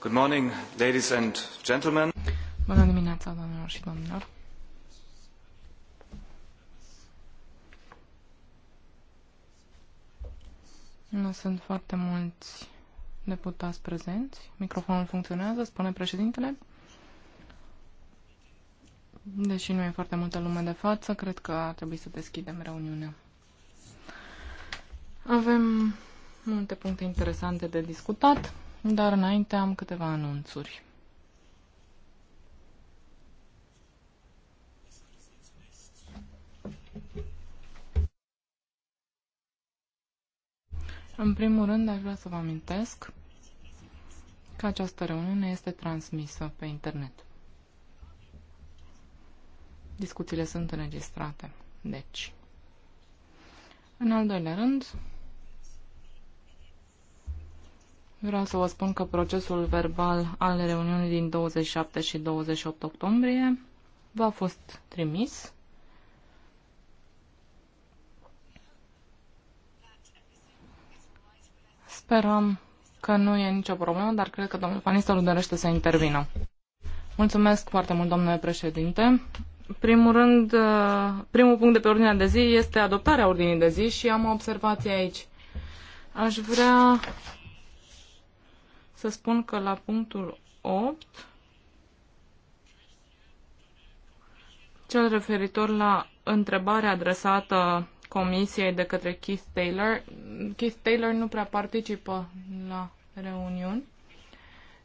Good morning, ladies and gentlemen. Bună dimineața, doamnelor și domnilor. Nu sunt foarte mulți deputați prezenți. Microfonul funcționează, spune președintele. Deși nu e foarte multă lume de față, cred că ar trebui să deschidem reuniunea. Avem multe puncte interesante de discutat dar înainte am câteva anunțuri. În primul rând, aș vrea să vă amintesc că această reuniune este transmisă pe internet. Discuțiile sunt înregistrate, deci. În al doilea rând, Vreau să vă spun că procesul verbal al reuniunii din 27 și 28 octombrie v-a fost trimis. Sperăm că nu e nicio problemă, dar cred că domnul Panistorul dorește să intervină. Mulțumesc foarte mult, domnule președinte. Primul rând, uh, primul punct de pe ordinea de zi este adoptarea ordinii de zi și am o observație aici. Aș vrea să spun că la punctul 8, cel referitor la întrebarea adresată comisiei de către Keith Taylor, Keith Taylor nu prea participă la reuniuni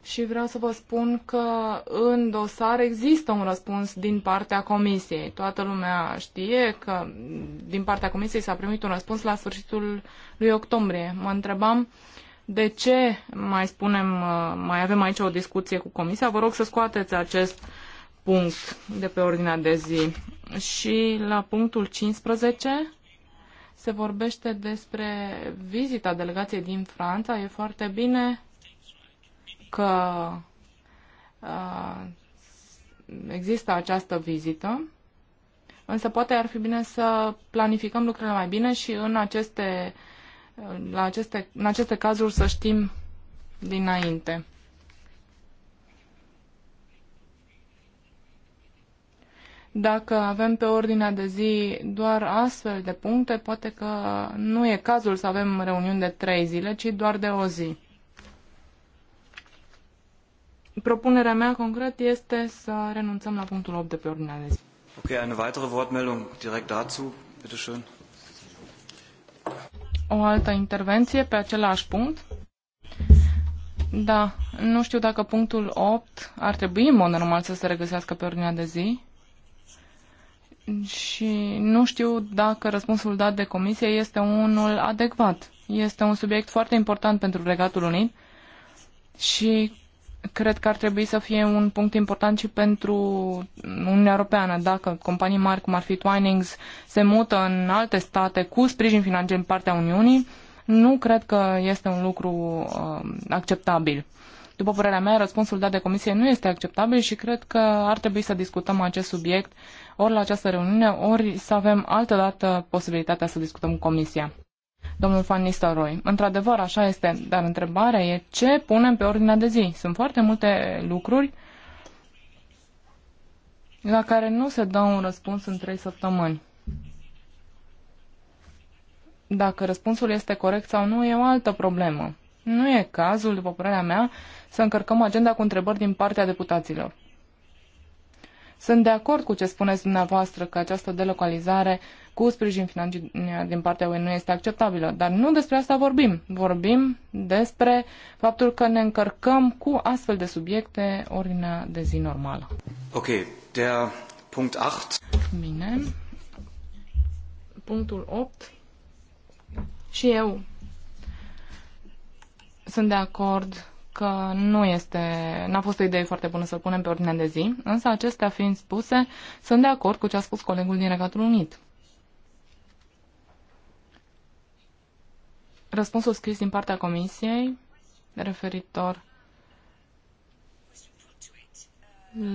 și vreau să vă spun că în dosar există un răspuns din partea comisiei. Toată lumea știe că din partea comisiei s-a primit un răspuns la sfârșitul lui octombrie. Mă întrebam uh, de ce mai spunem, uh, mai avem aici o discuție cu Comisia? Vă rog să scoateți acest punct de pe ordinea de zi. Și la punctul 15 se vorbește despre vizita delegației din Franța. E foarte bine că uh, există această vizită, însă poate ar fi bine să planificăm lucrurile mai bine și în aceste uh, la aceste, în aceste cazuri să știm dinainte. Dacă avem pe ordinea de zi doar astfel de puncte, poate că nu e cazul să avem reuniuni de trei zile, ci doar de o zi. Propunerea mea concret este să renunțăm la punctul 8 de pe ordinea de zi. Ok, eine weitere Wortmeldung dazu. Bitte schön o altă intervenție pe același punct? Da, nu știu dacă punctul 8 ar trebui, în mod normal, să se regăsească pe ordinea de zi. Și nu știu dacă răspunsul dat de comisie este unul adecvat. Este un subiect foarte important pentru Regatul Unit și cred că ar trebui să fie un punct important și pentru Uniunea Europeană. Dacă companii mari cum ar fi Twinings se mută în alte state cu sprijin financiar din partea Uniunii, nu cred că este un lucru uh, acceptabil. După părerea mea, răspunsul dat de Comisie nu este acceptabil și cred că ar trebui să discutăm acest subiect ori la această reuniune, ori să avem altă dată posibilitatea să discutăm cu Comisia domnul Van Nistelrooy. Într-adevăr, așa este, dar întrebarea e ce punem pe ordinea de zi. Sunt foarte multe lucruri la care nu se dă un răspuns în trei săptămâni. Dacă răspunsul este corect sau nu, e o altă problemă. Nu e cazul, după părerea mea, să încărcăm agenda cu întrebări din partea deputaților. Sunt de acord cu ce spuneți dumneavoastră că această delocalizare uh, cu sprijin financiar din partea UE nu este acceptabilă. Dar nu despre asta vorbim. Vorbim despre faptul că ne încărcăm cu astfel de subiecte ordinea de zi normală. Ok, der punct 8. Bine. Punctul 8. Și eu sunt de acord că nu este, n-a fost o idee foarte bună să punem pe ordinea de zi, însă acestea fiind spuse, sunt de acord cu ce a spus colegul din Regatul Unit. răspunsul scris din partea Comisiei referitor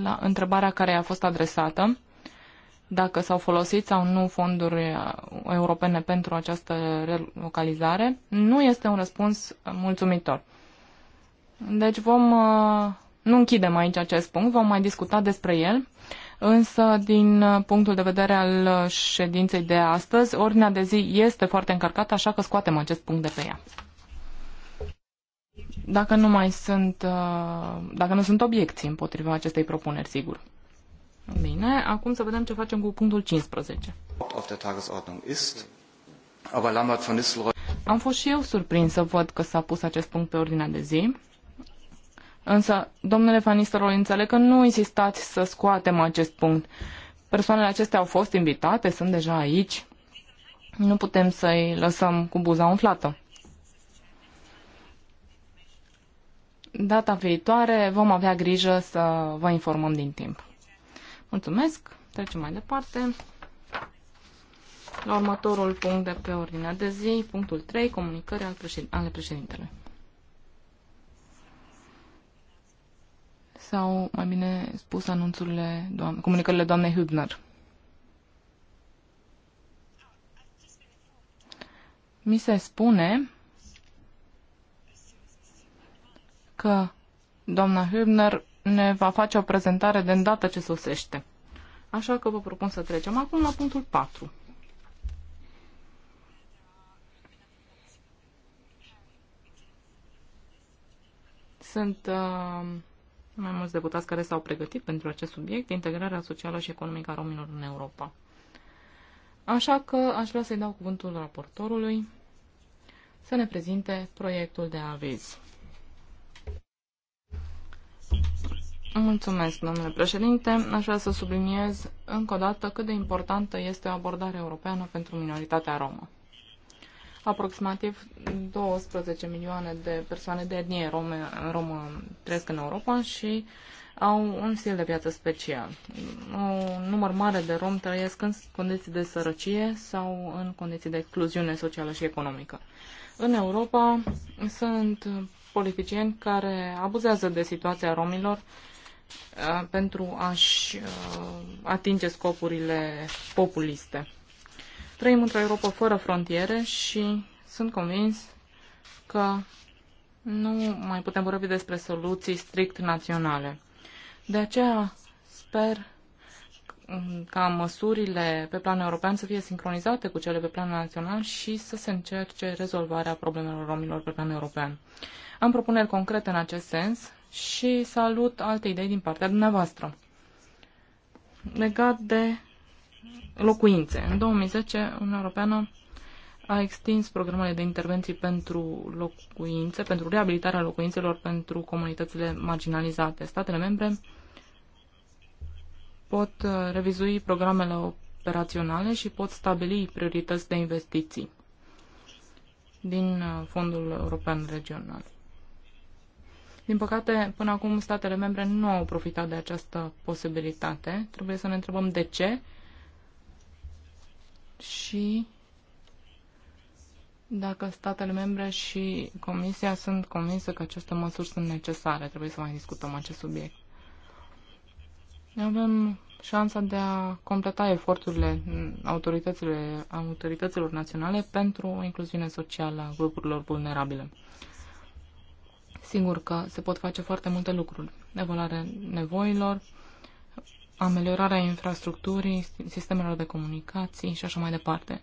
la întrebarea care a fost adresată, dacă s-au folosit sau nu fonduri europene pentru această relocalizare, nu este un răspuns mulțumitor. Deci vom, uh, nu închidem aici acest punct, vom mai discuta despre el Însă, din uh, punctul de vedere al uh, ședinței de astăzi, ordinea de zi este foarte încărcată, așa că scoatem acest punct de pe ea. Dacă nu mai sunt, uh, dacă nu sunt obiecții împotriva acestei propuneri, sigur. Bine, acum să vedem ce facem cu punctul 15. Am fost și eu surprins să văd că s-a pus acest punct pe ordinea de zi. Însă, domnule Fanisterol, înțeleg că nu insistați să scoatem acest punct. Persoanele acestea au fost invitate, sunt deja aici. Nu putem să-i lăsăm cu buza umflată. Data viitoare vom avea grijă să vă informăm din timp. Mulțumesc, trecem mai departe. La următorul punct de pe ordinea de zi, punctul 3, comunicări ale președintelui. sau, mai bine spus, anunțurile, doamne, comunicările doamnei Hübner. Mi se spune că doamna Hübner ne va face o prezentare de îndată ce sosește. Așa că vă propun să trecem acum la punctul 4. Sunt uh, mai mulți deputați care s-au pregătit pentru acest subiect, integrarea socială și economică a romilor în Europa. Așa că aș vrea să-i dau cuvântul raportorului să ne prezinte proiectul de aviz. Mulțumesc, domnule președinte. Aș vrea să subliniez încă o dată cât de importantă este o abordare europeană pentru minoritatea romă. Aproximativ 12 milioane de persoane de etnie rome, romă trăiesc în Europa și au un stil de viață special. Un număr mare de romi trăiesc în condiții de sărăcie sau în condiții de excluziune socială și economică. În Europa sunt politicieni care abuzează de situația romilor uh, pentru a-și uh, atinge scopurile populiste. Trăim într-o Europa fără frontiere și sunt convins că nu mai putem vorbi despre soluții strict naționale. De aceea sper ca măsurile pe plan european să fie sincronizate cu cele pe plan național și să se încerce rezolvarea problemelor romilor pe plan european. Am propuneri concrete în acest sens și salut alte idei din partea dumneavoastră. Legat de locuințe. În 2010, Uniunea Europeană a extins programele de intervenții pentru locuințe, pentru reabilitarea locuințelor pentru comunitățile marginalizate. Statele membre pot uh, revizui programele operaționale și pot stabili priorități de investiții din uh, Fondul European Regional. Din păcate, până acum statele membre nu au profitat de această posibilitate. Trebuie să ne întrebăm de ce și dacă statele membre și Comisia sunt convinsă că aceste măsuri sunt necesare. Trebuie să mai discutăm acest subiect. Avem șansa de a completa eforturile autorităților, autorităților naționale pentru incluziune socială a grupurilor vulnerabile. Sigur că se pot face foarte multe lucruri. Evaluare nevoilor, ameliorarea infrastructurii, sistemelor de comunicații și așa mai departe.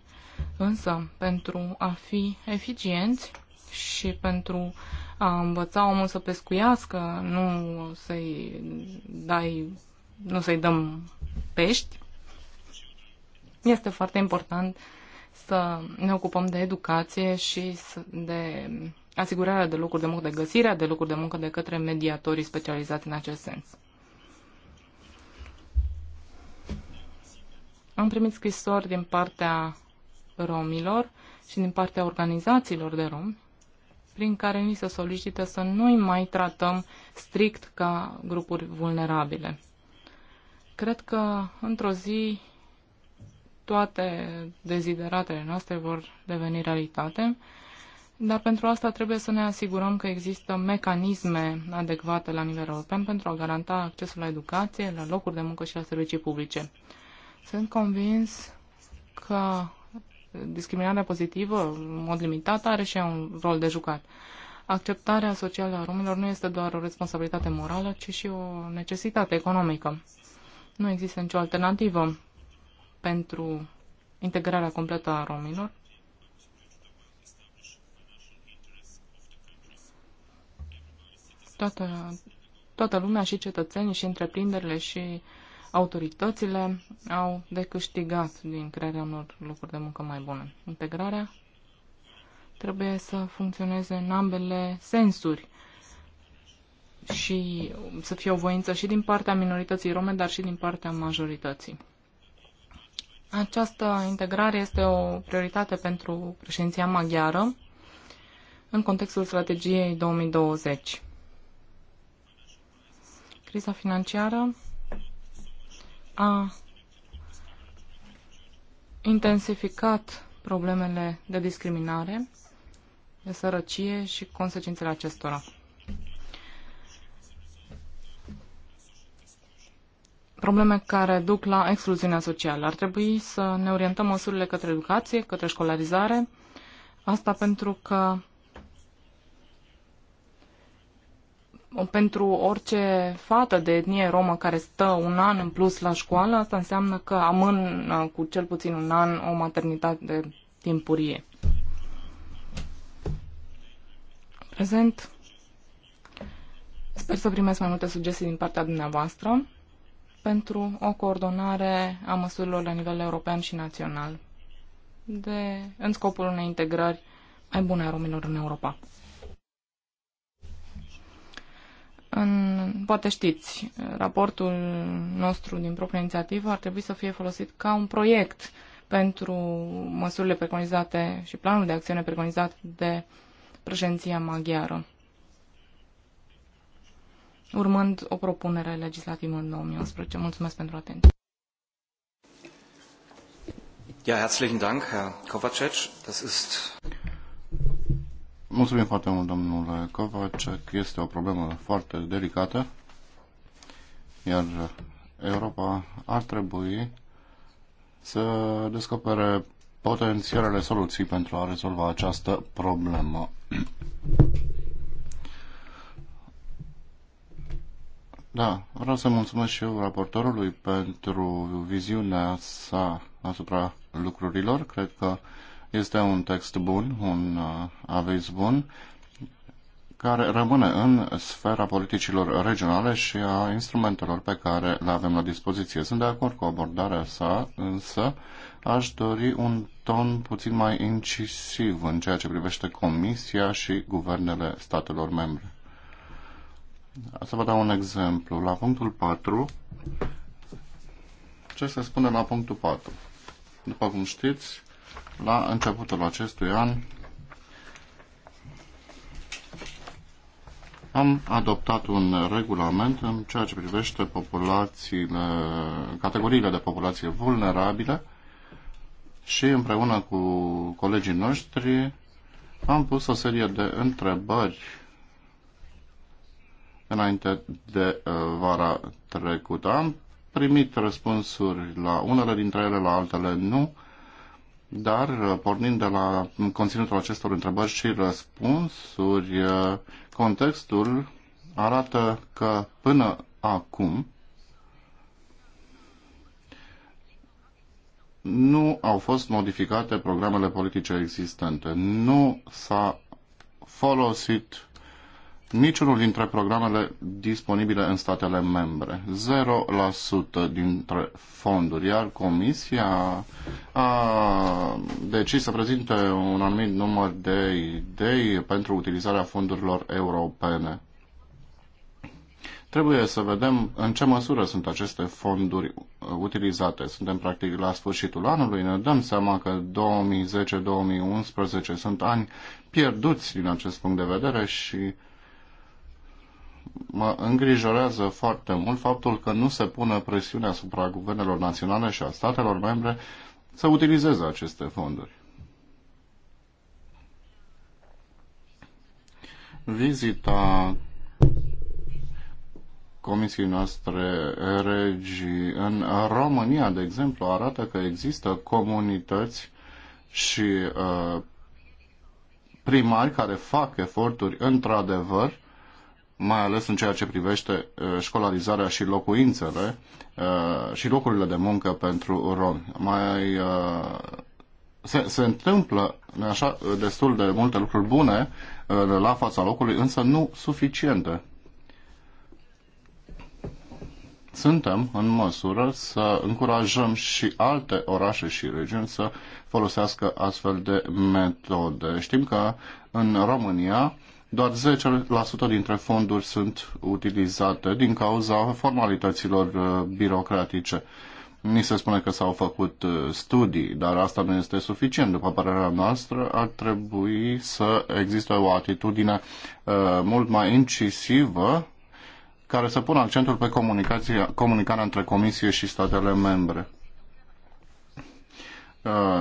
Însă, pentru a fi eficienți și pentru a învăța omul să pescuiască, nu să-i dai, nu să-i dăm pești, este foarte important să ne ocupăm de educație și de asigurarea de locuri de muncă, de găsirea de locuri de muncă de către mediatorii specializați în acest sens. Am primit scrisori din partea romilor și din partea organizațiilor de romi, prin care ni se solicită să nu-i mai tratăm strict ca grupuri vulnerabile. Cred că într-o zi toate dezideratele noastre vor deveni realitate, dar pentru asta trebuie să ne asigurăm că există mecanisme adecvate la nivel european pentru a garanta accesul la educație, la locuri de muncă și la servicii publice. Sunt convins că discriminarea pozitivă, în mod limitat, are și un rol de jucat. Acceptarea socială a romilor nu este doar o responsabilitate morală, ci și o necesitate economică. Nu există nicio alternativă pentru integrarea completă a romilor. Toată, toată lumea și cetățenii și întreprinderile și autoritățile au de câștigat din crearea unor locuri de muncă mai bune. Integrarea trebuie să funcționeze în ambele sensuri și să fie o voință și din partea minorității rome, dar și din partea majorității. Această integrare este o prioritate pentru președinția maghiară în contextul strategiei 2020. Criza financiară a intensificat problemele de discriminare, de sărăcie și consecințele acestora. Probleme care duc la excluziunea socială. Ar trebui să ne orientăm măsurile către educație, către școlarizare, asta pentru că pentru orice fată de etnie romă care stă un an în plus la școală, asta înseamnă că amână cu cel puțin un an o maternitate de timpurie. Prezent. Sper să primesc mai multe sugestii din partea dumneavoastră pentru o coordonare a măsurilor la nivel european și național de, în scopul unei integrări mai bune a romilor în Europa. în, poate știți, raportul nostru din propria inițiativă ar trebui să fie folosit ca un proiect pentru măsurile preconizate și planul de acțiune preconizat de președinția maghiară, urmând o propunere legislativă în 2011. Mulțumesc pentru atenție. Ja, herzlichen Dank, Herr Kovacic. Das ist Mulțumim foarte mult, domnule Kovacek. Este o problemă foarte delicată, iar Europa ar trebui să descopere potențialele soluții pentru a rezolva această problemă. Da, vreau să mulțumesc și eu raportorului pentru viziunea sa asupra lucrurilor. Cred că este un text bun, un uh, aviz bun, care rămâne în sfera politicilor regionale și a instrumentelor pe care le avem la dispoziție. Sunt de acord cu abordarea sa, însă aș dori un ton puțin mai incisiv în ceea ce privește Comisia și guvernele statelor membre. Să vă dau un exemplu. La punctul 4, ce se spune la punctul 4? După cum știți, la începutul acestui an am adoptat un regulament în ceea ce privește populațiile, categoriile de populație vulnerabile și împreună cu colegii noștri am pus o serie de întrebări înainte de uh, vara trecută. Am primit răspunsuri la unele dintre ele, la altele nu dar uh, pornind de la conținutul acestor întrebări și răspunsuri, uh, contextul arată că până acum nu au fost modificate programele politice existente, nu s-a folosit niciunul dintre programele disponibile în statele membre, 0% dintre fonduri, iar Comisia a decis să prezinte un anumit număr de idei pentru utilizarea fondurilor europene. Trebuie să vedem în ce măsură sunt aceste fonduri utilizate. Suntem practic la sfârșitul anului, ne dăm seama că 2010-2011 sunt ani pierduți din acest punct de vedere și mă îngrijorează foarte mult faptul că nu se pune presiune asupra guvernelor naționale și a statelor membre să utilizeze aceste fonduri. Vizita comisiei noastre regi în România, de exemplu, arată că există comunități și uh, primari care fac eforturi într-adevăr mai ales în ceea ce privește uh, școlarizarea și locuințele uh, și locurile de muncă pentru romi. Mai uh, se, se întâmplă așa destul de multe lucruri bune la fața locului, însă nu suficiente. Suntem în măsură să încurajăm și alte orașe și regiuni să folosească astfel de metode. Știm că în România doar 10% dintre fonduri sunt utilizate din cauza formalităților uh, birocratice. Ni se spune că s-au făcut uh, studii, dar asta nu este suficient. După părerea noastră, ar trebui să existe o atitudine uh, mult mai incisivă care să pună accentul pe comunicarea între Comisie și statele membre.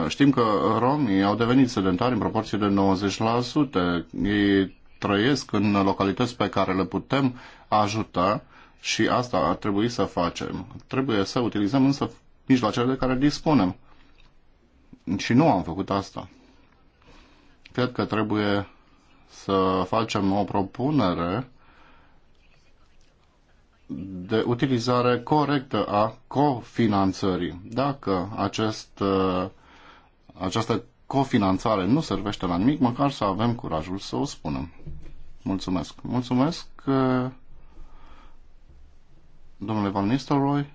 Știm că romii au devenit sedentari în proporție de 90%. Ei trăiesc în localități pe care le putem ajuta și asta ar trebui să facem. Trebuie să utilizăm însă mijloacele de care dispunem. Și nu am făcut asta. Cred că trebuie să facem o propunere de utilizare corectă a cofinanțării. Dacă acest, uh, această cofinanțare nu servește la nimic, măcar să avem curajul să o spunem. Mulțumesc. Mulțumesc, uh, domnule Van Nistelrooy.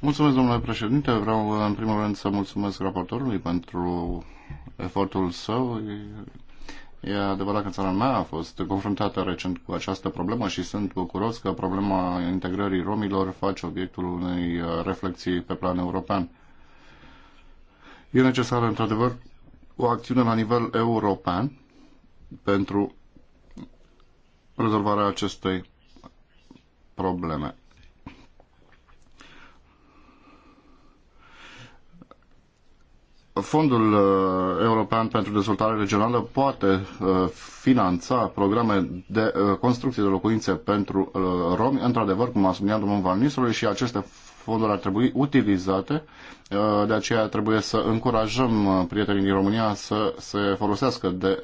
Mulțumesc, domnule președinte. Vreau, în primul rând, să mulțumesc raportorului pentru efortul său. E adevărat că țara mea a fost confruntată recent cu această problemă și sunt bucuros că problema integrării romilor face obiectul unei uh, reflexii pe plan european. E necesară, într-adevăr, o acțiune la nivel european pentru rezolvarea acestei probleme. Fondul uh, European pentru Dezvoltare Regională poate uh, finanța programe de uh, construcție de locuințe pentru romi, într-adevăr, cum a spunea domnul Van Nistelrooy, și aceste fonduri ar trebui utilizate, de aceea trebuie să încurajăm prietenii din România să se folosească de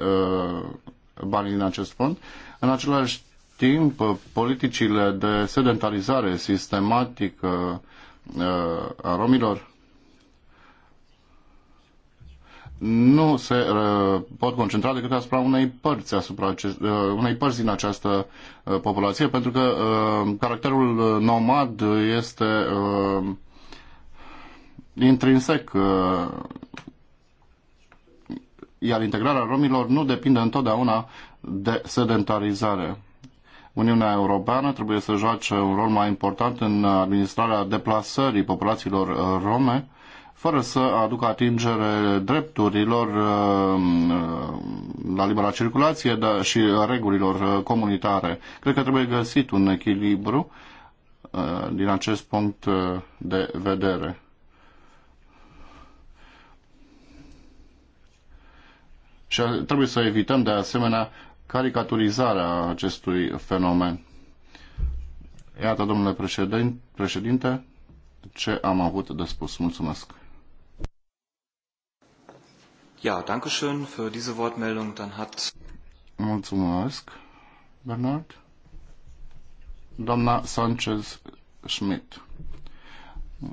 banii din acest fond. În același timp, politicile de sedentarizare sistematică a romilor nu se uh, pot concentra decât asupra unei părți, asupra acest, uh, unei părți din această uh, populație, pentru că uh, caracterul nomad este uh, intrinsec, uh, iar integrarea romilor nu depinde întotdeauna de sedentarizare. Uniunea Europeană trebuie să joace un rol mai important în administrarea deplasării populațiilor uh, rome fără să aducă atingere drepturilor uh, uh, la libera circulație și și regulilor uh, comunitare. Cred că trebuie găsit un echilibru din acest punct de vedere. Și trebuie să evităm de asemenea caricaturizarea acestui fenomen. Iată, domnule președinte, ce am avut de spus. Mulțumesc! Ja, danke schön für diese Wortmeldung. Dann hat... Mulțumesc, Bernard. Doamna Sanchez Schmidt.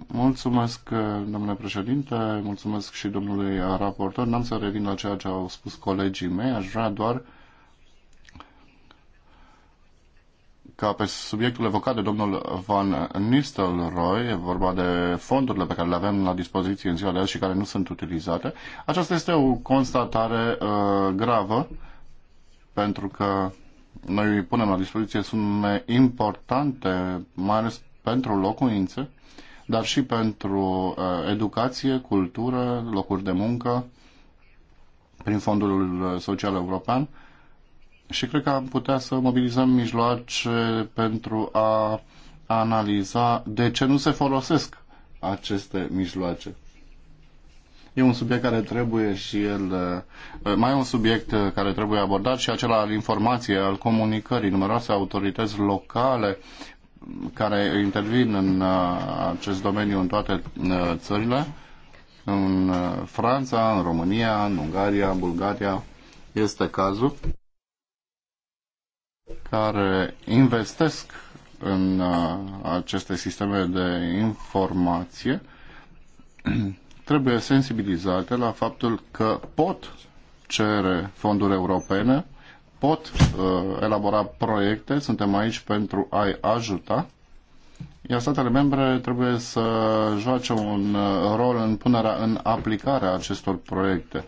Mulțumesc, domnule președinte, mulțumesc și domnului raportor. N-am să revin la ceea ce au spus colegii mei, aș vrea doar uh, ca pe subiectul evocat de domnul Van Nistelrooy, e vorba de fondurile pe care le avem la dispoziție în ziua de azi și care nu sunt utilizate. Aceasta este o constatare uh, gravă pentru că noi îi punem la dispoziție sume importante, mai ales pentru locuințe, dar și pentru uh, educație, cultură, locuri de muncă prin Fondul Social European și cred că am putea să mobilizăm mijloace pentru a analiza de ce nu se folosesc aceste mijloace. E un subiect care trebuie și el, eh, mai e un subiect eh, care trebuie abordat și acela al informației, al comunicării. Numeroase autorități locale mm, care intervin în eh, acest domeniu în toate țările, în Franța, în România, în Ungaria, în Bulgaria, este cazul care investesc în uh, aceste sisteme de informație trebuie sensibilizate la faptul că pot cere fonduri europene, pot uh, elabora proiecte, suntem aici pentru a-i ajuta, iar statele membre trebuie să joace un uh, rol în punerea în aplicare a acestor proiecte.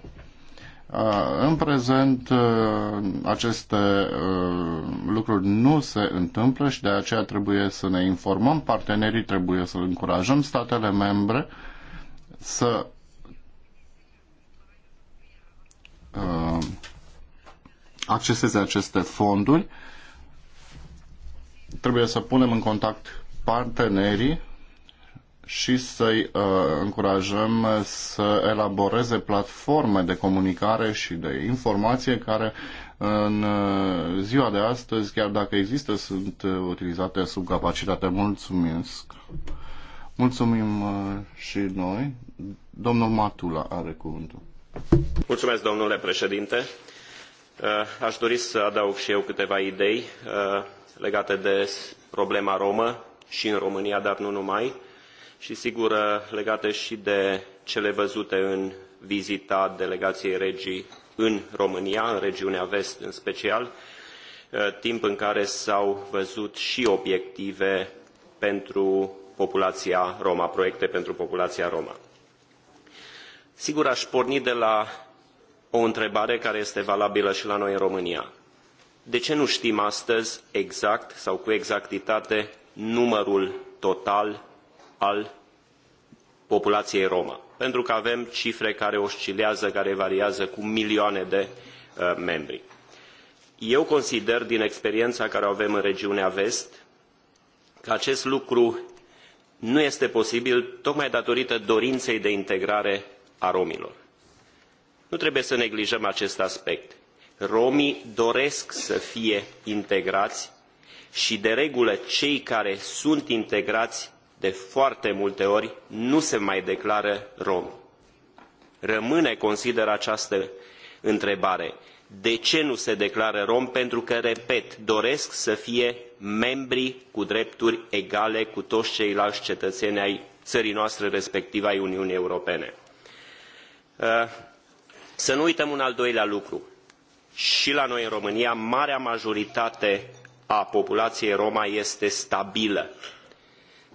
În prezent aceste lucruri nu se întâmplă și de aceea trebuie să ne informăm, partenerii trebuie să încurajăm statele membre să acceseze aceste fonduri. Trebuie să punem în contact partenerii și să-i uh, încurajăm să elaboreze platforme de comunicare și de informație care în uh, ziua de astăzi, chiar dacă există, sunt uh, utilizate sub capacitate. Mulțumesc! Mulțumim uh, și noi. Domnul Matula are cuvântul. Mulțumesc, domnule președinte. Aș dori să adaug și eu câteva idei legate de problema romă și în România, dar nu numai și sigur uh, legate și de cele văzute în vizita delegației regii în România, în regiunea vest în special, uh, timp în care s-au văzut și obiective pentru populația Roma, proiecte pentru populația Roma. Sigur, aș porni de la o întrebare care este valabilă și la noi în România. De ce nu știm astăzi exact sau cu exactitate numărul total al populației romă, pentru că avem cifre care oscilează, care variază cu milioane de uh, membri. Eu consider, din experiența care o avem în regiunea vest, că acest lucru nu este posibil tocmai datorită dorinței de integrare a romilor. Nu trebuie să neglijăm acest aspect. Romii doresc să fie integrați și, de regulă, cei care sunt integrați de foarte multe ori nu se mai declară rom. Rămâne, consider această întrebare, de ce nu se declară rom? Pentru că, repet, doresc să fie membri cu drepturi egale cu toți ceilalți cetățeni ai țării noastre, respectiv ai Uniunii Europene. Uh, să nu uităm un al doilea lucru. Și la noi în România, marea majoritate a populației Roma este stabilă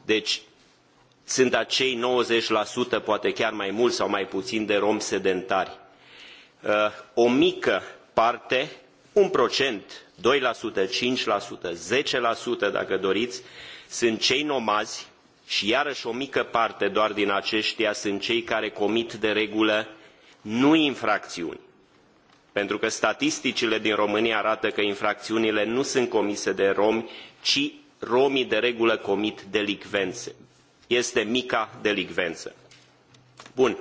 deci sunt acei 90%, poate chiar mai mult sau mai puțin, de romi sedentari. Uh, o mică parte, un procent, 2%, 5%, 10% dacă doriți, sunt cei nomazi și iarăși o mică parte doar din aceștia sunt cei care comit de regulă nu infracțiuni. Pentru că statisticile din România arată că infracțiunile nu sunt comise de romi, ci romii de regulă comit delicvențe. Este mica delicvență. Bun,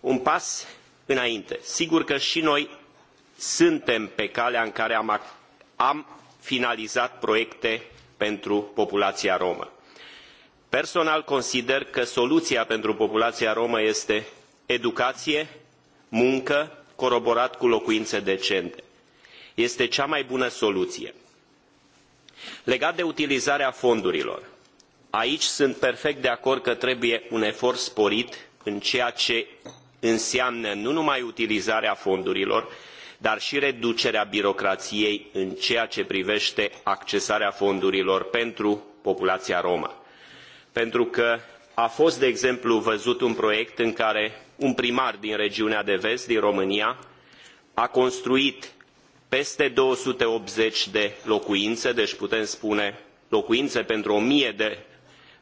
un pas înainte. Sigur că și noi suntem pe calea în care am, am finalizat proiecte pentru populația romă. Personal consider că soluția pentru populația romă este educație, muncă, coroborat cu locuințe decente. Este cea mai bună soluție legat de utilizarea fondurilor aici sunt perfect de acord că trebuie un efort sporit în ceea ce înseamnă nu numai utilizarea fondurilor dar i reducerea birocraiei în ceea ce privete accesarea fondurilor pentru populaia romă pentru că a fost de exemplu văzut un proiect în care un primar din regiunea de vest din românia a construit peste 280 de locuine deci putem spune locuine pentru o mie de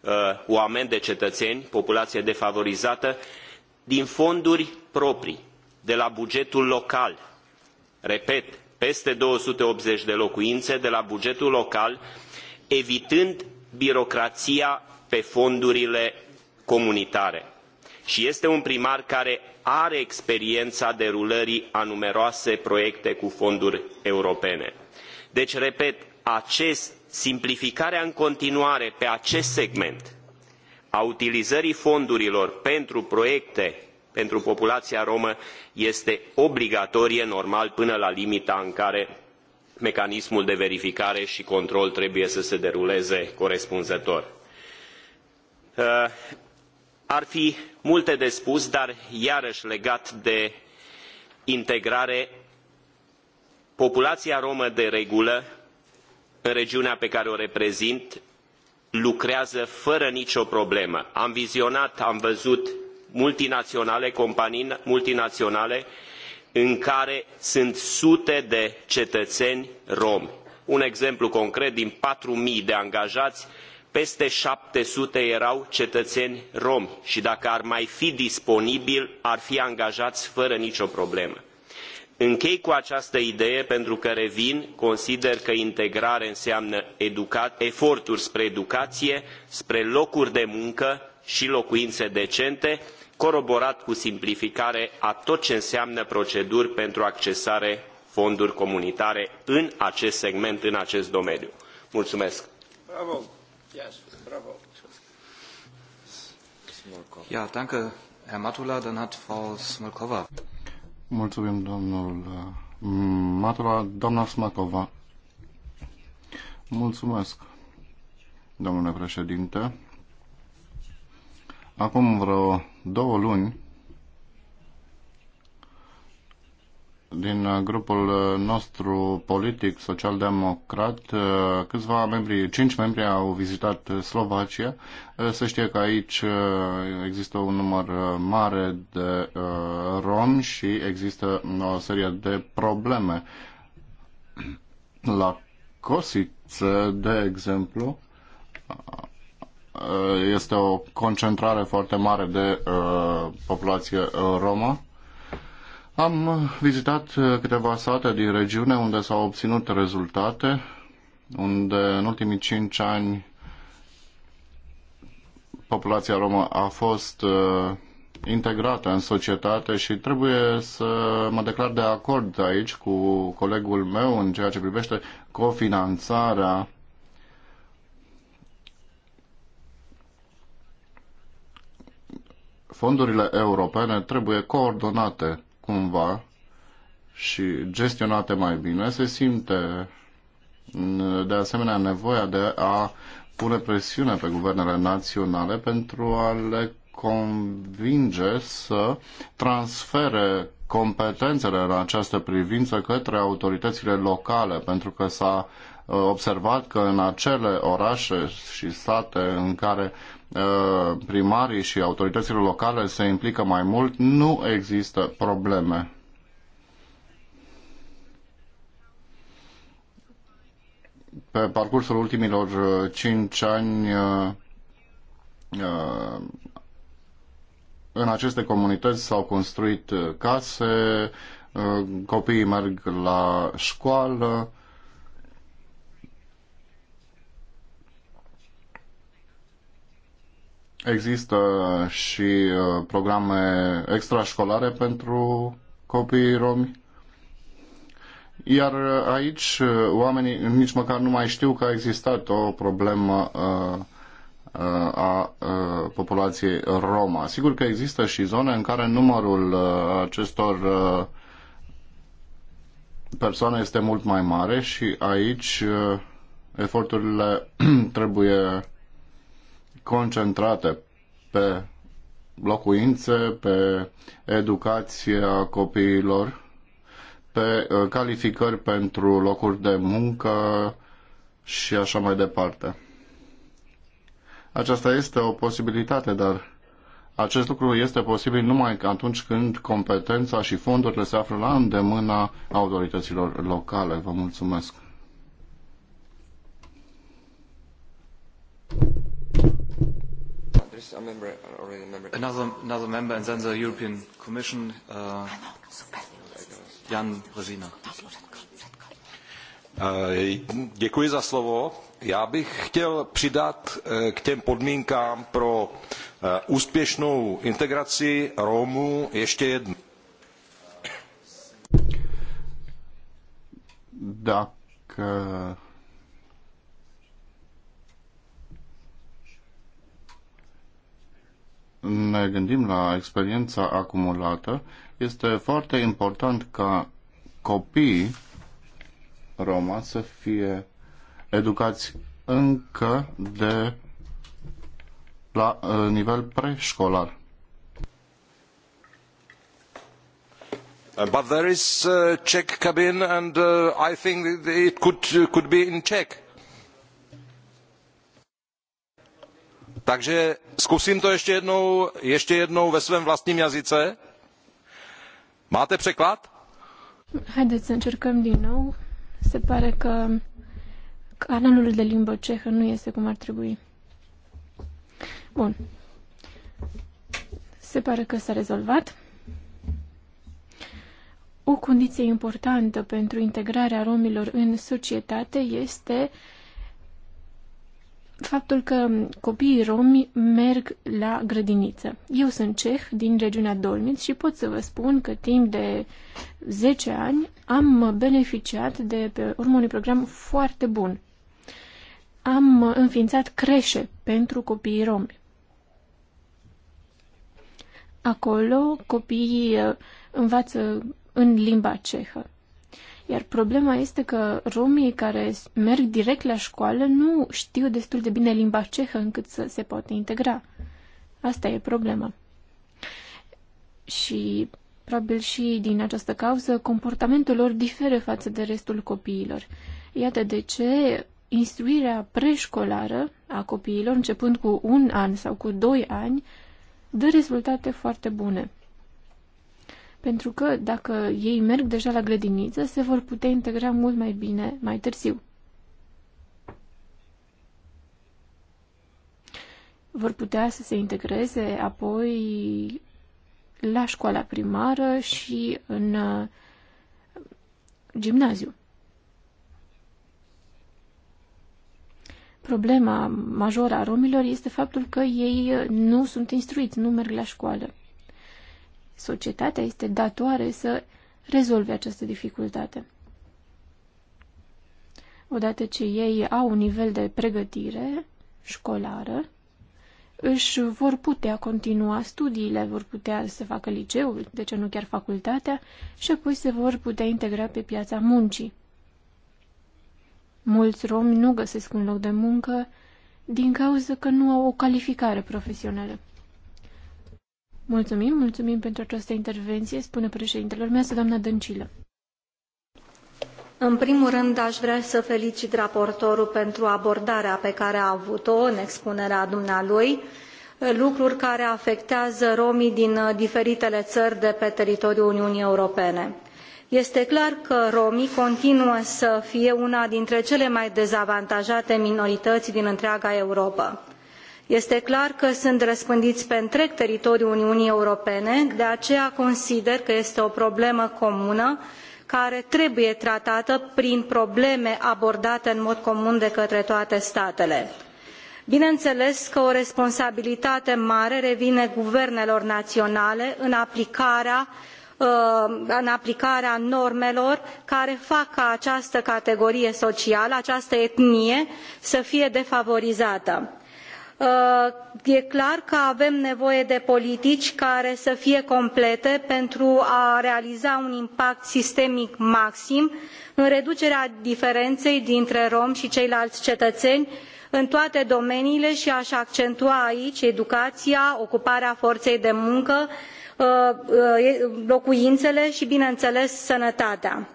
uh, oameni, de cetăeni populație defavorizată, din fonduri proprii, de la bugetul local. Repet, peste 280 de locuințe de la bugetul local, evitând birocrația pe fondurile comunitare. Și este un primar care are experiena derulării a numeroase proiecte cu fonduri europene. deci repet acest, simplificarea în continuare pe acest segment a utilizării fondurilor pentru proiecte pentru populaia romă este obligatorie normal până la limita în care mecanismul de verificare i control trebuie să se deruleze corespunzător uh, ar fi multe de spus dar iarăi legat de integrare populaia romă de regulă în regiunea pe care o reprezint lucrează fără nicio problemă. am vizionat am văzut multinaionale companii multinaionale în care sunt sute de cetăeni romi. un exemplu concret din patru zero de angajai peste șapte sute erau cetăeni romi i dacă ar mai fi disponibili ar fi angajai fără nicio problemă. închei cu această idee pentru că revin consider că integrare înseamnă eforturi spre educaie spre locuri de muncă i locuine decente coroborat cu simplificare a tot ce înseamnă proceduri pentru accesare fonduri comunitare în acest segment în acest domeniu. Bravo. Yes, bravo. Ja, danke, Herr Matula. Dann hat Frau Smolkova. Mulțumim, domnul mm, Matula. Doamna Smolkova. Mulțumesc, domnule președinte. Acum vreo două luni din uh, grupul uh, nostru politic social-democrat, uh, câțiva membri, cinci membri au vizitat Slovacia. Se știe că aici există un număr mare de romi și există o serie de probleme. La Cosiță, de exemplu, este o concentrare foarte mare de populație romă am vizitat uh, câteva sate din regiune unde s-au obținut rezultate, unde în ultimii cinci ani populația romă a fost uh, integrată în societate și trebuie să mă declar de acord aici cu colegul meu în ceea ce privește cofinanțarea fondurile europene trebuie coordonate cumva și gestionate mai bine, se simte mm, de asemenea nevoia de a pune presiune pe guvernele naționale pentru a le convinge să transfere competențele în această privință către autoritățile locale, pentru că s-a uh, observat că în acele orașe și sate în care Uh, primarii și autoritățile locale se implică mai mult, nu există probleme. Pe parcursul ultimilor 5 uh, ani uh, în aceste comunități s-au construit case, copiii merg la școală, Există și uh, programe extrașcolare pentru copiii romi. Iar uh, aici uh, oamenii nici măcar nu mai știu că a existat o problemă a populației Roma. Sigur că există și zone în care numărul acestor persoane este mult mai mare și aici eforturile trebuie concentrate pe locuințe, pe educația copiilor, pe uh, calificări pentru locuri de muncă și așa mai departe. Aceasta este o posibilitate, dar acest lucru este posibil numai atunci când competența și fondurile se află la îndemâna autorităților locale. Vă mulțumesc! a member, uh, already a member. Another, another member, and then the European Commission, uh, Jan Brzezina. Uh, děkuji za slovo. Já bych chtěl přidat uh, k těm podmínkám pro úspěšnou integraci Romů ještě jednu. Dacă ne gândim la experiența acumulată, este foarte important ca copiii Roma să fie educați încă de la uh, nivel preșcolar. Uh, but there is a uh, Czech cabin and uh, I think it could, could be in Czech. Takže zkusím to ještě jednou, ještě jednou ve svém vlastním jazyce. Máte překlad? Haideți să încercăm din nou. Se pare că canalul de limbă cehă nu este cum ar trebui. Bun. Se pare că s-a rezolvat. O condiție importantă pentru integrarea romilor în societate este uh, faptul că copiii romi merg la grădiniță. Eu sunt ceh din regiunea Dolmit și pot să vă spun că timp de 10 ani am beneficiat de pe urmă unui program foarte bun. Am înființat creșe pentru copiii romi. Acolo copiii uh, învață în limba cehă. Iar problema este că romii care merg direct la școală nu știu destul de bine limba cehă încât să se poată integra. Asta e problema. Și probabil și din această cauză comportamentul lor diferă față de restul copiilor. Iată de ce instruirea preșcolară a copiilor, începând cu un an sau cu doi ani, dă rezultate foarte bune pentru că dacă ei merg deja la grădiniță, se vor putea integra mult mai bine mai târziu. Vor putea să se integreze apoi la școala primară și în uh, gimnaziu. Problema majoră a romilor este faptul că ei nu sunt instruiți, nu merg la școală. Societatea este datoare să rezolve această dificultate. Odată ce ei au un nivel de pregătire școlară, își vor putea continua studiile, vor putea să facă liceul, de ce nu chiar facultatea, și apoi se vor putea integra pe piața muncii. Mulți romi nu găsesc un loc de muncă din cauza că nu au o calificare profesională. Mulțumim, mulțumim pentru această intervenție, spune președintele. Urmează doamna Dăncilă. În primul rând, aș vrea să felicit raportorul pentru abordarea pe care a avut-o în expunerea dumnealui, lucruri care afectează romii din uh, diferitele țări de pe teritoriul Uniunii Europene. Este clar că romii continuă să fie una dintre cele mai dezavantajate minorități din întreaga Europa este clar că sunt răspândii pe întreg teritoriul uniunii europene de aceea consider că este o problemă comună care trebuie tratată prin probleme abordate în mod comun de către toate statele. bineîneles că o responsabilitate mare revine guvernelor naionale în aplicarea uh, în aplicarea normelor care fac ca această categorie socială această etnie să fie defavorizată. Este uh, clar că avem nevoie de politici care să fie complete pentru a realiza un impact sistemic maxim în reducerea diferenței dintre romi și ceilalți cetățeni în toate domeniile și a accentua aici educația, ocuparea forței de muncă, uh, uh, locuințele și, bineînțeles, sănătatea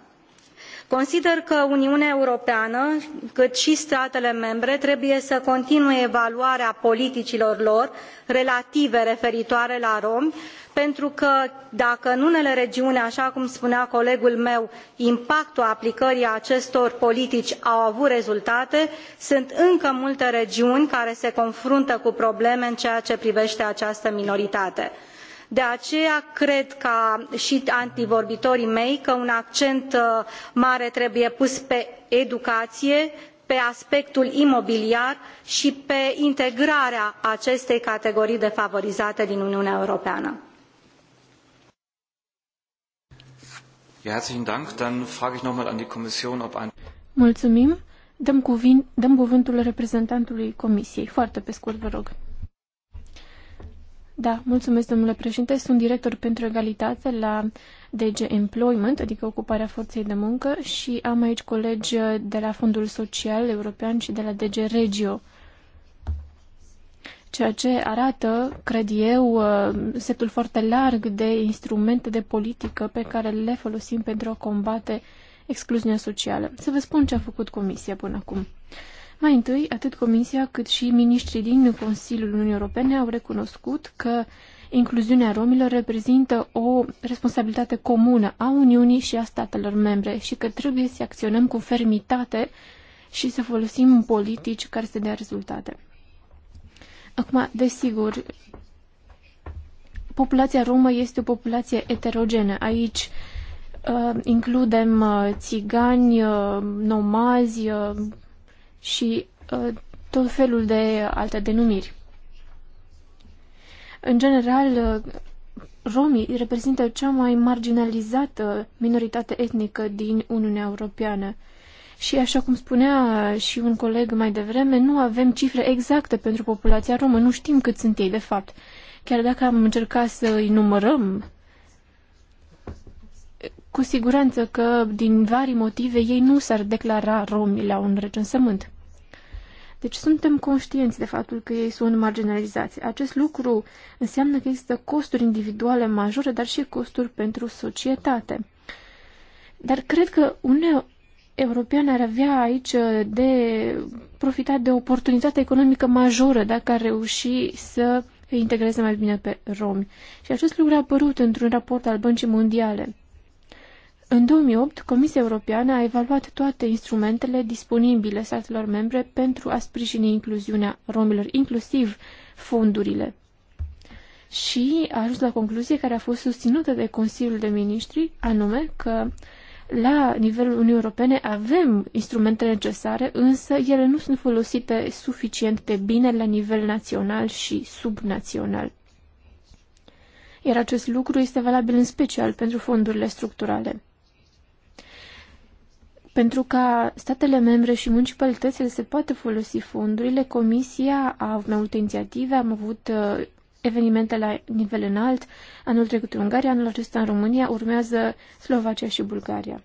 consider că uniunea europeană cât i statele membre trebuie să continue evaluarea politicilor lor relative referitoare la romi pentru că dacă în unele regiuni aa cum spunea colegul meu impactul aplicării acestor politici a avut rezultate sunt încă multe regiuni care se confruntă cu probleme în ceea ce privete această minoritate de aceea cred ca i antevorbitorii mei că un accent uh, mare trebuie pus pe educaie pe aspectul imobiliar i pe integrarea acestei categorii defavorizate din uniunea europeană. Mulțumim. Dăm, dăm cuvântul reprezentantului Comisiei. Foarte pe scurt, vă rog. Da, mulțumesc, domnule președinte. Sunt director pentru egalitate la DG Employment, adică ocuparea forței de muncă și am aici colegi de la Fondul Social European și de la DG Regio. Ceea ce arată, cred eu, uh, setul foarte larg de instrumente de politică pe care le folosim pentru a combate excluziunea socială. Să vă spun ce a făcut Comisia până acum. Mai întâi, atât Comisia cât și miniștrii din Consiliul Uniunii Europene au recunoscut că incluziunea romilor reprezintă o responsabilitate comună a Uniunii și a statelor membre și că trebuie să acționăm cu fermitate și să folosim politici care să dea rezultate. Acum, desigur, populația romă este o populație eterogenă. Aici uh, includem uh, țigani, uh, nomazi, uh, și uh, tot felul de alte denumiri. În general, uh, romii reprezintă cea mai marginalizată minoritate etnică din Uniunea Europeană. Și așa cum spunea și un coleg mai devreme, nu avem cifre exacte pentru populația romă, nu știm cât sunt ei de fapt. Chiar dacă am încercat să îi numărăm, cu siguranță că din vari motive ei nu s-ar declara romi la un recensământ. Deci suntem conștienți de faptul că ei sunt marginalizați. Acest lucru înseamnă că există costuri individuale majore, dar și costuri pentru societate. Dar cred că Uniunea Europeană ar avea aici de profitat de oportunitate economică majoră dacă ar reuși să îi integreze mai bine pe romi. Și acest lucru a apărut într-un raport al Băncii Mondiale. În 2008, Comisia Europeană a evaluat toate instrumentele disponibile statelor membre pentru a sprijini incluziunea romilor, inclusiv fondurile. Și a ajuns la concluzie care a fost susținută de Consiliul de Ministri, anume că la nivelul Uniunii Europene avem instrumente necesare, însă ele nu sunt folosite suficient de bine la nivel național și subnațional. Iar acest lucru este valabil în special pentru fondurile structurale. Pentru ca statele membre și municipalitățile se poată folosi fondurile, Comisia a avut mai multe inițiative, am avut uh, evenimente la nivel înalt, anul trecut în Ungaria, anul acesta în România, urmează Slovacia și Bulgaria.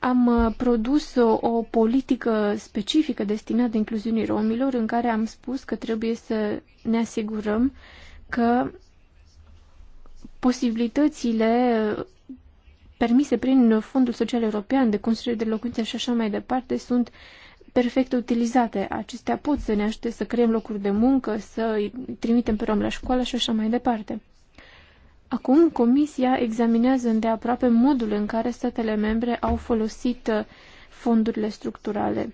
Am uh, produs o, o politică specifică destinată incluziunii romilor, în care am spus că trebuie să ne asigurăm că posibilitățile permise prin Fondul Social European de construire de locuințe și așa mai departe sunt perfect utilizate. Acestea pot să ne ajute să creăm locuri de muncă, să îi trimitem pe rom la școală și așa mai departe. Acum, Comisia examinează îndeaproape modul în care statele membre au folosit uh, fondurile structurale.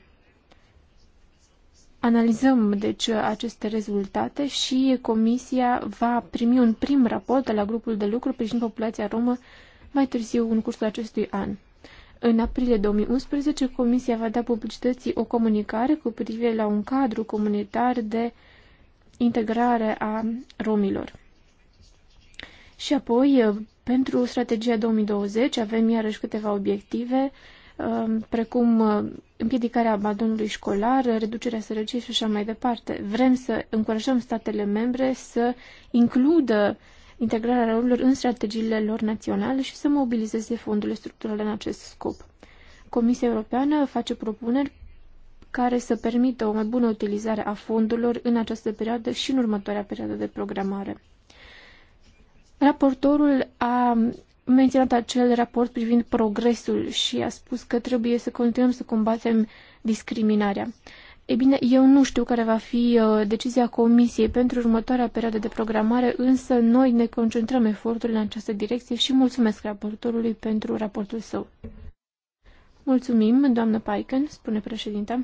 Analizăm, deci, uh, aceste rezultate și Comisia va primi un prim raport de la grupul de lucru privind populația romă mai târziu în cursul acestui an. În aprilie 2011, Comisia va da publicității o comunicare cu privire la un cadru comunitar de integrare a romilor. Și apoi, pentru strategia 2020, avem iarăși câteva obiective, um, precum uh, împiedicarea abandonului școlar, reducerea sărăciei și așa mai departe. Vrem să încurajăm statele membre să includă uh, integrarea rolurilor în strategiile lor naționale și să mobilizeze fondurile structurale în acest scop. Comisia Europeană face propuneri care să permită o mai bună utilizare a fondurilor în această perioadă și în următoarea perioadă de programare. Raportorul a menționat acel raport privind progresul și a spus că trebuie să continuăm să combatem discriminarea. E bine, eu nu știu care va fi uh, decizia Comisiei pentru următoarea perioadă de programare, însă noi ne concentrăm eforturile în această direcție și mulțumesc raportorului pentru raportul său. Mulțumim, doamnă Paiken, spune președinta.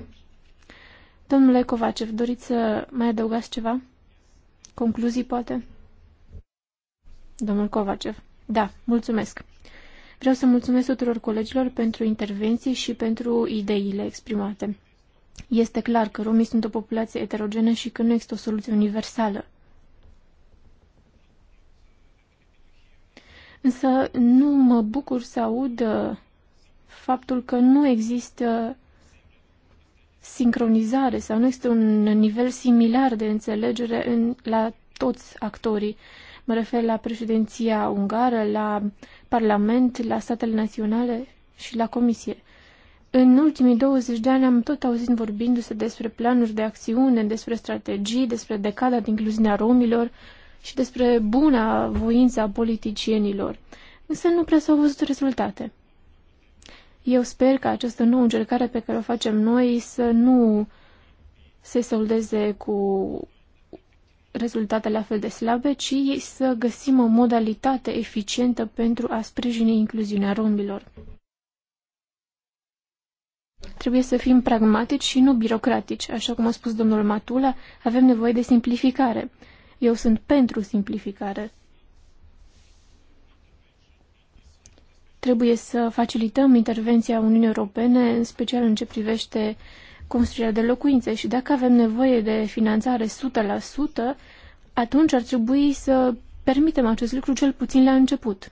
Domnule Covacev, doriți să mai adăugați ceva? Concluzii, poate? Domnul Covacev. Da, mulțumesc. Vreau să mulțumesc tuturor colegilor pentru intervenții și pentru ideile exprimate. Este clar că romii sunt o populație eterogenă și că nu există o soluție universală. Însă nu mă bucur să aud uh, faptul că nu există sincronizare sau nu există un nivel similar de înțelegere în, la toți actorii. Mă refer la președinția ungară, la Parlament, la statele naționale și la Comisie. În ultimii 20 de ani am tot auzit vorbindu-se despre planuri de acțiune, despre strategii, despre decada de incluziunea romilor și despre buna voință a politicienilor, însă nu prea s-au văzut rezultate. Eu sper că această nouă încercare pe care o facem noi să nu se soldeze cu rezultate la fel de slabe, ci să găsim o modalitate eficientă pentru a sprijini incluziunea romilor. Trebuie să fim pragmatici și nu birocratici. Așa cum a spus domnul Matula, avem nevoie de simplificare. Eu sunt pentru simplificare. Trebuie să facilităm intervenția Uniunii Europene, în special în ce privește construirea de locuințe și dacă avem nevoie de finanțare 100%, atunci ar trebui să permitem acest lucru cel puțin la început.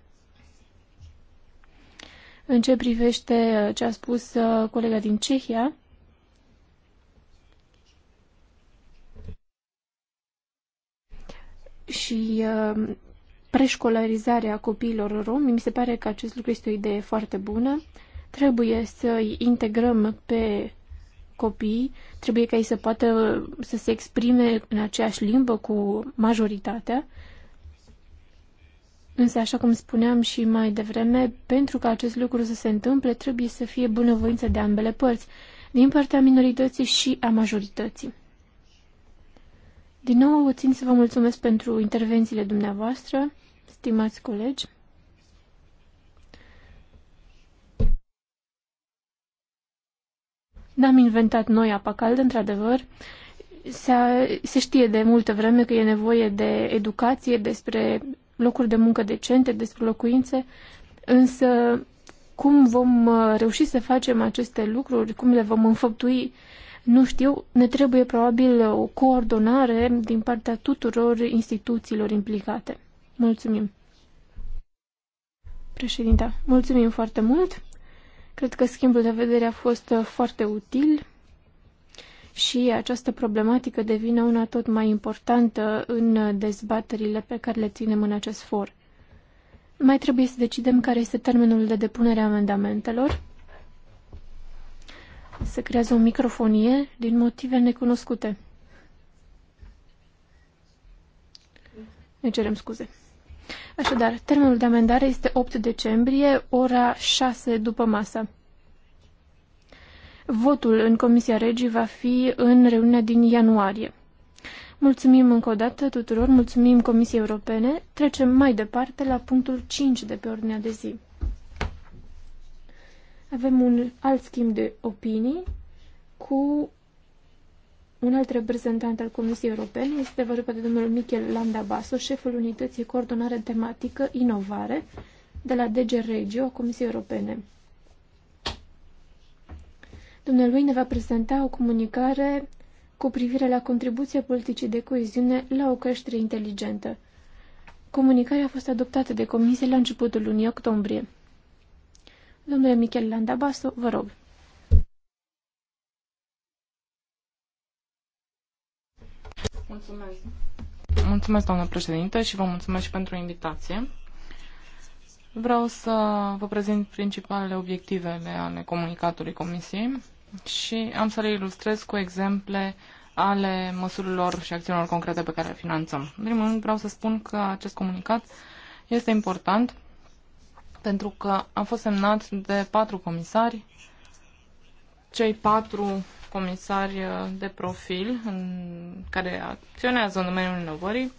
În ce privește uh, ce a spus uh, colega din Cehia, și uh, preșcolarizarea copiilor romi, mi se pare că acest lucru este o idee foarte bună. Trebuie să îi integrăm pe copii, trebuie ca ei să poată să se exprime în aceeași limbă cu majoritatea Însă, așa cum spuneam și mai devreme, pentru ca acest lucru să se întâmple, trebuie să fie bunăvoință de ambele părți, din partea minorității și a majorității. Din nou, țin să vă mulțumesc pentru intervențiile dumneavoastră, stimați colegi. N-am inventat noi apa caldă, într-adevăr. Se, se știe de multă vreme că e nevoie de educație despre locuri de muncă decente, despre locuințe, însă cum vom uh, reuși să facem aceste lucruri, cum le vom înfăptui, nu știu, ne trebuie probabil o coordonare din partea tuturor instituțiilor implicate. Mulțumim. Președinta, mulțumim foarte mult. Cred că schimbul de vedere a fost uh, foarte util și această problematică devine una tot mai importantă în dezbaterile pe care le ținem în acest for. Mai trebuie să decidem care este termenul de depunere a amendamentelor. Se creează o microfonie din motive necunoscute. Ne cerem scuze. Așadar, termenul de amendare este 8 decembrie, ora 6 după masă. Votul în Comisia Regii va fi în reuniunea din ianuarie. Mulțumim încă o dată tuturor, mulțumim Comisiei Europene. Trecem mai departe la punctul 5 de pe ordinea de zi. Avem un alt schimb de opinii cu un alt reprezentant al Comisiei Europene. Este vorba de domnul Michel Landabaso, șeful unității coordonare tematică inovare de la DG Regio Comisiei Europene. Dumnealui ne va prezenta o comunicare cu privire la contribuția politicii de coeziune la o creștere inteligentă. Comunicarea a fost adoptată de comisie la începutul lunii octombrie. Domnule Michel Landabaso, vă rog. Mulțumesc. Mulțumesc, doamnă președinte, și vă mulțumesc și pentru invitație. Vreau să vă prezint principalele obiective ale comunicatului Comisiei și am să le ilustrez cu exemple ale măsurilor și acțiunilor concrete pe care le finanțăm. În primul rând vreau să spun că acest comunicat este important pentru că a fost semnat de patru comisari, cei patru comisari de profil în care acționează în domeniul inovării,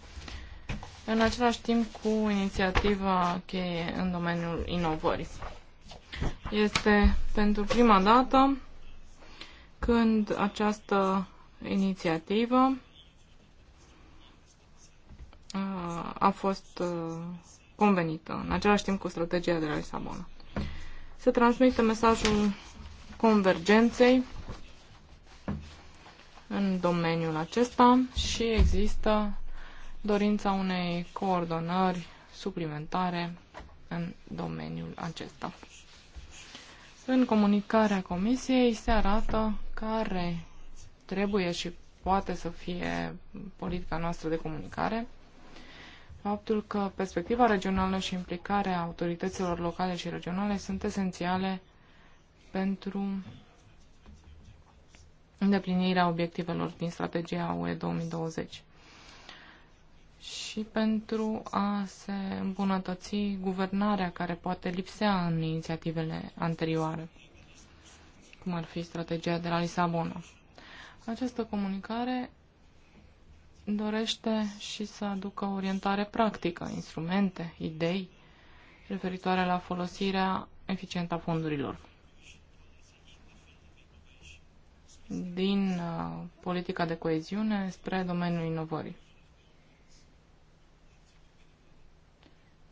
în același timp cu inițiativa cheie în domeniul inovării. Este pentru prima dată când această inițiativă uh, a fost uh, convenită în același timp cu strategia de la Lisabona. Se transmite mesajul convergenței în domeniul acesta și există dorința unei coordonări suplimentare în domeniul acesta. În comunicarea Comisiei se arată care trebuie și poate să fie politica noastră de comunicare, faptul că perspectiva regională și implicarea autorităților locale și regionale sunt esențiale pentru îndeplinirea obiectivelor din strategia UE 2020 și pentru a se îmbunătăți guvernarea care poate lipsea în inițiativele anterioare cum ar fi strategia de la Lisabona. Această comunicare dorește și să aducă orientare practică, instrumente, idei referitoare la folosirea eficientă a fondurilor. din uh, politica de coeziune spre domeniul inovării.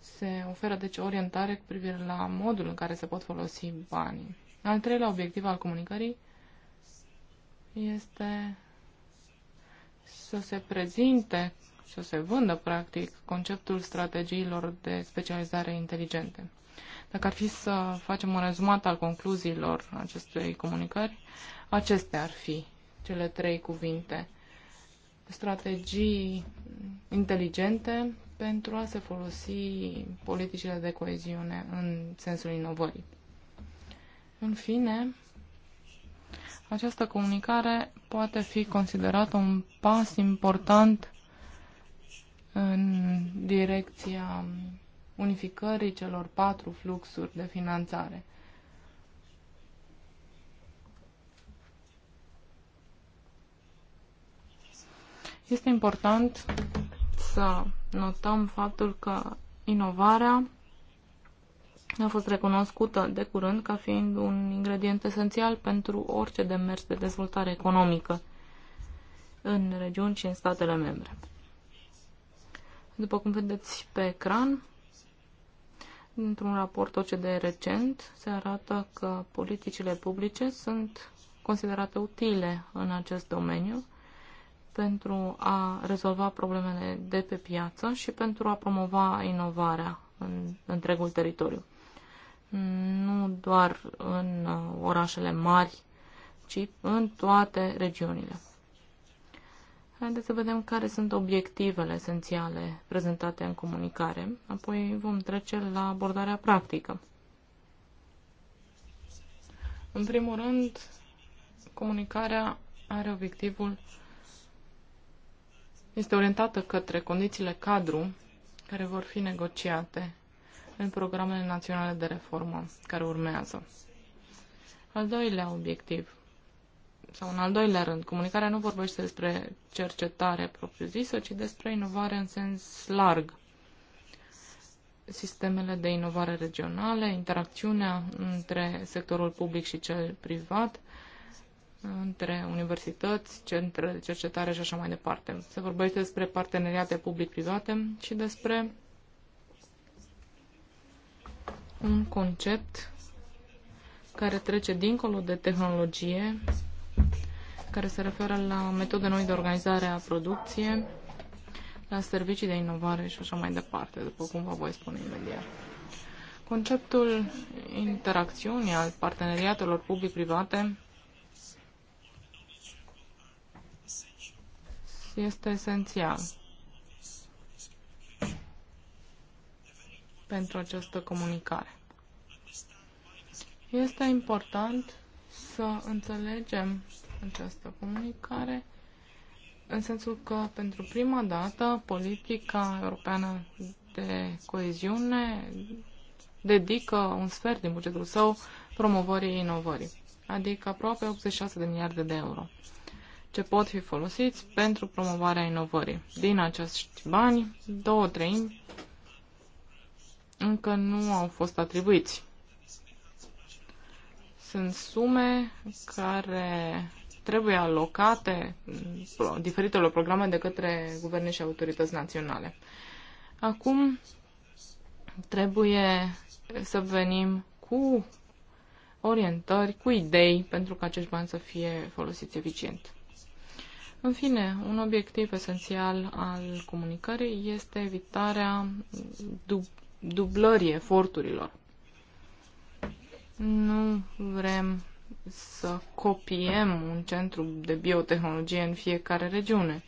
Se oferă deci orientare cu privire la modul în care se pot folosi banii. Al treilea obiectiv al comunicării este să se prezinte, să se vândă, practic, conceptul strategiilor de specializare inteligente. Dacă ar fi să facem un rezumat al concluziilor acestei comunicări, acestea ar fi cele trei cuvinte. Strategii inteligente pentru a se folosi politicile de coeziune în sensul inovării. În fine, această comunicare poate fi considerată un pas important în direcția unificării celor patru fluxuri de finanțare. Este important să notăm faptul că inovarea a fost recunoscută de curând ca fiind un ingredient esențial pentru orice demers de dezvoltare economică în regiuni și în statele membre. După cum vedeți pe ecran, într-un raport OCD recent se arată că politicile publice sunt considerate utile în acest domeniu pentru a rezolva problemele de pe piață și pentru a promova inovarea în întregul teritoriu nu doar în uh, orașele mari, ci în toate regiunile. Haideți să vedem care sunt obiectivele esențiale prezentate în comunicare, apoi vom trece la abordarea practică. În primul rând, comunicarea are obiectivul, este orientată către condițiile cadru care vor fi negociate în programele naționale de reformă care urmează. Al doilea obiectiv, sau în al doilea rând, comunicarea nu vorbește despre cercetare propriu-zisă, ci despre inovare în sens larg. Sistemele de inovare regionale, interacțiunea între sectorul public și cel privat, între universități, centre de cercetare și așa mai departe. Se vorbește despre parteneriate public-private și despre un concept care trece dincolo de tehnologie, care se referă la metode noi de organizare a producției, la servicii de inovare și așa mai departe, după cum vă voi spune imediat. Conceptul interacțiunii al parteneriatelor public-private este esențial. pentru această comunicare. Este important să înțelegem această comunicare în sensul că pentru prima dată politica europeană de coeziune dedică un sfert din bugetul său promovării inovării, adică aproape 86 de miliarde de euro, ce pot fi folosiți pentru promovarea inovării. Din acești bani, două treimi încă nu au fost atribuiți. Sunt sume care trebuie alocate diferitelor programe de către guverne și autorități naționale. Acum trebuie să venim cu orientări, cu idei pentru ca acești bani să fie folosiți eficient. În fine, un obiectiv esențial al comunicării este evitarea dublării eforturilor. Nu vrem să copiem un centru de biotehnologie în fiecare regiune.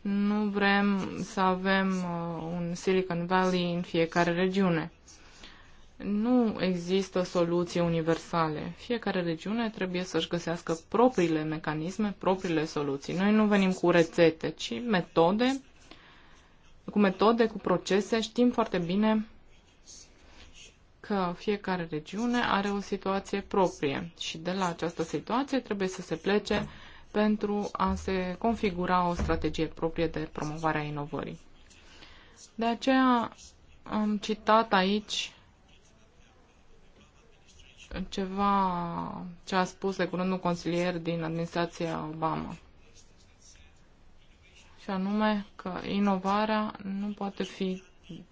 Nu vrem să avem uh, un Silicon Valley în fiecare regiune. Nu există soluții universale. Fiecare regiune trebuie să-și găsească propriile mecanisme, propriile soluții. Noi nu venim cu rețete, ci metode. Cu metode, cu procese, știm foarte bine că fiecare regiune are o situație proprie și de la această situație trebuie să se plece pentru a se configura o strategie proprie de promovare a inovării. De aceea am citat aici ceva ce a spus de curând un consilier din administrația Obama. Și anume că inovarea nu poate fi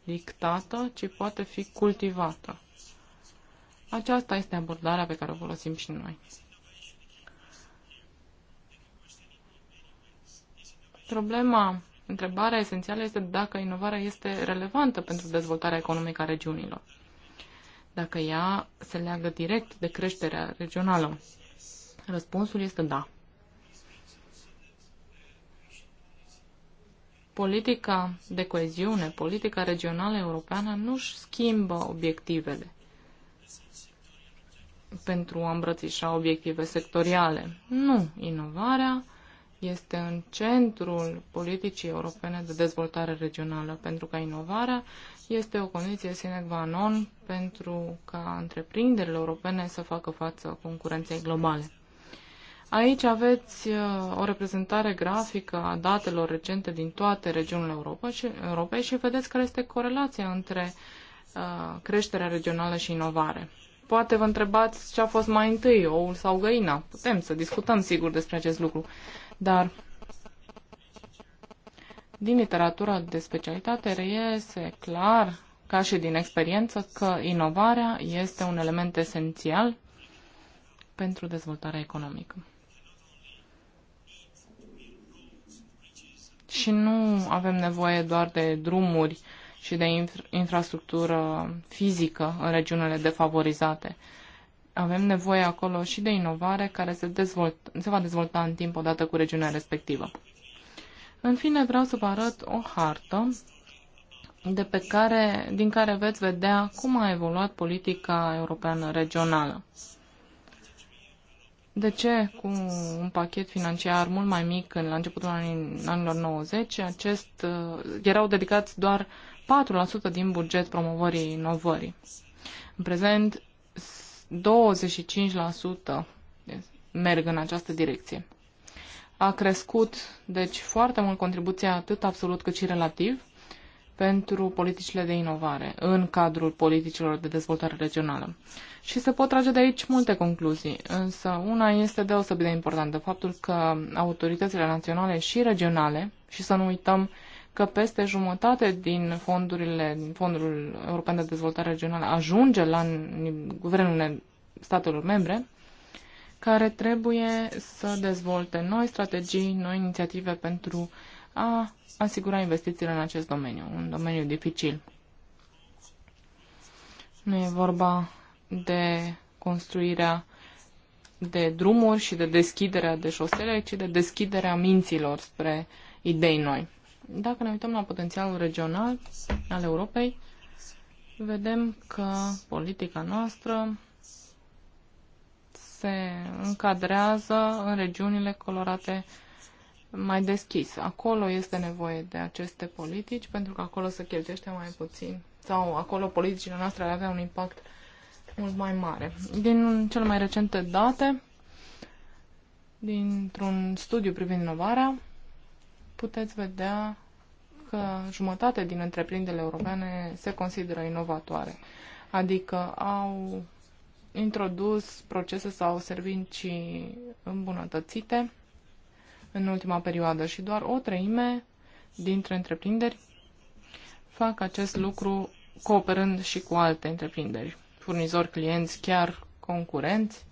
dictată, ci poate fi cultivată. Aceasta este abordarea pe care o folosim și noi. Problema, întrebarea esențială este dacă inovarea este relevantă pentru dezvoltarea economică a regiunilor, dacă ea se leagă direct de creșterea regională. Răspunsul este da. politica de coeziune, politica regională europeană nu și schimbă obiectivele pentru a îmbrățișa obiective sectoriale. Nu, inovarea este în centrul politicii europene de dezvoltare regională, pentru că inovarea este o condiție sine qua non pentru ca întreprinderile europene să facă față concurenței globale. Aici aveți uh, o reprezentare grafică a datelor recente din toate regiunile Europei și vedeți care este corelația între uh, creșterea regională și inovare. Poate vă întrebați ce a fost mai întâi, oul sau găina. Putem să discutăm, sigur, despre acest lucru. Dar din literatura de specialitate reiese clar, ca și din experiență, că inovarea este un element esențial pentru dezvoltarea economică. Și nu avem nevoie doar de drumuri uh, și de infra infrastructură fizică în regiunile defavorizate. Avem nevoie acolo și de inovare care se, dezvolt, se va dezvolta în timp odată cu regiunea respectivă. În fine, vreau să vă arăt o hartă de pe care, din care veți vedea cum a evoluat politica europeană regională. De ce cu un pachet financiar mult mai mic în, la începutul anilor 90, acest, uh, erau dedicați doar 4% din buget promovării inovării. În prezent, 25% merg în această direcție. A crescut, deci, foarte mult contribuția atât absolut cât și relativ pentru politicile de inovare în cadrul politicilor de dezvoltare regională. Și se pot trage de aici multe concluzii, însă una este deosebit de importantă, faptul că autoritățile naționale și regionale, și să nu uităm că peste jumătate din fondurile, din Fondul European de Dezvoltare Regională ajunge la guvernul statelor membre, care trebuie să dezvolte noi strategii, noi inițiative pentru a asigura investițiile în acest domeniu, un domeniu dificil. Nu e vorba de construirea de drumuri și de deschiderea de șosele, ci de deschiderea minților spre idei noi. Dacă ne uităm la potențialul regional al Europei, vedem că politica noastră se încadrează în regiunile colorate mai deschis. Acolo este nevoie de aceste politici, pentru că acolo se cheltuiește mai puțin sau acolo politicile noastre ar avea un impact mult mai mare. Din cele mai recente date, dintr-un studiu privind inovarea, puteți vedea că jumătate din întreprinderile europene se consideră inovatoare, adică au introdus procese sau servicii îmbunătățite în ultima perioadă și doar o treime dintre întreprinderi fac acest lucru cooperând și cu alte întreprinderi, furnizori, clienți, chiar concurenți,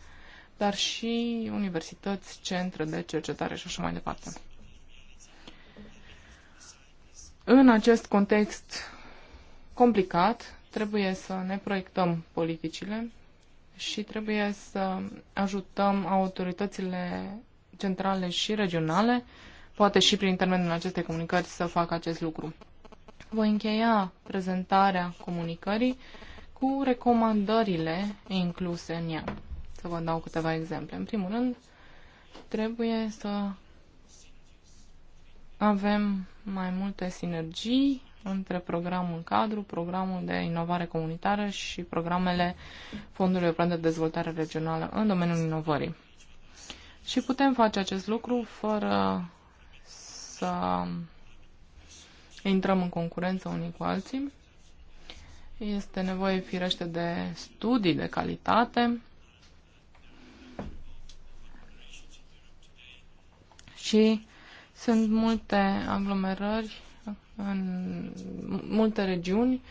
dar și universități, centre de cercetare și așa mai departe. În acest context complicat, trebuie să ne proiectăm politicile și trebuie să ajutăm autoritățile centrale și regionale, poate și prin intermediul acestei comunicări, să facă acest lucru. Voi încheia prezentarea comunicării cu recomandările incluse în ea. Să vă dau câteva exemple. În primul rând, trebuie să avem mai multe sinergii între programul în cadru, programul de inovare comunitară și programele Fondului European de Dezvoltare Regională în domeniul inovării. Și putem face acest lucru fără să intrăm în concurență unii cu alții. Este nevoie firește de studii de calitate și sunt multe aglomerări în multe regiuni.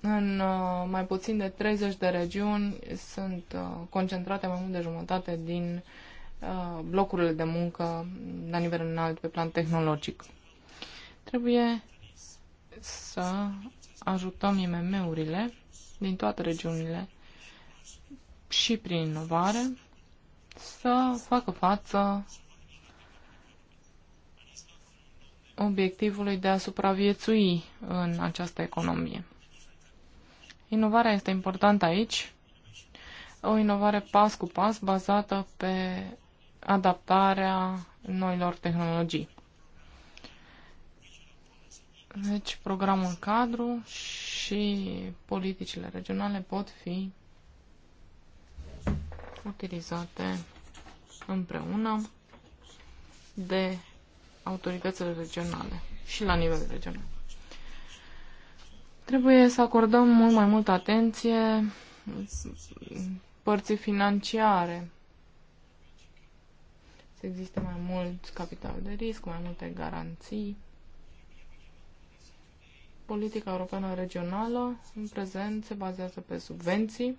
În uh, mai puțin de 30 de regiuni sunt uh, concentrate mai mult de jumătate din uh, blocurile de muncă la nivel înalt pe plan tehnologic. Trebuie să ajutăm IMM-urile din toate regiunile și prin inovare să facă față obiectivului de a supraviețui în această economie. Inovarea este importantă aici, o inovare pas cu pas bazată pe adaptarea noilor tehnologii. Deci programul cadru și politicile regionale pot fi utilizate împreună de autoritățile regionale și la nivel regional. Trebuie să acordăm mult mai multă atenție părții financiare. Să existe mai mult capital de risc, mai multe garanții. Politica europeană regională în prezent se bazează pe subvenții.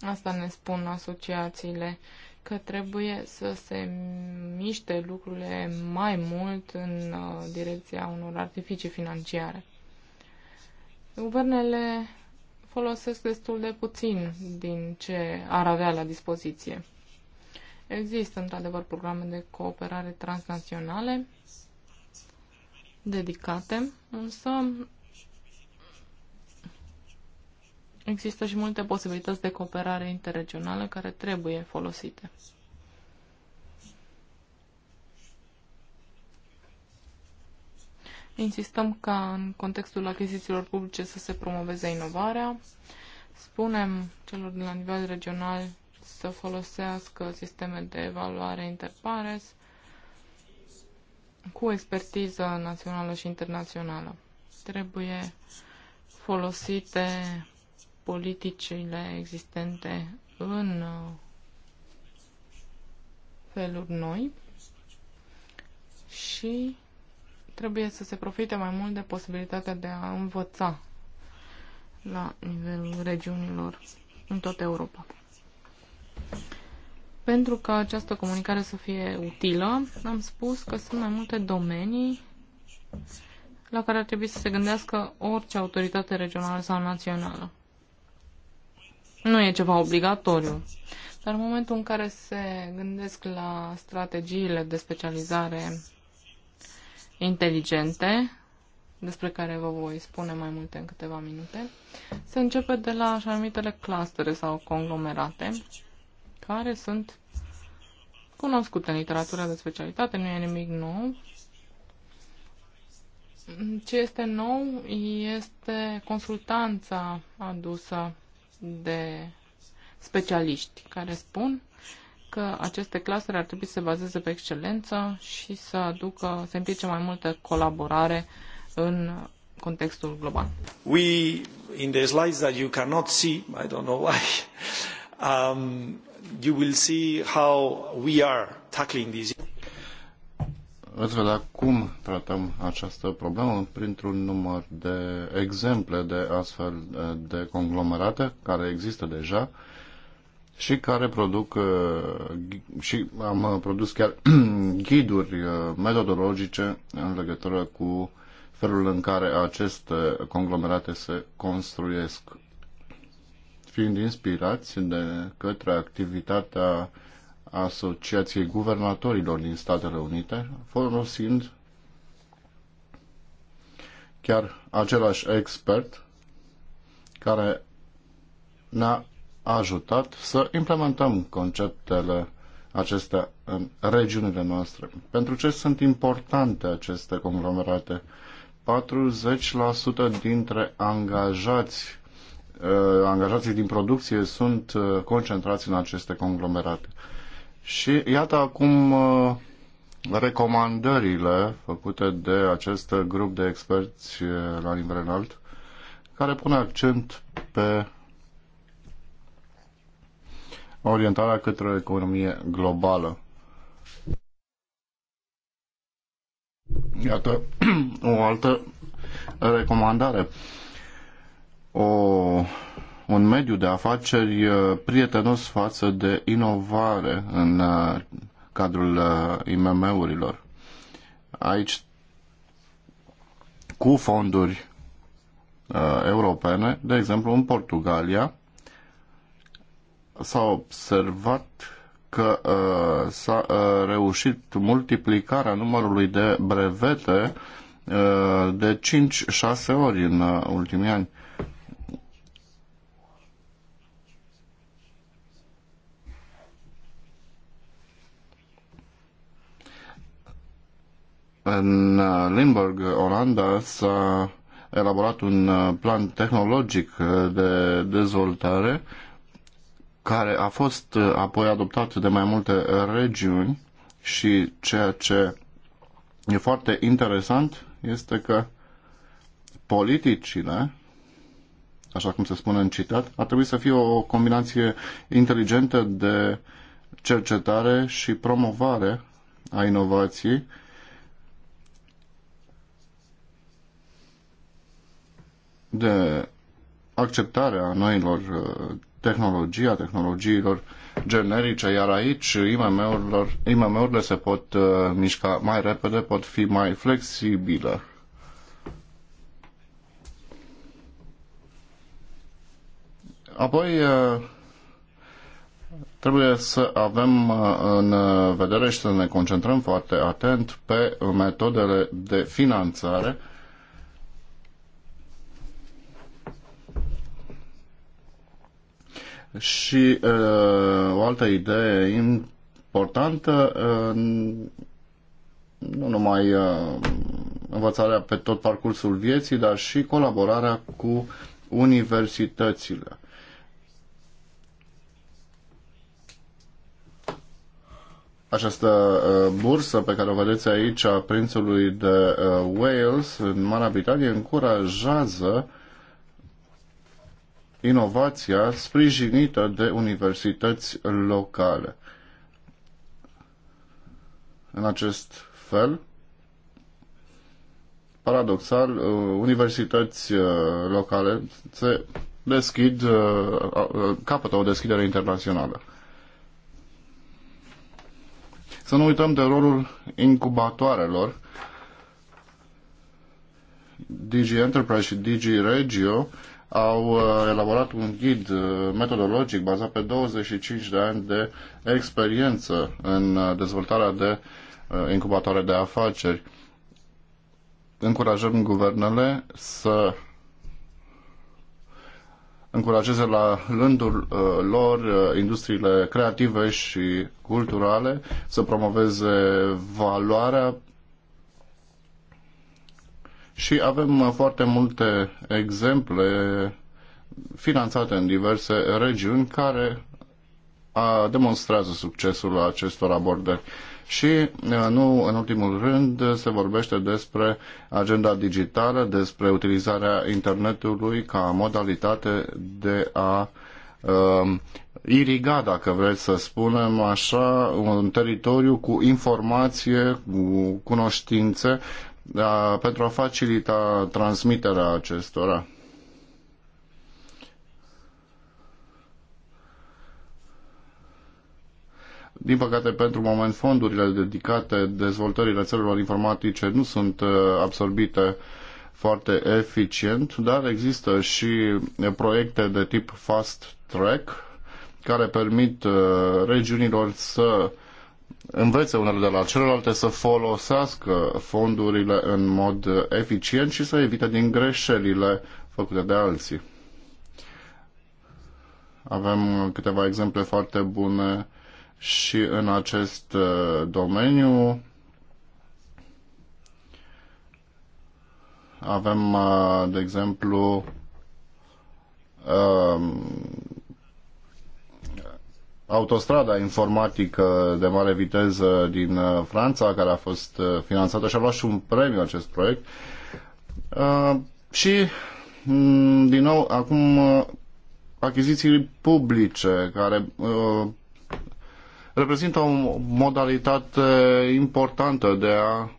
Asta ne spun asociațiile uh, că trebuie să se miște lucrurile mai mult în uh, direcția unor artificii financiare. Guvernele folosesc destul de puțin din ce ar avea la dispoziție. Există, într-adevăr, programe de cooperare transnaționale dedicate, însă există și multe posibilități de cooperare interregională care trebuie folosite. Insistăm ca în contextul achizițiilor publice să se promoveze inovarea. Spunem celor de la nivel regional să folosească sisteme de evaluare interpares cu expertiză națională și internațională. Trebuie folosite politicile existente în uh, feluri noi și trebuie să se profite mai mult de posibilitatea de a învăța la nivelul regiunilor în toată Europa. Pentru ca această comunicare să fie utilă, am spus că sunt mai multe domenii la care ar trebui să se gândească orice autoritate regională sau națională. Nu e ceva obligatoriu. Dar în momentul în care se gândesc la strategiile de specializare inteligente, despre care vă voi spune mai multe în câteva minute, se începe de la așa numitele clustere sau conglomerate, care sunt cunoscute în literatura de specialitate, nu e nimic nou. Ce este nou este consultanța adusă de specialiști care spun că aceste clasări ar trebui să se bazeze pe excelență și să aducă, să implice mai multă colaborare în contextul global. We, in the slides that you cannot see, I don't know why, um, you will see how we are tackling these veți vedea cum tratăm această problemă printr-un număr de exemple de astfel eh, de conglomerate care există deja și care produc eh, și am eh, produs chiar ghiduri metodologice în legătură cu felul în care aceste conglomerate se construiesc fiind inspirați de către activitatea Asociației Guvernatorilor din Statele Unite, folosind chiar același expert care ne-a ajutat să implementăm conceptele acestea în regiunile noastre. Pentru ce sunt importante aceste conglomerate? 40% dintre angajați uh, angajații din producție sunt uh, concentrați în aceste conglomerate. Și iată acum uh, recomandările făcute de acest grup de experți uh, la nivel înalt, care pune accent pe orientarea către o economie globală. Iată o altă recomandare. O un mediu de afaceri uh, prietenos față de inovare în uh, cadrul uh, IMM-urilor. Aici, cu fonduri europene, de exemplu în Portugalia, s-a observat că uh, s-a uh, reușit multiplicarea numărului de brevete uh, de 5-6 ori în uh, ultimii ani. În uh, Limburg, Olanda, s-a elaborat un uh, plan tehnologic uh, de dezvoltare care a fost apoi adoptat de mai multe regiuni și ceea ce e foarte interesant este că politicile, așa cum se spune în citat, ar trebui să fie o combinație inteligentă de cercetare și promovare a inovației de acceptarea noilor uh, tehnologii, a tehnologiilor generice, iar aici imm urile se pot uh, mișca mai repede, pot fi mai flexibile. Apoi uh, trebuie să avem în vedere și să ne concentrăm foarte atent pe metodele de finanțare Și uh, o altă idee importantă, uh, nu numai uh, învățarea pe tot parcursul vieții, dar și colaborarea cu universitățile. Această uh, bursă pe care o vedeți aici a prințului de uh, Wales în Marea Britanie încurajează inovația sprijinită de universități locale. În acest fel, paradoxal, uh, universități uh, locale se deschid, uh, capătă o deschidere internațională. Să nu uităm de rolul incubatoarelor. Digi Enterprise și Digi Regio au uh, elaborat un ghid uh, metodologic bazat pe 25 de ani de experiență în uh, dezvoltarea de incubatoare de afaceri. Încurajăm guvernele să încurajeze la rândul lor industriile creative și culturale, să promoveze valoarea și avem foarte multe exemple finanțate în diverse regiuni care a demonstrează succesul acestor abordări. Și nu în ultimul rând se vorbește despre agenda digitală, despre utilizarea internetului ca modalitate de a uh, iriga, dacă vreți să spunem așa, un teritoriu cu informație, cu cunoștințe da, pentru a facilita transmiterea acestora. Din păcate, pentru moment, fondurile dedicate dezvoltării rețelelor informatice nu sunt uh, absorbite foarte eficient, dar există și proiecte de tip fast track care permit uh, regiunilor să învețe unele de la celelalte să folosească fondurile în mod eficient și să evite din greșelile făcute de alții. Avem câteva exemple foarte bune și în acest uh, domeniu. Avem, uh, de exemplu, um, autostrada informatică de mare viteză din uh, Franța, care a fost uh, finanțată și a luat și un premiu acest proiect. Uh, și, mm, din nou, acum achiziții publice, care reprezintă o modalitate importantă de a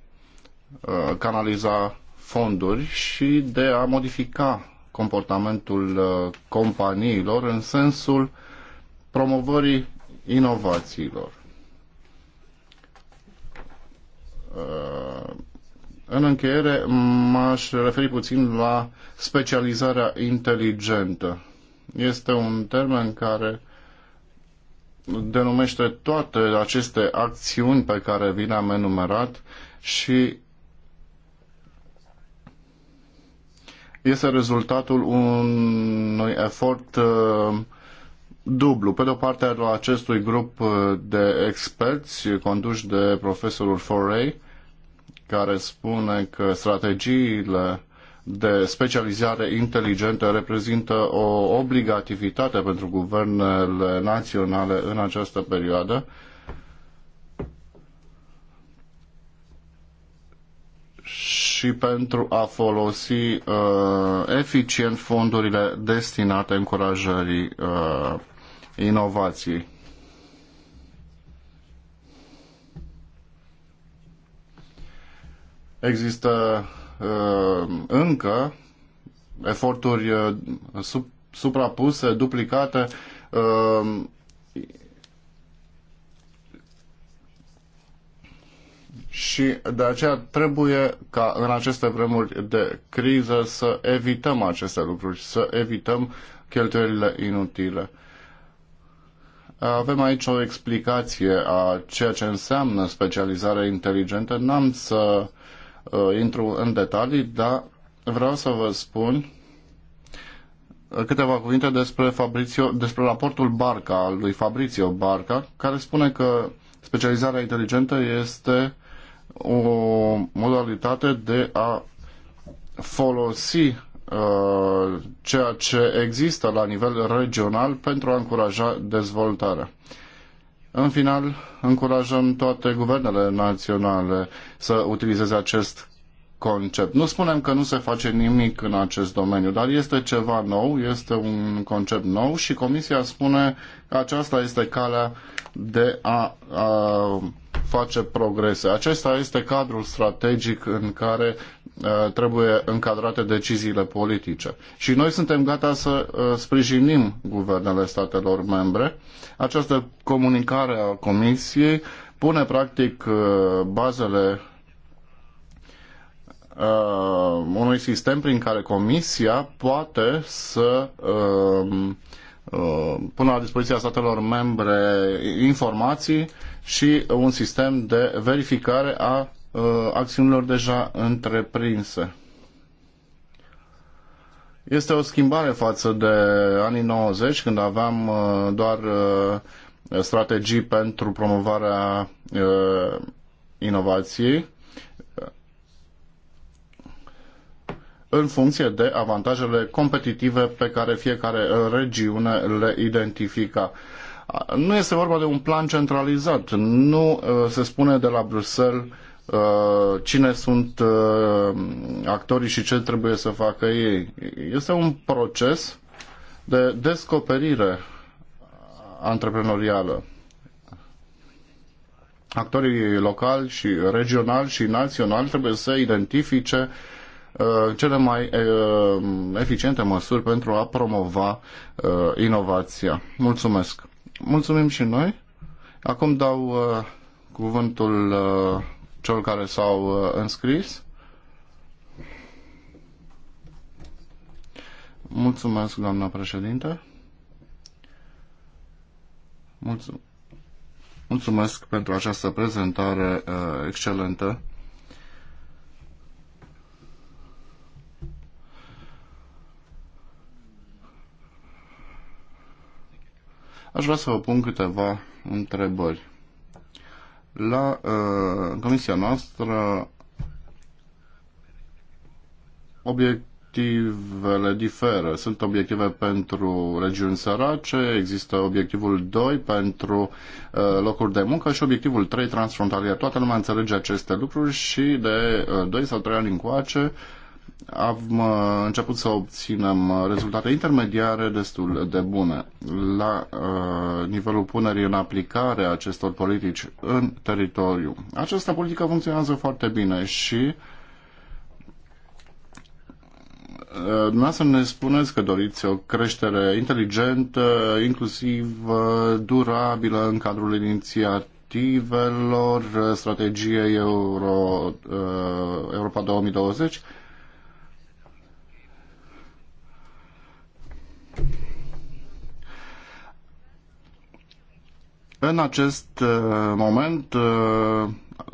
canaliza fonduri și de a modifica comportamentul companiilor în sensul uh, promovării inovațiilor. Uh, în încheiere, m-aș referi puțin la specializarea inteligentă. Este un termen care denumește toate aceste acțiuni pe care vi le-am enumerat și este rezultatul unui efort uh, dublu. Pe de o parte al acestui grup uh, de experți conduși de profesorul Foray, care spune că strategiile de specializare inteligentă reprezintă o obligativitate pentru guvernele naționale în această perioadă. și pentru a folosi uh, eficient fondurile destinate încurajării uh, inovației. Există uh, încă eforturi uh, sub, suprapuse, duplicate. Uh, și de aceea trebuie ca în aceste vremuri de criză să evităm aceste lucruri, să evităm cheltuielile inutile. Avem aici o explicație a ceea ce înseamnă specializarea inteligentă. N-am să uh, intru în detalii, dar vreau să vă spun uh, câteva cuvinte despre, Fabrizio, despre raportul Barca, al lui Fabrizio Barca, care spune că specializarea inteligentă este o modalitate de a folosi Uh, ceea ce există la nivel regional pentru a încuraja dezvoltarea. În final, încurajăm toate guvernele naționale să utilizeze acest concept. Nu spunem că nu se face nimic în acest domeniu, dar este ceva nou, este un concept nou și Comisia spune că aceasta este calea de a, a face progrese. Acesta este cadrul strategic în care Uh, trebuie încadrate deciziile politice. Și noi suntem gata să uh, sprijinim guvernele statelor membre. Această comunicare a Comisiei pune practic uh, bazele unui sistem prin care Comisia poate să um, pună la dispoziția statelor membre informații și un sistem de verificare a Uh, acțiunilor deja întreprinse. Este o schimbare față de anii 90, când aveam uh, doar uh, strategii pentru promovarea inovației în funcție de avantajele competitive pe care fiecare regiune le identifica. Nu este vorba de un plan centralizat, nu se spune de la Bruxelles Uh, cine sunt uh, actorii și ce trebuie să facă ei. Este un proces de descoperire antreprenorială. Actorii locali și regionali și naționali trebuie să identifice uh, cele mai eficiente măsuri pentru a promova inovația. Mulțumesc! Mulțumim și noi! Acum dau cuvântul celor care s-au uh, înscris. Mulțumesc, doamna președinte. Mulțumesc. pentru această prezentare uh, excelentă. Aș vrea să vă pun câteva întrebări. La uh, comisia noastră obiectivele diferă. Sunt obiective pentru regiuni sărace, există obiectivul 2 pentru uh, locuri de muncă și obiectivul 3 transfrontalier. Toată lumea înțelege aceste lucruri și de uh, 2 sau 3 ani încoace uh, am uh, început să obținem uh, rezultate intermediare destul de bune la uh, nivelul punerii în aplicare a acestor politici în teritoriu. Această politică funcționează foarte bine și dumneavoastră ne spuneți că doriți o creștere inteligentă, inclusiv durabilă în cadrul inițiativelor strategiei Euro, Europa 2020 În acest uh, moment uh,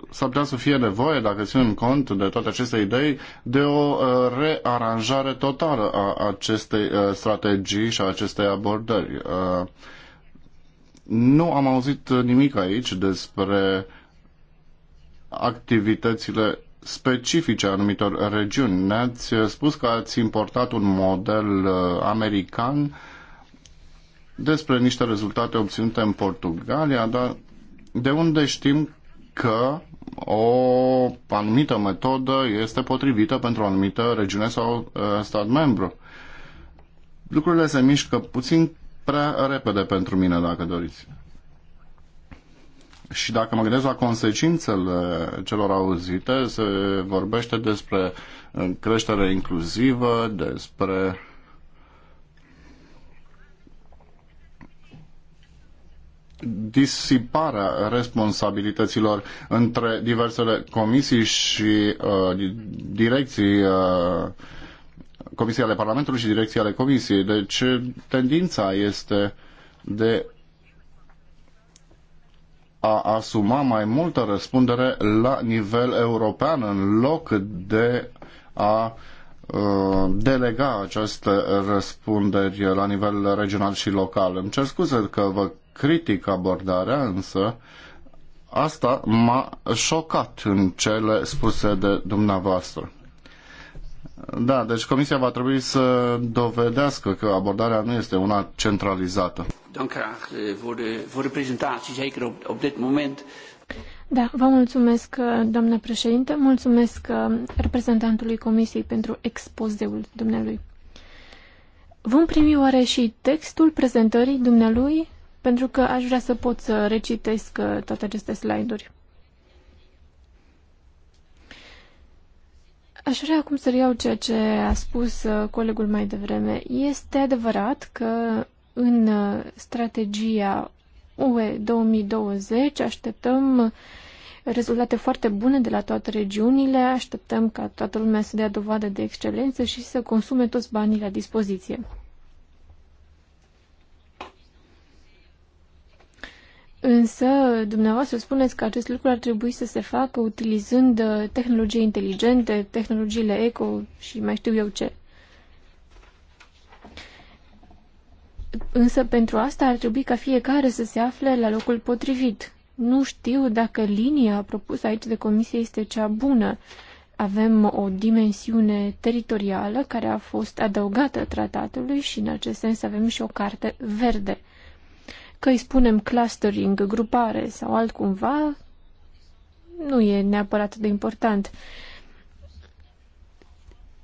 s-ar putea să fie nevoie, dacă ținem cont de toate aceste idei, de o uh, rearanjare totală a acestei strategii și a acestei abordări. Nu am auzit nimic aici despre activitățile specifice anumitor regiuni. Ne-ați spus că ați importat un model american despre niște rezultate obținute în Portugalia, dar de unde știm că o anumită metodă este potrivită pentru o anumită regiune sau stat membru. Lucrurile se mișcă puțin prea repede pentru mine, dacă doriți. Și dacă mă gândesc la consecințele celor auzite, se vorbește despre creștere inclusivă, despre disiparea responsabilităților între diversele comisii și uh, direcții uh, Comisia ale Parlamentului și direcția ale comisiei. Deci uh, tendința este de a asuma mai multă răspundere la nivel european în loc de a uh, delega această răspunderi la nivel regional și local. Îmi cer scuze că vă critic abordarea, însă asta m-a șocat în cele spuse de dumneavoastră. Da, deci Comisia va trebui să dovedească că abordarea nu este una centralizată. Eh, da, vă mulțumesc, eh, doamnă președinte, mulțumesc eh, reprezentantului Comisiei pentru expozeul dumnealui. Vom primi oare și textul prezentării dumnealui pentru că aș vrea să pot să recitesc uh, toate aceste slide-uri. Aș vrea acum să reiau ceea ce a spus uh, colegul mai devreme. Este adevărat că în uh, strategia UE 2020 așteptăm rezultate foarte bune de la toate regiunile, așteptăm ca toată lumea să dea dovadă de excelență și să consume toți banii la dispoziție. Însă, dumneavoastră spuneți că acest lucru ar trebui să se facă utilizând uh, tehnologii inteligente, tehnologiile eco și mai știu eu ce. Însă, pentru asta ar trebui ca fiecare să se afle la locul potrivit. Nu știu dacă linia propusă aici de comisie este cea bună. Avem o dimensiune teritorială care a fost adăugată tratatului și, în acest sens, avem și o carte verde – că îi spunem clustering, grupare sau altcumva, nu e neapărat de important.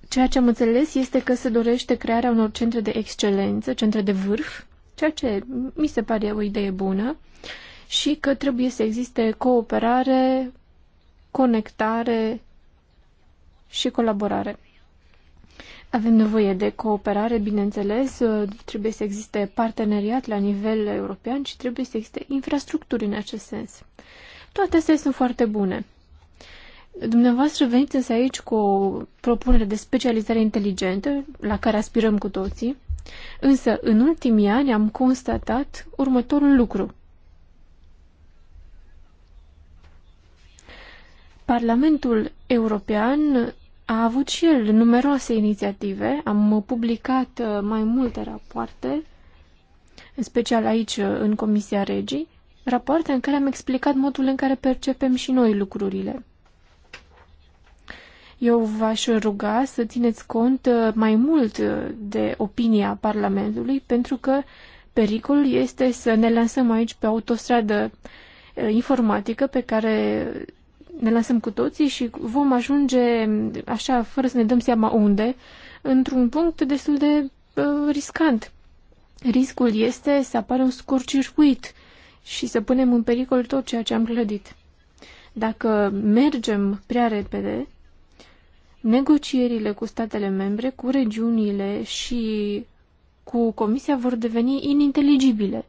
Ceea ce am înțeles este că se dorește crearea unor centre de excelență, centre de vârf, ceea ce mi se pare o idee bună, și că trebuie să existe cooperare, conectare și colaborare. Avem nevoie de cooperare, bineînțeles, uh, trebuie să existe parteneriat la nivel european și trebuie să existe infrastructuri în acest sens. Toate astea sunt foarte bune. Dumneavoastră veniți însă aici cu o propunere de specializare inteligentă, la care aspirăm cu toții, însă în ultimii ani am constatat următorul lucru. Parlamentul European a avut și el numeroase inițiative, am publicat uh, mai multe rapoarte, în special aici uh, în Comisia Regii, rapoarte în care am explicat modul în care percepem și noi lucrurile. Eu v-aș ruga să țineți cont uh, mai mult de opinia Parlamentului, pentru că pericolul este să ne lansăm aici pe autostradă informatică pe care ne lăsăm cu toții și vom ajunge, așa, fără să ne dăm seama unde, într-un punct destul de uh, riscant. Riscul este să apară un circuit și să punem în pericol tot ceea ce am clădit. Dacă mergem prea repede, negocierile cu statele membre, cu regiunile și cu Comisia vor deveni ininteligibile.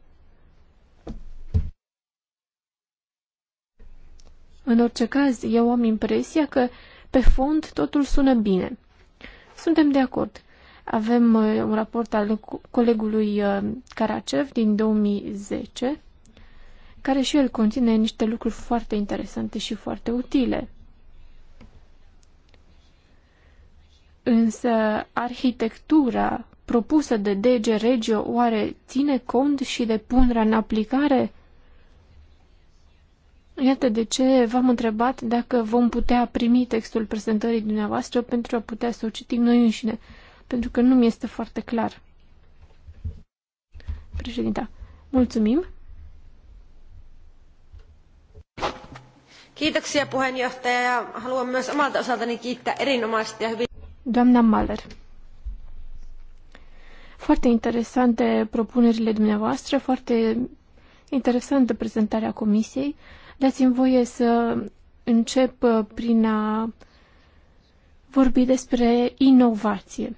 În orice caz, eu am impresia că, pe fond, totul sună bine. Suntem de acord. Avem uh, un raport al colegului Karacev uh, din 2010, care și el conține niște lucruri foarte interesante și foarte utile. Însă, arhitectura propusă de DG Regio oare ține cont și de punerea în aplicare Iată de ce v-am întrebat dacă vom putea primi textul prezentării dumneavoastră pentru a putea să o citim noi înșine, pentru că nu mi este foarte clar. Președinta, mulțumim! Kiitoksia puheenjohtaja ja haluan myös omalta osaltani kiittää erinomaisesti ja hyvin. Doamna Maller. Foarte interesante propunerile dumneavoastră, foarte interesantă prezentarea comisiei. Dați-mi voie să încep uh, prin a vorbi despre inovație.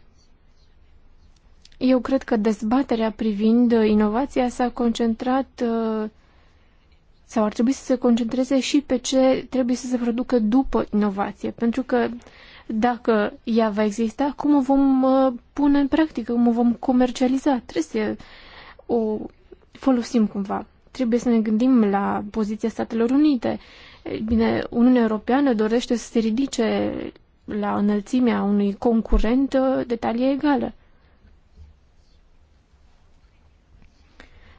Eu cred că dezbaterea privind uh, inovația s-a concentrat uh, sau ar trebui să se concentreze și pe ce trebuie să se producă după inovație, pentru că dacă ea va exista, cum o vom pune în practică, cum o vom comercializa, trebuie să o folosim cumva trebuie să ne gândim la poziția Statelor Unite. bine, Uniunea Europeană dorește să se ridice la înălțimea unui concurent uh, de talie egală.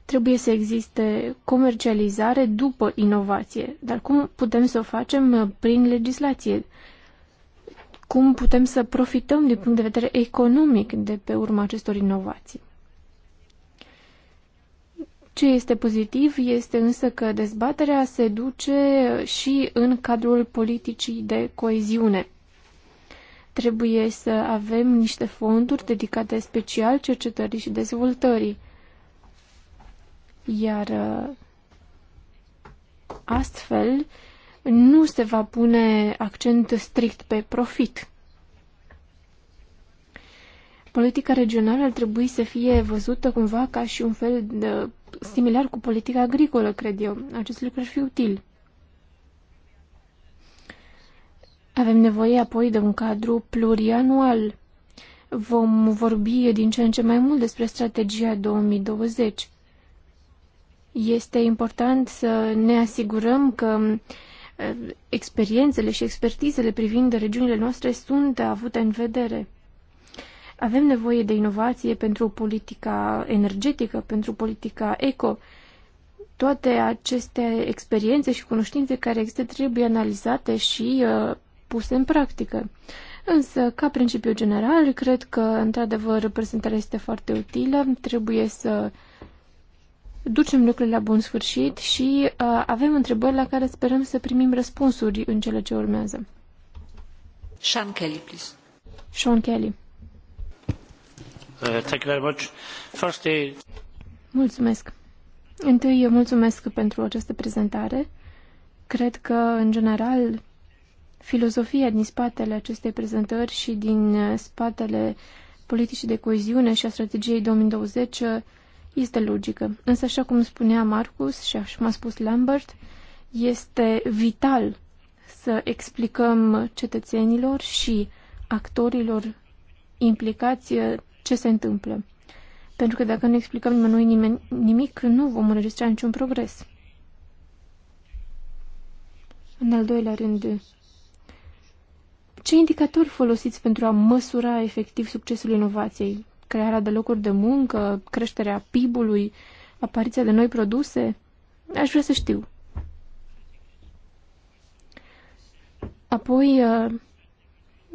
Trebuie să existe comercializare după inovație. Dar cum putem să o facem uh, prin legislație? Cum putem să profităm din punct de vedere economic de pe urma acestor inovații? Ce este pozitiv este însă că dezbaterea se duce și în cadrul politicii de coeziune. Trebuie să avem niște fonduri dedicate special cercetării și dezvoltării. Iar uh, astfel nu se va pune accent strict pe profit. Politica regională ar trebui să fie văzută cumva ca și un fel de similar cu politica agricolă, cred eu. Acest lucru ar fi util. Avem nevoie apoi de un cadru plurianual. Vom vorbi din ce în ce mai mult despre strategia 2020. Este important să ne asigurăm că eh, experiențele și expertizele privind regiunile noastre sunt avute în vedere. Avem nevoie de inovație pentru politica energetică, pentru politica eco. Toate aceste experiențe și cunoștințe care există trebuie analizate și uh, puse în practică. Însă, ca principiu general, cred că, într-adevăr, reprezentarea este foarte utilă. Trebuie să ducem lucrurile la bun sfârșit și uh, avem întrebări la care sperăm să primim răspunsuri în cele ce urmează. Sean Kelly, please. Sean Kelly. Uh, mulțumesc. Întâi eu mulțumesc pentru această prezentare. Cred că, în general, filozofia din spatele acestei prezentări și din uh, spatele politicii de coeziune și a strategiei 2020 uh, este logică. Însă, așa cum spunea Marcus și așa cum a spus Lambert, este vital să explicăm cetățenilor și actorilor implicați ce se întâmplă. Pentru că dacă nu explicăm nimănui nimeni, nimic, nu vom înregistra niciun progres. În al doilea rând, ce indicatori folosiți pentru a măsura efectiv succesul inovației? Crearea de locuri de muncă, creșterea PIB-ului, apariția de noi produse? Aș vrea să știu. Apoi,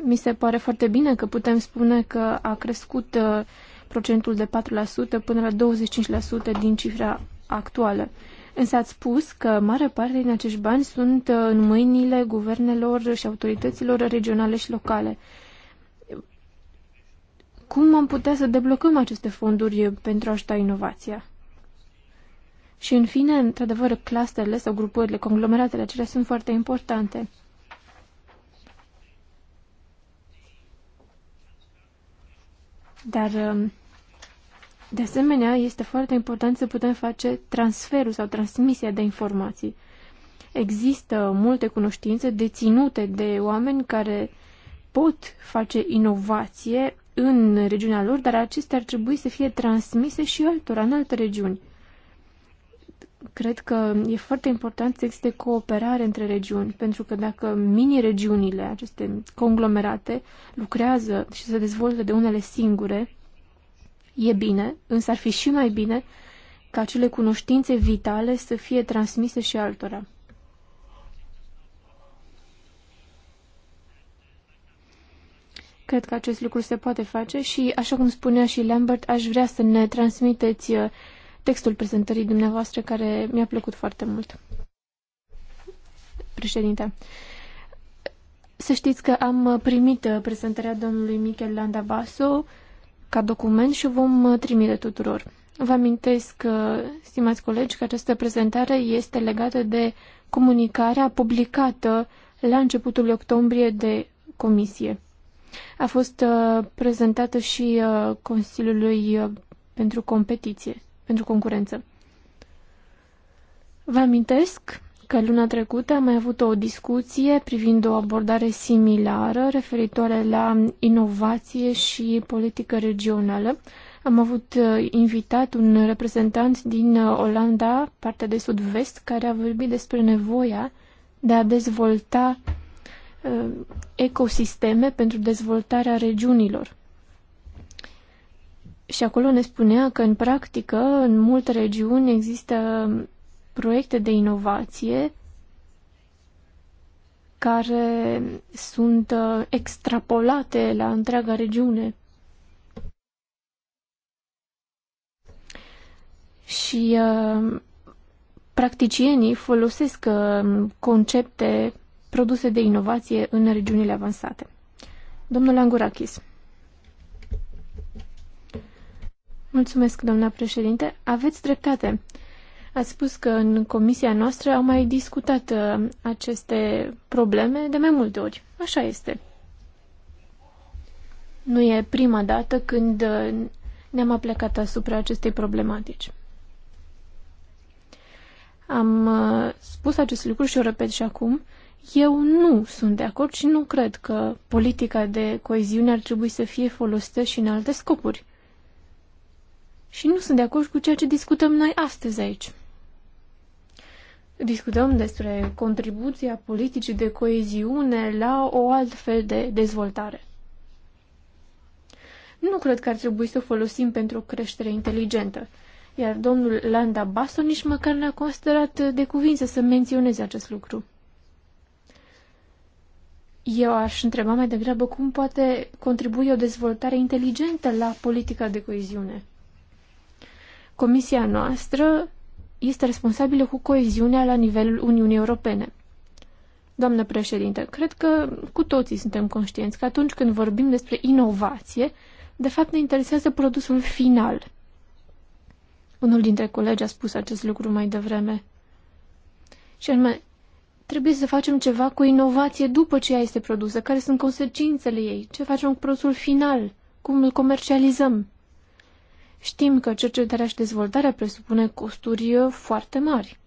mi se pare foarte bine că putem spune că a crescut uh, procentul de 4% până la 25% din cifra actuală. Însă ați spus că mare parte din acești bani sunt uh, în mâinile guvernelor și autorităților regionale și locale. Cum am putea să deblocăm aceste fonduri uh, pentru a ajuta inovația? Și în fine, într-adevăr, clusterele sau grupările, conglomeratele acelea sunt foarte importante. Dar, um, de asemenea, este foarte important să putem face transferul sau transmisia de informații. Există multe cunoștințe deținute de oameni care pot face inovație în regiunea lor, dar acestea ar trebui să fie transmise și altora, în alte regiuni cred că e foarte important să existe cooperare între regiuni, pentru că dacă mini-regiunile, aceste conglomerate, lucrează și se dezvoltă de unele singure, e bine, însă ar fi și mai bine ca acele cunoștințe vitale să fie transmise și altora. Cred că acest lucru se poate face și, așa cum spunea și Lambert, aș vrea să ne transmiteți uh, textul prezentării dumneavoastră care mi-a plăcut foarte mult. Președinte, să știți că am primit prezentarea domnului Michel Landabaso ca document și o vom trimite tuturor. Vă amintesc, stimați colegi, că această prezentare este legată de comunicarea publicată la începutul octombrie de comisie. A fost uh, prezentată și uh, Consiliului uh, pentru competiție pentru concurență. Vă amintesc că luna trecută am mai avut o discuție privind o abordare similară referitoare la inovație și politică regională. Am avut uh, invitat un reprezentant din uh, Olanda, partea de sud-vest, care a vorbit despre nevoia de a dezvolta uh, ecosisteme pentru dezvoltarea regiunilor. Și acolo ne spunea că, în practică, în multe regiuni există proiecte de inovație care sunt uh, extrapolate la întreaga regiune. Și uh, practicienii folosesc uh, concepte produse de inovație în regiunile avansate. Domnul Angurakis. Mulțumesc, doamna președinte. Aveți dreptate. Ați spus că în comisia noastră au mai discutat uh, aceste probleme de mai multe ori. Așa este. Nu e prima dată când uh, ne-am aplecat asupra acestei problematici. Am uh, spus acest lucru și o repet și acum. Eu nu sunt de acord și nu cred că politica de coeziune ar trebui să fie folosită și în alte scopuri și nu sunt de acord cu ceea ce discutăm noi astăzi aici. Discutăm despre contribuția politicii de coeziune la o fel de dezvoltare. Nu cred că ar trebui să o folosim pentru o creștere inteligentă, iar domnul Landa Basso nici măcar n-a considerat de cuvință să menționeze acest lucru. Eu aș întreba mai degrabă cum poate contribui o dezvoltare inteligentă la politica de coeziune. Comisia noastră este responsabilă cu coeziunea la nivelul Uniunii Europene. Doamnă președinte, cred că cu toții suntem conștienți că atunci când vorbim despre inovație, de fapt ne interesează produsul final. Unul dintre colegi a spus acest lucru mai devreme. Și anume, trebuie să facem ceva cu inovație după ce ea este produsă, care sunt consecințele ei, ce facem cu produsul final, cum îl comercializăm. Știm că cercetarea și dezvoltarea presupune costuri uh, foarte mari.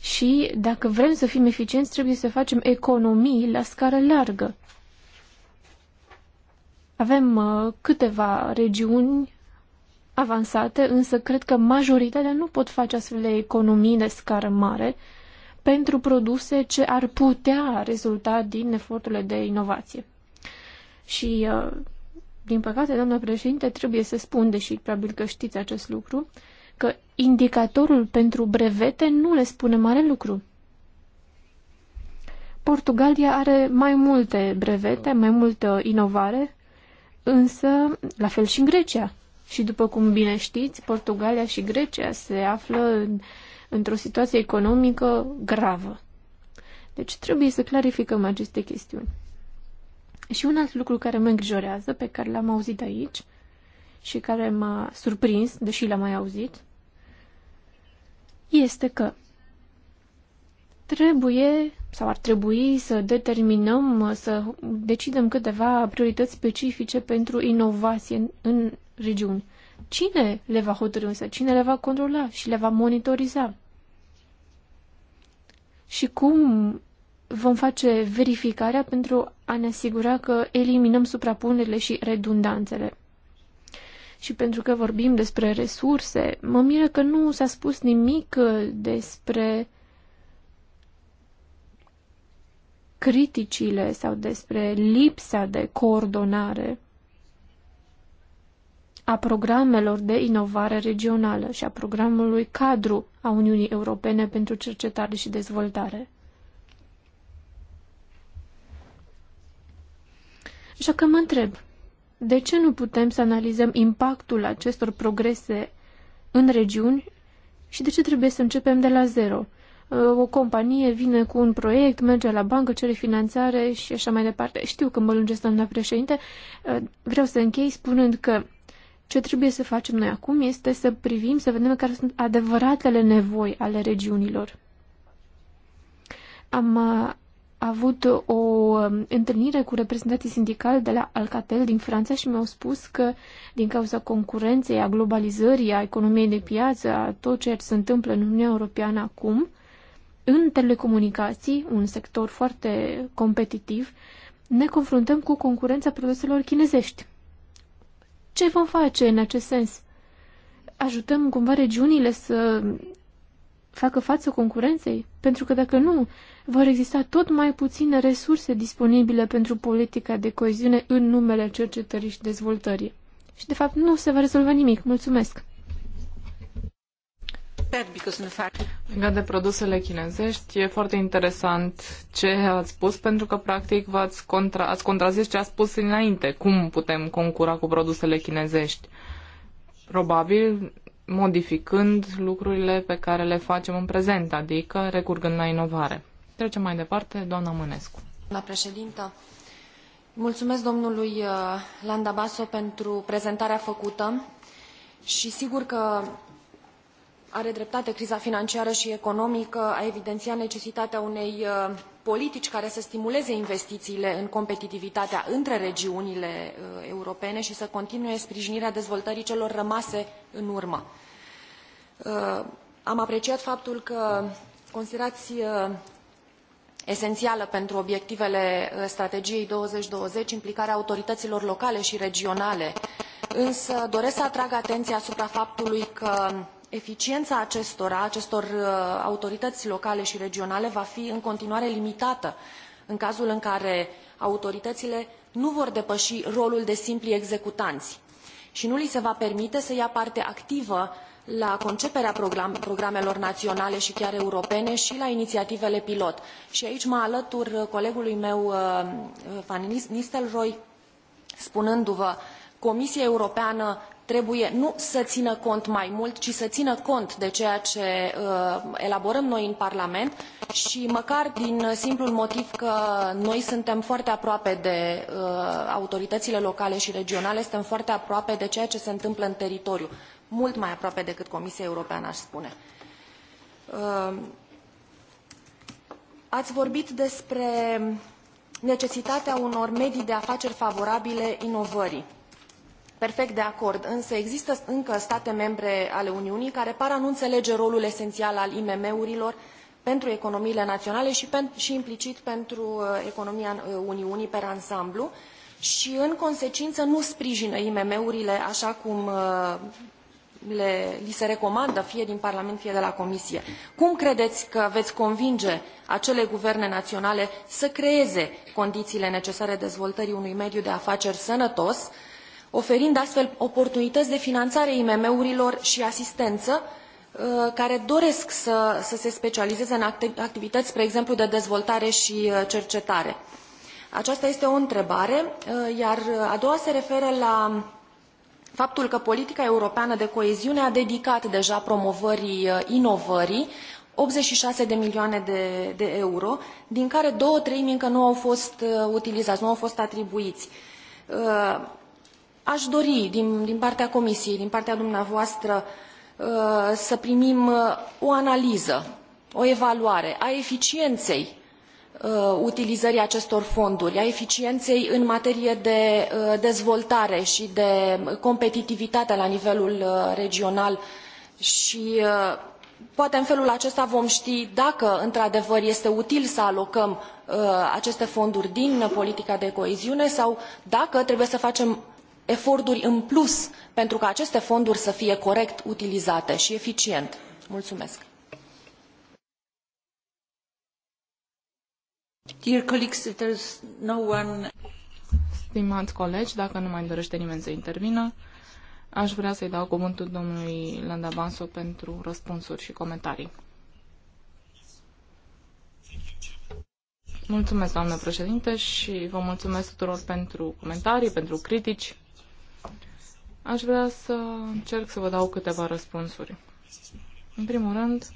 Și dacă vrem să fim eficienți, trebuie să facem economii la scară largă. Avem uh, câteva regiuni avansate, însă cred că majoritatea nu pot face astfel de economii de scară mare pentru produse ce ar putea rezulta din eforturile de inovație. Și uh, din păcate, doamnă președinte, trebuie să spun, deși probabil că știți acest lucru, că indicatorul pentru brevete nu le spune mare lucru. Portugalia are mai multe brevete, mai multă inovare, însă la fel și în Grecia. Și după cum bine știți, Portugalia și Grecia se află într-o situație economică gravă. Deci trebuie să clarificăm aceste chestiuni. Și un alt lucru care mă îngrijorează, pe care l-am auzit aici și care m-a surprins, deși l-am mai auzit, este că trebuie sau ar trebui să determinăm, să decidem câteva priorități specifice pentru inovație în, în regiuni. Cine le va hotărâi însă? Cine le va controla și le va monitoriza? Și cum vom face verificarea pentru a ne asigura că eliminăm suprapunerile și redundanțele. Și pentru că vorbim despre resurse, mă miră că nu s-a spus nimic despre criticile sau despre lipsa de coordonare a programelor de inovare regională și a programului cadru a Uniunii Europene pentru cercetare și dezvoltare. Așa că mă întreb, de ce nu putem să analizăm impactul acestor progrese în regiuni și de ce trebuie să începem de la zero? Uh, o companie vine cu un proiect, merge la bancă, cere finanțare și așa mai departe. Știu că mă lungesc, doamna președinte. Uh, vreau să închei spunând că ce trebuie să facem noi acum este să privim, să vedem care sunt adevăratele nevoi ale regiunilor. Am uh, avut o um, întâlnire cu reprezentanții sindicali de la Alcatel din Franța și mi-au spus că din cauza concurenței, a globalizării, a economiei de piață, a tot ceea ce se întâmplă în Uniunea Europeană acum, în telecomunicații, un sector foarte competitiv, ne confruntăm cu concurența produselor chinezești. Ce vom face în acest sens? Ajutăm cumva regiunile să facă față concurenței? Pentru că dacă nu, vor exista tot mai puține resurse disponibile pentru politica de coeziune în numele cercetării și dezvoltării. Și, de fapt, nu se va rezolva nimic. Mulțumesc! Legat de produsele chinezești, e foarte interesant ce ați spus, pentru că, practic, v-ați contra, ați contrazis ce a spus înainte. Cum putem concura cu produsele chinezești? Probabil modificând lucrurile pe care le facem în prezent, adică recurgând la inovare. Trecem mai departe, doamna Mânescu. Doamna președintă, mulțumesc domnului uh, Landa Baso pentru prezentarea făcută și sigur că are dreptate criza financiară și economică a evidențiat necesitatea unei uh, politici care să stimuleze investițiile în competitivitatea între regiunile uh, europene și să continue sprijinirea dezvoltării celor rămase în urmă. Uh, am apreciat faptul că considerați uh, esențială pentru obiectivele strategiei 2020 implicarea autorităților locale și regionale, însă doresc să atrag atenția asupra faptului că eficiența acestora, acestor uh, autorități locale și regionale, va fi în continuare limitată în cazul în care autoritățile nu vor depăși rolul de simpli executanți și nu li se va permite să ia parte activă la conceperea programelor naționale și chiar europene și la inițiativele pilot. Și aici mă alătur colegului meu, uh, Van Nistelrooy, spunându-vă Comisia Europeană trebuie nu să țină cont mai mult, ci să țină cont de ceea ce uh, elaborăm noi în Parlament și măcar din simplul motiv că noi suntem foarte aproape de uh, autoritățile locale și regionale, suntem foarte aproape de ceea ce se întâmplă în teritoriu, mult mai aproape decât Comisia Europeană, aș spune. Uh, ați vorbit despre necesitatea unor medii de afaceri favorabile inovării perfect de acord, însă există încă state membre ale Uniunii care par a nu înțelege rolul esențial al IMM-urilor pentru economiile naționale și, și implicit pentru uh, economia uh, Uniunii per ansamblu și în consecință nu sprijină IMM-urile așa cum uh, le, li se recomandă fie din Parlament, fie de la Comisie. Cum credeți că veți convinge acele guverne naționale să creeze condițiile necesare dezvoltării unui mediu de afaceri sănătos uh, oferind astfel oportunități de finanțare IMM-urilor și asistență uh, care doresc să, să se specializeze în activități, spre exemplu, de dezvoltare și uh, cercetare. Aceasta este o întrebare, uh, iar a doua se referă la faptul că politica europeană de coeziune a dedicat deja promovării inovării 86 de milioane de, de euro, din care două treimi încă nu au fost utilizați, nu au fost atribuiți. Aș dori din, din partea Comisiei, din partea dumneavoastră, uh, să primim uh, o analiză, o evaluare a eficienței uh, utilizării acestor fonduri, a eficienței în materie de dezvoltare și de competitivitate la nivelul regional și poate în felul acesta vom ști dacă într adevăr este util să alocăm aceste fonduri din politica de coeziune sau dacă trebuie să facem eforturi în plus pentru ca aceste fonduri să fie corect utilizate și eficient. Mulțumesc! Dear colleagues, there's no one... Stimați colegi, dacă nu mai dorește nimeni să intervină, aș vrea să-i dau cuvântul domnului Landa Banso pentru răspunsuri și comentarii. Mulțumesc, doamnă președinte, și vă mulțumesc tuturor pentru comentarii, pentru critici. Aș vrea să încerc să vă dau câteva răspunsuri. În primul rând,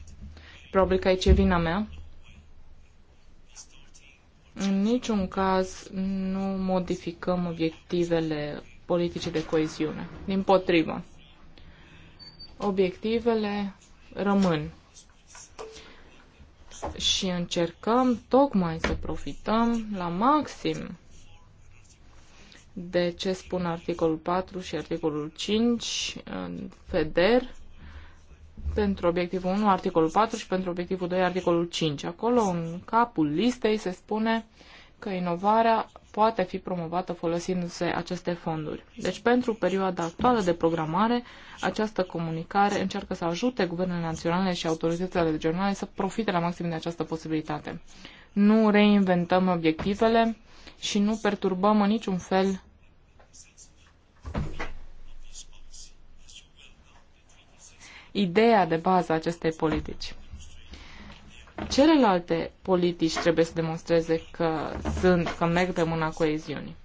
probabil că aici e vina mea. În niciun caz nu modificăm obiectivele politicii de coeziune. Din potrivă, obiectivele rămân. Și încercăm tocmai să profităm la maxim de ce spun articolul 4 și articolul 5 în FEDER pentru obiectivul 1, articolul 4 și pentru obiectivul 2, articolul 5. Acolo, în capul listei, se spune că inovarea poate fi promovată folosindu-se aceste fonduri. Deci, pentru perioada actuală de programare, această comunicare încearcă să ajute guvernele naționale și autoritățile regionale să profite la maxim de această posibilitate. Nu reinventăm obiectivele și nu perturbăm în niciun fel ideea de bază a acestei politici. Celelalte politici trebuie să demonstreze că sunt, că merg pe mâna coeziunii.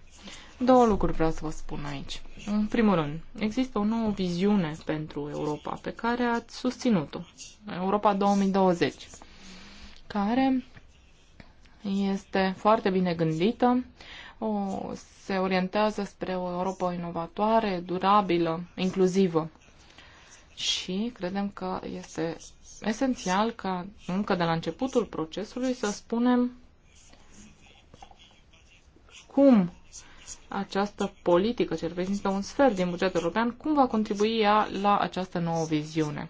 Două lucruri vreau să vă spun aici. În primul rând, există o nouă viziune pentru Europa pe care ați susținut-o, Europa 2020, care este foarte bine gândită, o, se orientează spre o Europa inovatoare, durabilă, inclusivă și credem că este esențial ca încă de la începutul procesului să spunem cum această politică, ce reprezintă un sfert din bugetul european, cum va contribui ea la această nouă viziune.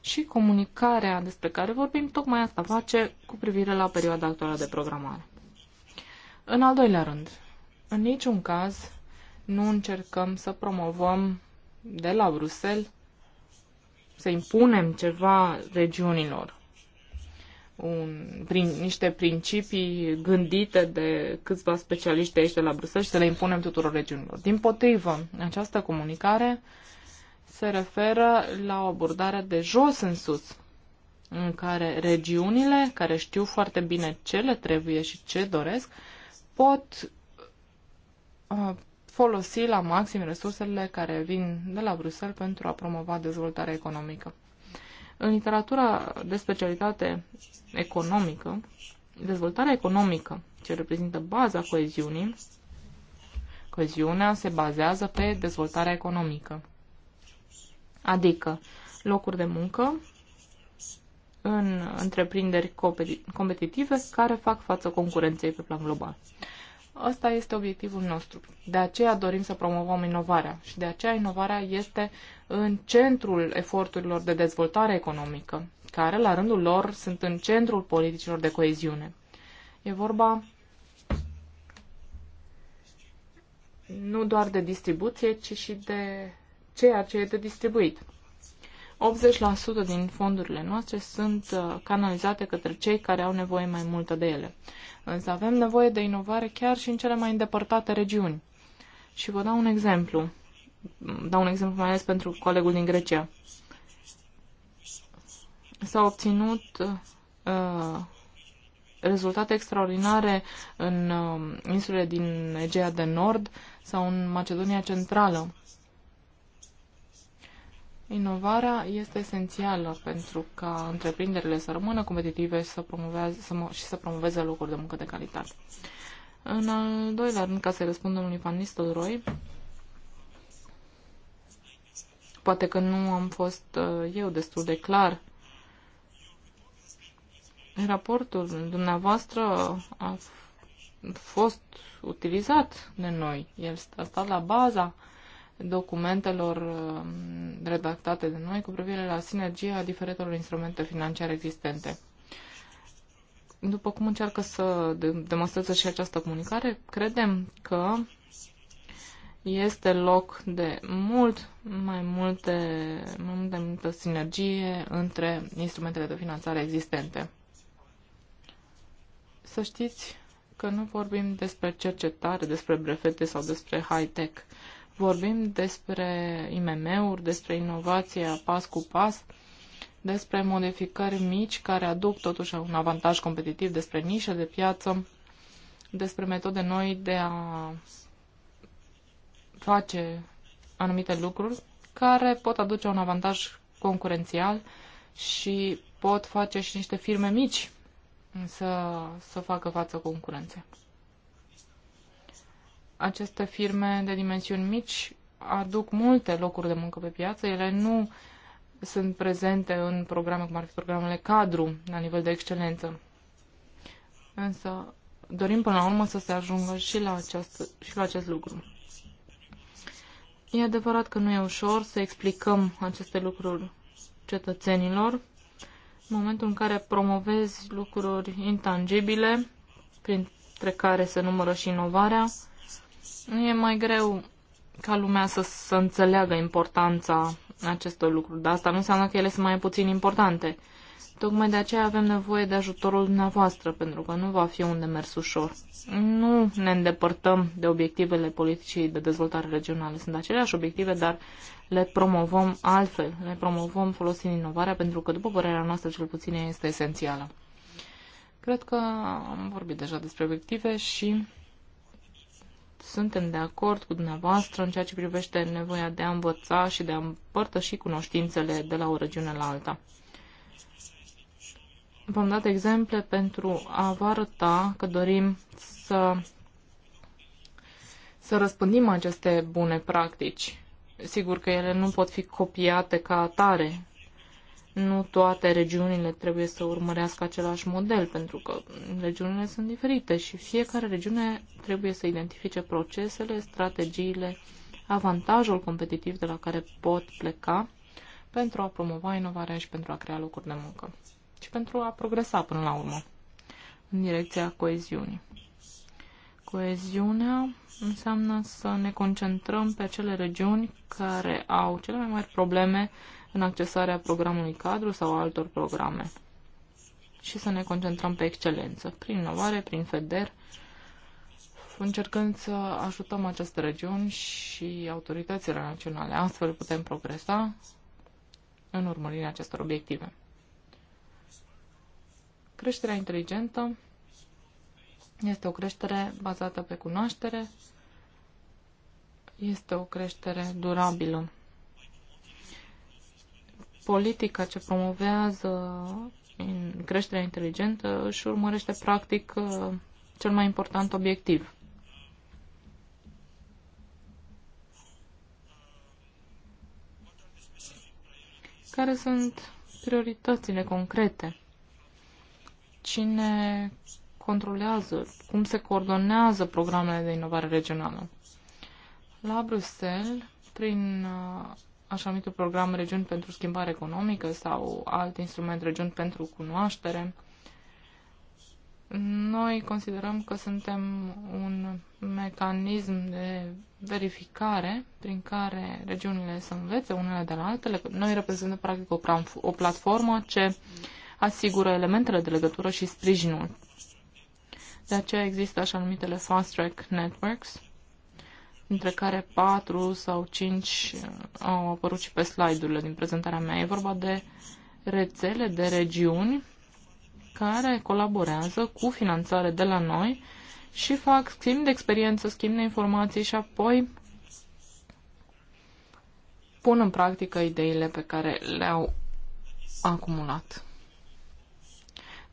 Și comunicarea despre care vorbim, tocmai asta face cu privire la perioada actuală de programare. În al doilea rând, în niciun caz nu încercăm să promovăm de la Bruxelles să impunem ceva regiunilor un, prin niște principii gândite de câțiva specialiști aici de la Bruxelles și să le impunem tuturor regiunilor. Din potrivă, această comunicare se referă la o abordare de jos în sus, în care regiunile, care știu foarte bine ce le trebuie și ce doresc, pot uh, folosi la maxim resursele care vin de la Bruxelles pentru a promova dezvoltarea economică. În literatura de specialitate economică, dezvoltarea economică, ce reprezintă baza coeziunii, coeziunea se bazează pe dezvoltarea economică, adică locuri de muncă în întreprinderi competitive care fac față concurenței pe plan global. Asta este obiectivul nostru. De aceea dorim să promovăm inovarea și de aceea inovarea este în centrul eforturilor de dezvoltare economică, care la rândul lor sunt în centrul politicilor de coeziune. E vorba nu doar de distribuție, ci și de ceea ce e de distribuit. 80% din fondurile noastre sunt uh, canalizate către cei care au nevoie mai multă de ele. Însă avem nevoie de inovare chiar și în cele mai îndepărtate regiuni. Și vă dau un exemplu. Dau un exemplu mai ales pentru colegul din Grecia. s a obținut uh, rezultate extraordinare în uh, insulele din Egea de Nord sau în Macedonia Centrală Inovarea este esențială pentru ca întreprinderile să rămână competitive și să, să, și să promoveze locuri de muncă de calitate. În al doilea rând, ca să răspund unui panistul Roy, poate că nu am fost uh, eu destul de clar. Raportul dumneavoastră a fost utilizat de noi. El a stat la baza documentelor um, redactate de noi cu privire la sinergia diferitelor instrumente financiare existente. După cum încearcă să demonstreze și această comunicare, credem că este loc de mult mai multe, mai multe, multă sinergie între instrumentele de finanțare existente. Să știți că nu vorbim despre cercetare, despre brevete sau despre high-tech. Vorbim despre IMM-uri, despre inovația pas cu pas, despre modificări mici care aduc totuși un avantaj competitiv, despre nișe de piață, despre metode noi de a face anumite lucruri care pot aduce un avantaj concurențial și pot face și niște firme mici să, să facă față concurenței aceste firme de dimensiuni mici aduc multe locuri de muncă pe piață, ele nu sunt prezente în programe cum ar fi programele cadru la nivel de excelență. Însă dorim până la urmă să se ajungă și la, această, și la acest lucru. E adevărat că nu e ușor să explicăm aceste lucruri cetățenilor. În momentul în care promovezi lucruri intangibile, printre care se numără și inovarea, nu e mai greu ca lumea să, să înțeleagă importanța acestor lucruri, dar asta nu înseamnă că ele sunt mai puțin importante. Tocmai de aceea avem nevoie de ajutorul dumneavoastră, pentru că nu va fi un demers ușor. Nu ne îndepărtăm de obiectivele politicii de dezvoltare regională. Sunt aceleași obiective, dar le promovăm altfel. Le promovăm folosind inovarea, pentru că, după părerea noastră, cel puțin este esențială. Cred că am vorbit deja despre obiective și suntem de acord cu dumneavoastră în ceea ce privește nevoia de a învăța și de a împărtăși cunoștințele de la o regiune la alta. V-am dat exemple pentru a vă arăta că dorim să, să răspândim aceste bune practici. Sigur că ele nu pot fi copiate ca atare, nu toate regiunile trebuie să urmărească același model, pentru că regiunile sunt diferite și fiecare regiune trebuie să identifice procesele, strategiile, avantajul competitiv de la care pot pleca pentru a promova inovarea și pentru a crea locuri de muncă și pentru a progresa până la urmă în direcția coeziunii. Coeziunea înseamnă să ne concentrăm pe acele regiuni care au cele mai mari probleme în accesarea programului cadru sau altor programe și să ne concentrăm pe excelență, prin inovare, prin FEDER, încercând să ajutăm această regiune și autoritățile naționale. Astfel putem progresa în urmărirea acestor obiective. Creșterea inteligentă este o creștere bazată pe cunoaștere, este o creștere durabilă politica ce promovează creșterea inteligentă își urmărește practic uh, cel mai important obiectiv. Care sunt prioritățile concrete? Cine controlează? Cum se coordonează programele de inovare regională? La Bruxelles, prin uh, așa numitul program Regiuni pentru Schimbare Economică sau alt instrument Regiuni pentru Cunoaștere. Noi considerăm că suntem un mecanism de verificare prin care regiunile să învețe unele de la altele. Noi reprezentăm practic o, o platformă ce asigură elementele de legătură și sprijinul. De aceea există așa numitele Fast Track Networks, dintre care patru sau cinci uh, au apărut și pe slide-urile din prezentarea mea. E vorba de rețele de regiuni care colaborează cu finanțare de la noi și fac schimb de experiență, schimb de informații și apoi pun în practică ideile pe care le-au acumulat.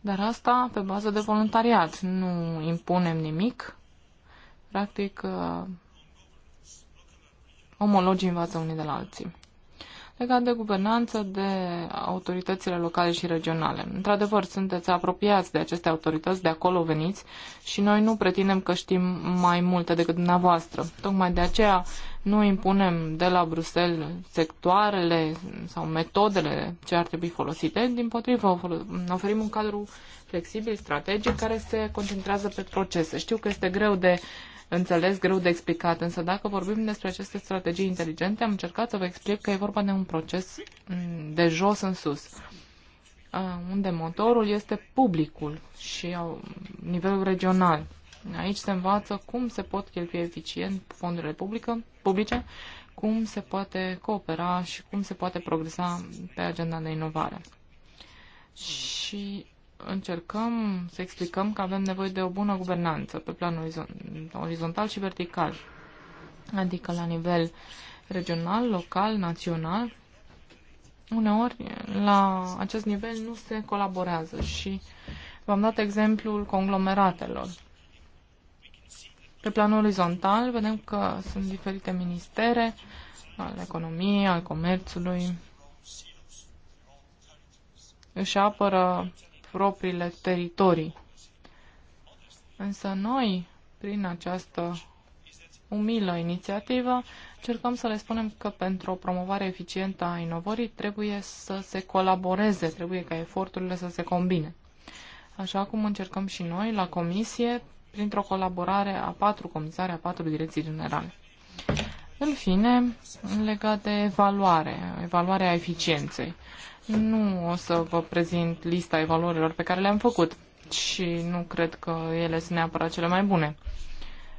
Dar asta pe bază de voluntariat. Nu impunem nimic. Practic, uh, omologii învață unii de la alții. Legat de guvernanță, de autoritățile locale și regionale. Într-adevăr, sunteți apropiați de aceste autorități, de acolo veniți și noi nu pretindem că știm mai multe decât dumneavoastră. Tocmai de aceea nu impunem de la Bruxelles sectoarele sau metodele ce ar trebui folosite, din potrivă oferim un cadru flexibil, strategic, care se concentrează pe procese. Știu că este greu de înțeles, greu de explicat, însă dacă vorbim despre aceste strategii inteligente, am încercat să vă explic că e vorba de un proces mm, de jos în sus, unde motorul este publicul și nivelul regional. Aici se învață cum se pot cheltui eficient fondurile publică, publice, cum se poate coopera și cum se poate progresa pe agenda de inovare. Și încercăm să explicăm că avem nevoie de o bună guvernanță pe plan orizontal și vertical, adică la nivel regional, local, național. Uneori, la acest nivel nu se colaborează și v-am dat exemplul conglomeratelor. Pe plan orizontal, vedem că sunt diferite ministere al economiei, al comerțului, își apără propriile teritorii. Însă noi, prin această umilă inițiativă, cercăm să le spunem că pentru o promovare eficientă a inovării trebuie să se colaboreze, trebuie ca eforturile să se combine. Așa cum încercăm și noi la comisie, printr-o colaborare a patru comisari, a patru direcții generale. În fine, legat de evaluare, evaluarea eficienței. Nu o să vă prezint lista evaluărilor pe care le-am făcut și nu cred că ele sunt neapărat cele mai bune.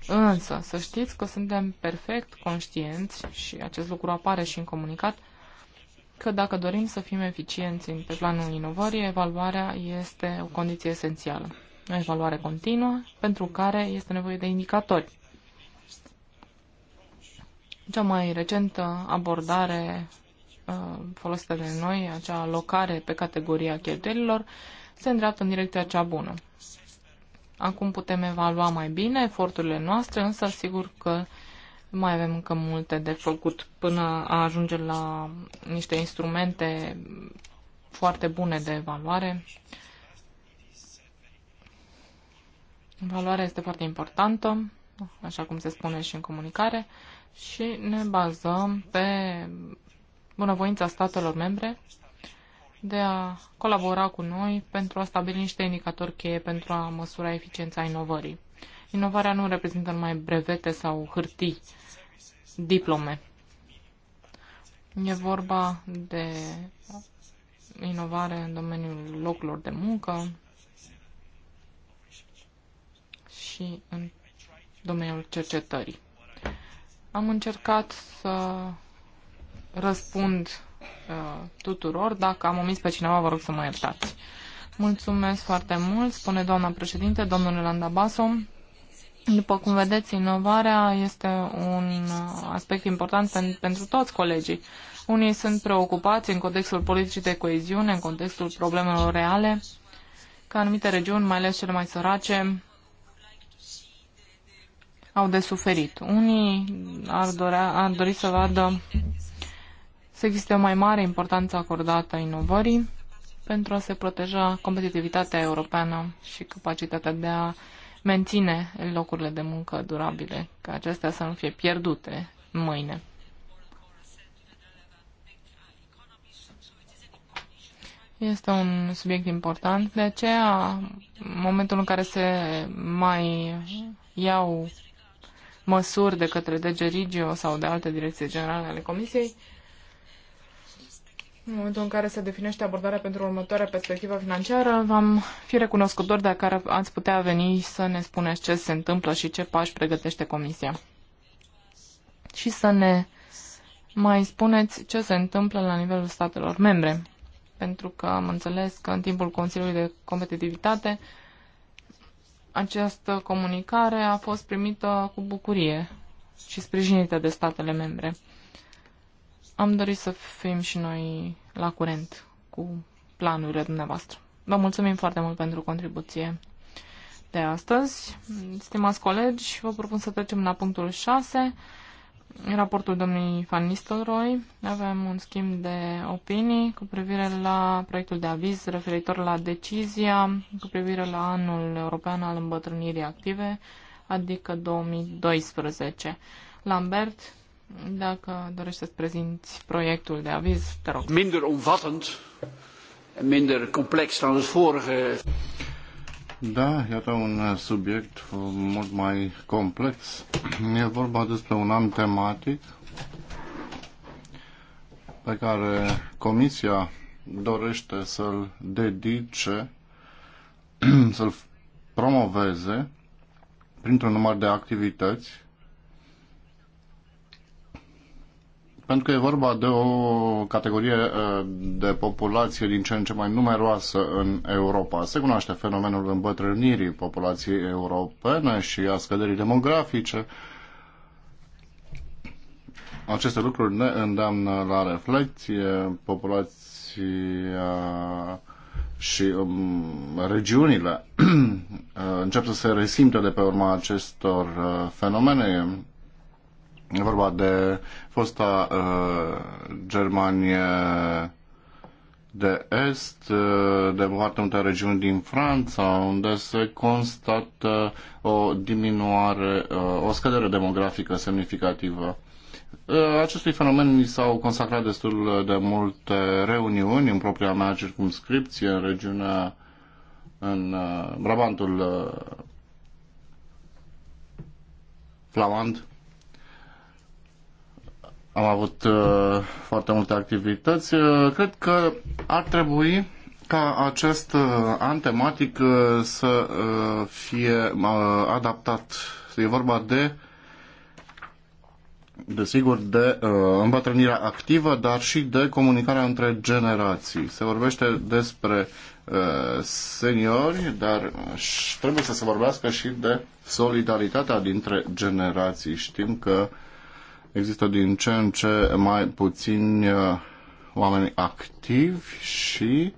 Însă, să știți că suntem perfect conștienți și acest lucru apare și în comunicat, că dacă dorim să fim eficienți pe planul inovării, evaluarea este o condiție esențială. O evaluare continuă, pentru care este nevoie de indicatori. Cea mai recentă abordare Uh, folosită de noi, acea locare pe categoria cheltuielilor, se îndreaptă în direcția cea bună. Acum putem evalua mai bine eforturile noastre, însă sigur că mai avem încă multe de făcut până a ajunge la niște instrumente foarte bune de evaluare. Valoarea este foarte importantă, așa cum se spune și în comunicare, și ne bazăm pe bunăvoința statelor membre de a colabora cu noi pentru a stabili niște indicatori cheie pentru a măsura eficiența inovării. Inovarea nu reprezintă numai brevete sau hârtii, diplome. E vorba de inovare în domeniul locurilor de muncă și în domeniul cercetării. Am încercat să răspund uh, tuturor. Dacă am omis pe cineva, vă rog să mă iertați. Mulțumesc foarte mult, spune doamna președinte, domnul Landa Baso. După cum vedeți, inovarea este un aspect important pen- pentru toți colegii. Unii sunt preocupați în contextul politicii de coeziune, în contextul problemelor reale, că anumite regiuni, mai ales cele mai sărace, au de suferit. Unii ar, dorea, ar dori să vadă să existe o mai mare importanță acordată inovării pentru a se proteja competitivitatea europeană și capacitatea de a menține locurile de muncă durabile, ca acestea să nu fie pierdute mâine. Este un subiect important, de aceea, în momentul în care se mai iau măsuri de către DG Rigio sau de alte direcții generale ale Comisiei, în momentul în care se definește abordarea pentru următoarea perspectivă financiară, v-am fi recunoscători dacă ați putea veni să ne spuneți ce se întâmplă și ce pași pregătește Comisia. Și să ne mai spuneți ce se întâmplă la nivelul statelor membre, pentru că am înțeles că în timpul Consiliului de Competitivitate această comunicare a fost primită cu bucurie și sprijinită de statele membre. Am dorit să fim și noi la curent cu planurile dumneavoastră. Vă mulțumim foarte mult pentru contribuție de astăzi. Stimați colegi, vă propun să trecem la punctul 6, raportul domnului Van Nistelrooy. Avem un schimb de opinii cu privire la proiectul de aviz referitor la decizia cu privire la anul european al îmbătrânirii active, adică 2012. Lambert, dacă dorești să-ți prezinți proiectul de aviz, te rog. Minder omvattend minder complex dan het vorige. Da, iată un subiect mult mai complex. E vorba despre un an tematic pe care Comisia dorește să-l dedice, să-l promoveze printr-un număr de activități pentru că e vorba de o categorie uh, de populație din ce în ce mai numeroasă în Europa. Se cunoaște fenomenul îmbătrânirii populației europene și a scăderii demografice. Aceste lucruri ne îndeamnă la reflecție. Populația și um, regiunile uh, încep să se resimte de pe urma acestor uh, fenomene E vorba de fosta uh, Germanie de Est, uh, de foarte multe regiuni din Franța, unde se constată o diminuare, uh, o scădere demografică semnificativă. Uh, acestui fenomen mi s-au consacrat destul de multe reuniuni în propria mea circumscripție, în regiunea, în Brabantul Flamand am avut uh, foarte multe activități. Uh, cred că ar trebui ca acest uh, an tematic uh, să uh, fie uh, adaptat. E vorba de desigur de uh, îmbătrânirea activă, dar și de comunicarea între generații. Se vorbește despre uh, seniori, dar trebuie să se vorbească și de solidaritatea dintre generații. Știm că uh, există din ce în ce mai puțini uh, oameni activi și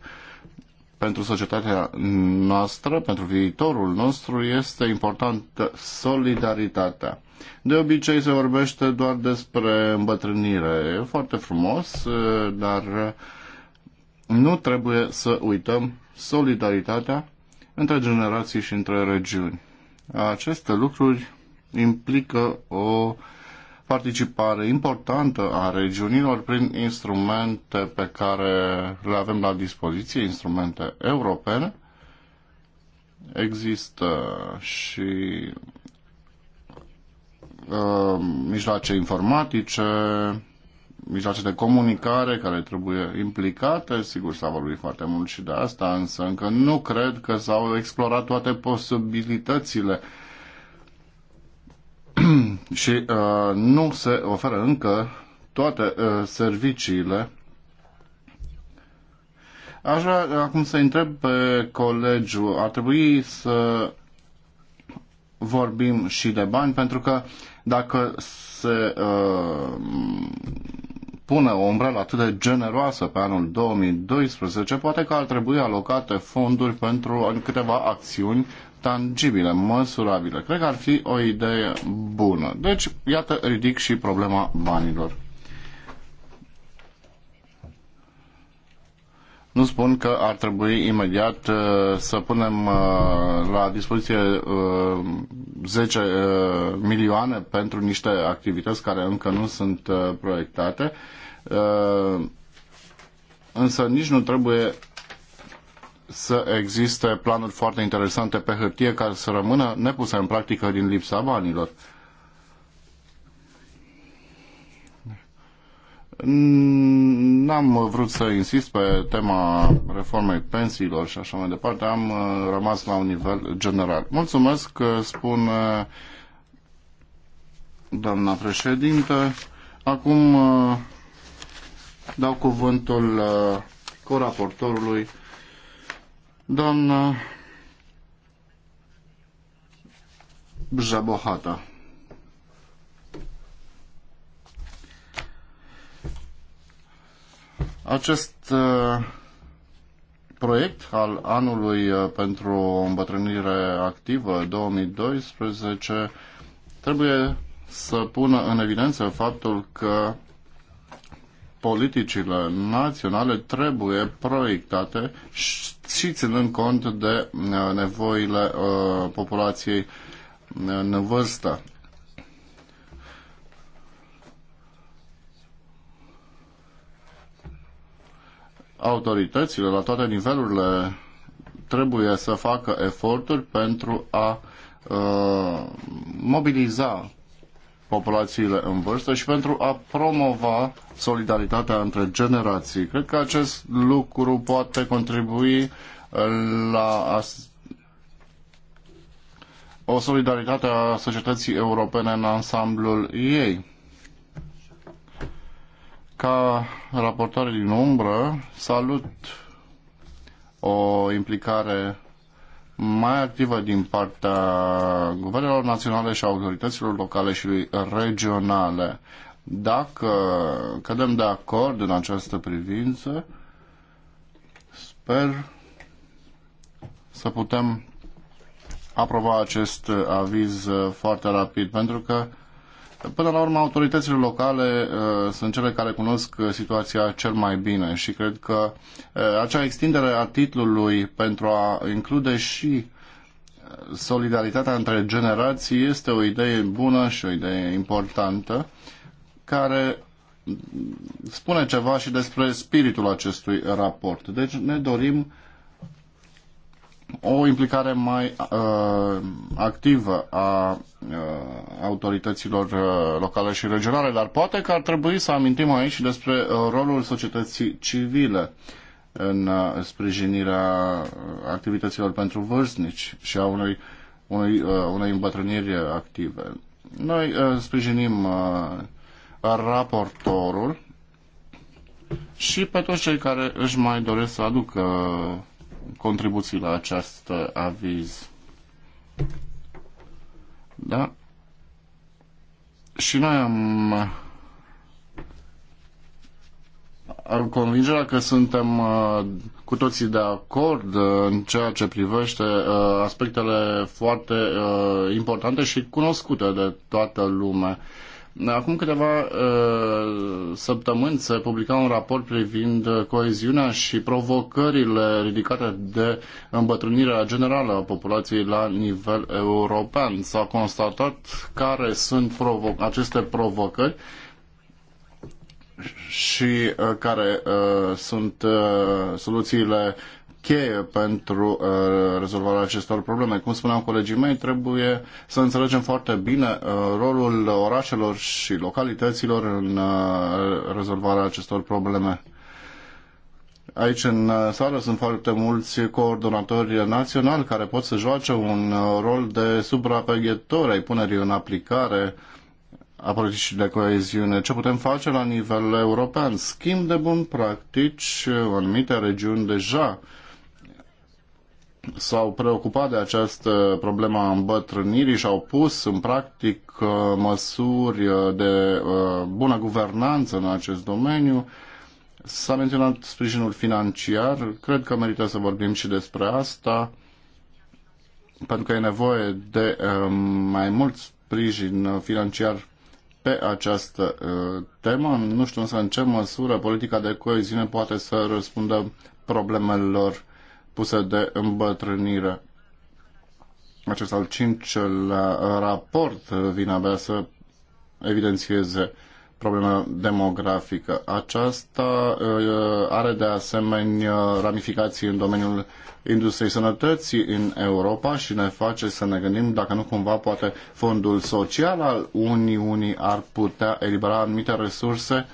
pentru societatea noastră, pentru viitorul nostru, este importantă solidaritatea. De obicei se vorbește doar despre îmbătrânire. E foarte frumos, uh, dar nu trebuie să uităm solidaritatea între generații și între regiuni. Aceste lucruri implică o uh, participare importantă a regiunilor prin instrumente pe care le avem la dispoziție, instrumente europene. Există și uh, mijloace informatice, mijloace de comunicare care trebuie implicate. Sigur, s-a vorbit foarte mult și de asta, însă încă nu cred că s-au explorat toate posibilitățile uh, și uh, nu se oferă încă toate uh, serviciile. Aș vrea acum să întreb pe colegiul, ar trebui să vorbim și de bani, pentru că dacă se uh, pune o umbrelă atât de generoasă pe anul 2012, poate că ar trebui alocate fonduri pentru câteva acțiuni tangibile, măsurabile. Cred că ar fi o idee bună. Deci, iată, ridic și problema banilor. Nu spun că ar trebui imediat uh, să punem uh, la dispoziție uh, 10 uh, milioane pentru niște activități care încă nu sunt uh, proiectate, uh, însă nici nu trebuie să existe planuri foarte interesante pe hârtie care să rămână nepuse în practică din lipsa banilor. N-am vrut să insist pe tema reformei pensiilor și așa mai departe, am uh, rămas la un nivel general. Mulțumesc, uh, spun doamna președinte. Acum uh, dau cuvântul coraportorului Doamna Jabohata. Acest proiect al anului pentru o îmbătrânire activă 2012 trebuie să pună în evidență faptul că politicile naționale trebuie proiectate și ținând cont de uh, nevoile uh, populației uh, în vârstă. Autoritățile la toate nivelurile trebuie să facă eforturi pentru a mobiliza populațiile în vârstă și pentru a promova solidaritatea între generații. Cred că acest lucru poate contribui la o solidaritate a societății europene în ansamblul ei. Ca raportare din umbră, salut o implicare mai activă din partea guvernelor naționale și autorităților locale și regionale. Dacă cădem de acord în această privință, sper să putem aprova acest aviz foarte rapid, pentru că Până la urmă, autoritățile locale uh, sunt cele care cunosc uh, situația cel mai bine și cred că uh, acea extindere a titlului pentru a include și uh, solidaritatea între generații este o idee bună și o idee importantă care spune ceva și despre spiritul acestui raport. Deci ne dorim o implicare mai uh, activă a uh, autorităților uh, locale și regionale, dar poate că ar trebui să amintim aici și despre uh, rolul societății civile în uh, sprijinirea activităților pentru vârstnici și a unei unui, uh, unei îmbătrâniri active. Noi uh, sprijinim uh, raportorul și pe toți cei care își mai doresc să aducă uh, contribuții la acest aviz. Da? Și noi am am convingerea că suntem uh, cu toții de acord uh, în ceea ce privește uh, aspectele foarte importante și cunoscute de toată lumea. Da, acum câteva uh, săptămâni se publica un raport privind uh, coeziunea și provocările ridicate de îmbătrânirea generală a populației la nivel european. S-a constatat care sunt provo- aceste provocări și uh, care uh, sunt uh, soluțiile cheie pentru uh, rezolvarea acestor probleme. Cum spuneau colegii mei, trebuie să înțelegem foarte bine uh, rolul orașelor și localităților în uh, rezolvarea acestor probleme. Aici în sală sunt foarte mulți coordonatori naționali care pot să joace un rol de supraveghetor ai punerii în aplicare a politicii de coeziune. Ce putem face la nivel european? Schimb de bun practici, în anumite regiuni deja uh, s-au preocupat de această problemă a îmbătrânirii și au pus în practic uh, măsuri uh, de uh, bună guvernanță în acest domeniu. S-a menționat sprijinul financiar, cred că merită să vorbim și despre asta, pentru că e nevoie de um, mai mult sprijin financiar pe această temă. Nu știu însă în ce măsură politica de coeziune poate să răspundă problemelor puse de îmbătrânire. Acest al cincelea raport vine abia să evidențieze problema demografică. Aceasta uh, are de asemenea ramificații în domeniul industriei sănătății în Europa și ne face să ne gândim dacă nu cumva poate fondul social al Uniunii ar putea elibera anumite resurse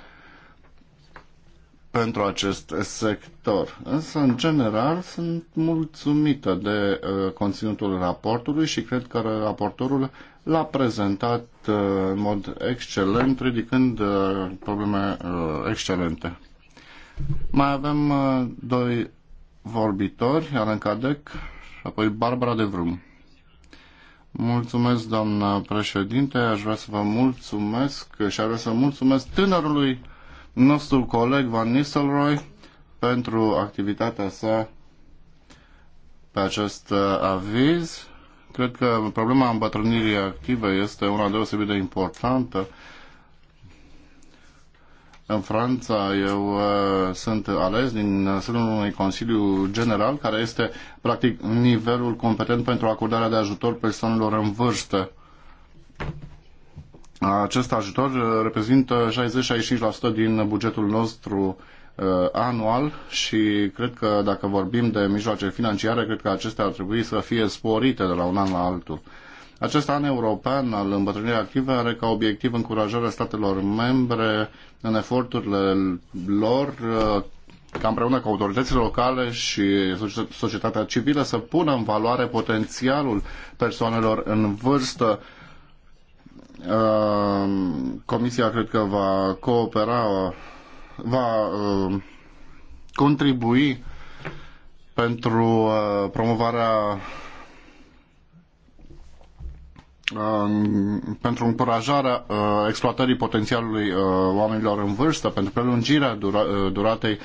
pentru acest sector. Însă, în general, sunt mulțumită de uh, conținutul raportului și cred că raportorul l-a prezentat uh, în mod excelent, ridicând uh, probleme uh, excelente. Mai avem uh, doi vorbitori, Alan Cadec și apoi Barbara de Vrum. Mulțumesc, doamnă președinte, aș vrea să vă mulțumesc și aș vrea să mulțumesc tânărului nostru coleg Van Nistelrooy pentru activitatea sa pe acest uh, aviz. Cred că problema îmbătrânirii active este una deosebit de importantă. În Franța eu uh, sunt ales din sânul unui Consiliu General care este practic nivelul competent pentru acordarea de ajutor persoanelor în vârstă. Acest ajutor uh, reprezintă 60-65% din bugetul nostru uh, anual și cred că dacă vorbim de mijloace financiare, cred că acestea ar trebui să fie sporite de la un an la altul. Acest an european al îmbătrânirii active are ca obiectiv încurajarea statelor membre în eforturile lor uh, ca împreună cu autoritățile locale și societatea civilă să pună în valoare potențialul persoanelor în vârstă Ehm, comisia cred că va coopera, va ehm, contribui pentru eh, promovarea ehm, pentru încurajarea eh, exploatării potențialului eh, oamenilor în vârstă, pentru prelungirea dura, duratei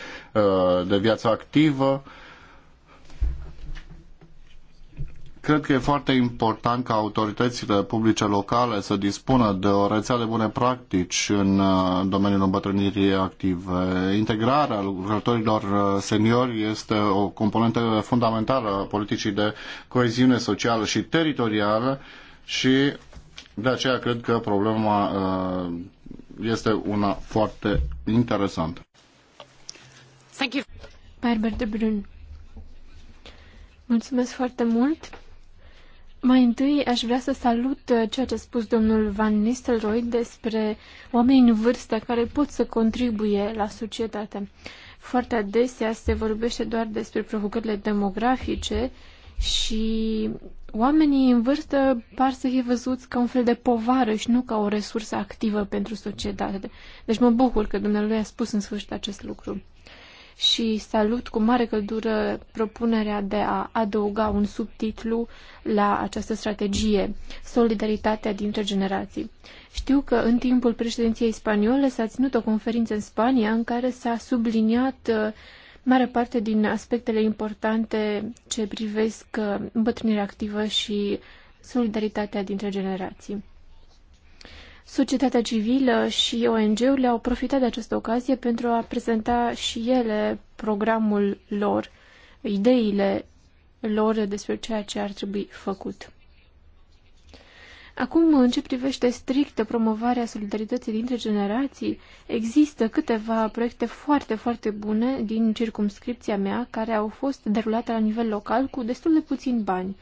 de viață activă, Cred că e foarte important ca autoritățile publice locale să dispună de o rețea de bune practici în uh, domeniul îmbătrânirii active. Integrarea lucrătorilor uh, seniori este o componentă fundamentală a politicii de coeziune socială și teritorială și de aceea cred că problema uh, este una foarte interesantă. Thank you. Barber de Brun. Mulțumesc foarte mult. Mai întâi aș vrea să salut uh, ceea ce a spus domnul Van Nistelrooy despre oamenii în vârstă care pot să contribuie la societate. Foarte adesea se vorbește doar despre provocările demografice și oamenii în vârstă par să fie văzuți ca un fel de povară și nu ca o resursă activă pentru societate. Deci mă bucur că dumnealui a spus în sfârșit acest lucru și salut cu mare căldură propunerea de a adăuga un subtitlu la această strategie, Solidaritatea dintre generații. Știu că în timpul președinției spaniole s-a ținut o conferință în Spania în care s-a subliniat uh, mare parte din aspectele importante ce privesc uh, îmbătrânirea activă și solidaritatea dintre generații. Societatea civilă și ONG-urile au profitat de această ocazie pentru a prezenta și ele programul lor, ideile lor despre ceea ce ar trebui făcut. Acum, în ce privește strict promovarea solidarității dintre generații, există câteva proiecte foarte, foarte bune din circumscripția mea care au fost derulate la nivel local cu destul de puțini bani,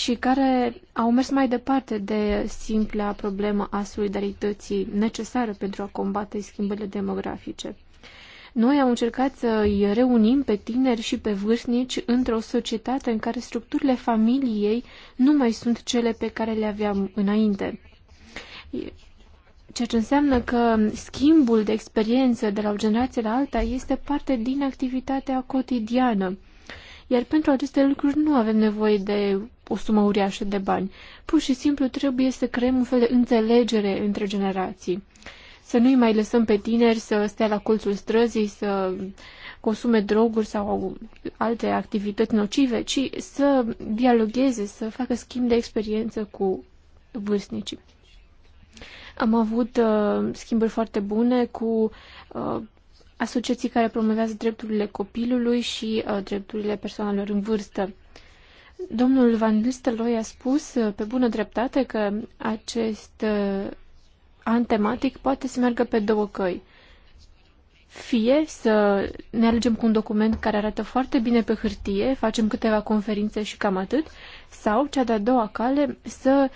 și care au mers mai departe de simpla problemă a solidarității necesară pentru a combate schimbările demografice. Noi am încercat să îi reunim pe tineri și pe vârstnici într-o societate în care structurile familiei nu mai sunt cele pe care le aveam înainte. Ceea ce înseamnă că schimbul de experiență de la o generație la alta este parte din activitatea cotidiană. Iar pentru aceste lucruri nu avem nevoie de o sumă uriașă de bani. Pur și simplu trebuie să creăm un fel de înțelegere între generații. Să nu-i mai lăsăm pe tineri să stea la colțul străzii, să consume droguri sau alte activități nocive, ci să dialogueze, să facă schimb de experiență cu vârstnicii. Am avut uh, schimburi foarte bune cu uh, asociații care promovează drepturile copilului și uh, drepturile persoanelor în vârstă. Domnul Van Nistelrooy a spus uh, pe bună dreptate că acest uh, an tematic poate să meargă pe două căi. Fie să ne alegem cu un document care arată foarte bine pe hârtie, facem câteva conferințe și cam atât, sau cea de-a doua cale să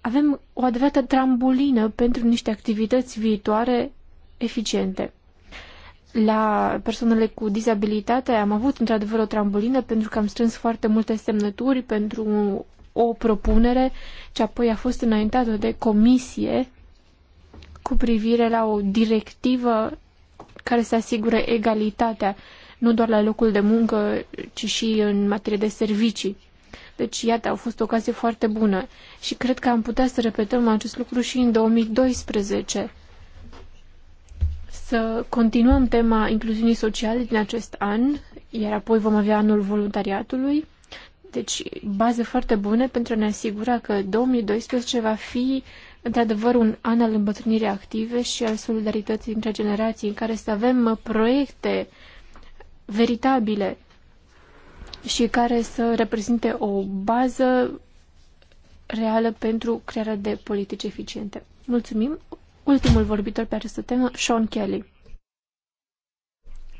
avem o adevărată trambulină pentru niște activități viitoare eficiente la persoanele cu dizabilitate am avut într-adevăr o trambulină pentru că am strâns foarte multe semnături pentru o propunere ce apoi a fost înaintată de comisie cu privire la o directivă care să asigure egalitatea nu doar la locul de muncă, ci și în materie de servicii. Deci, iată, a fost o ocazie foarte bună și cred că am putea să repetăm acest lucru și în 2012 să continuăm tema incluziunii sociale din acest an, iar apoi vom avea anul voluntariatului. Deci, baze foarte bune pentru a ne asigura că 2012 va fi într-adevăr un an al îmbătrânirii active și al solidarității între generații, în care să avem proiecte veritabile și care să reprezinte o bază reală pentru crearea de politici eficiente. Mulțumim! ultimul vorbitor pe această temă, Sean Kelly.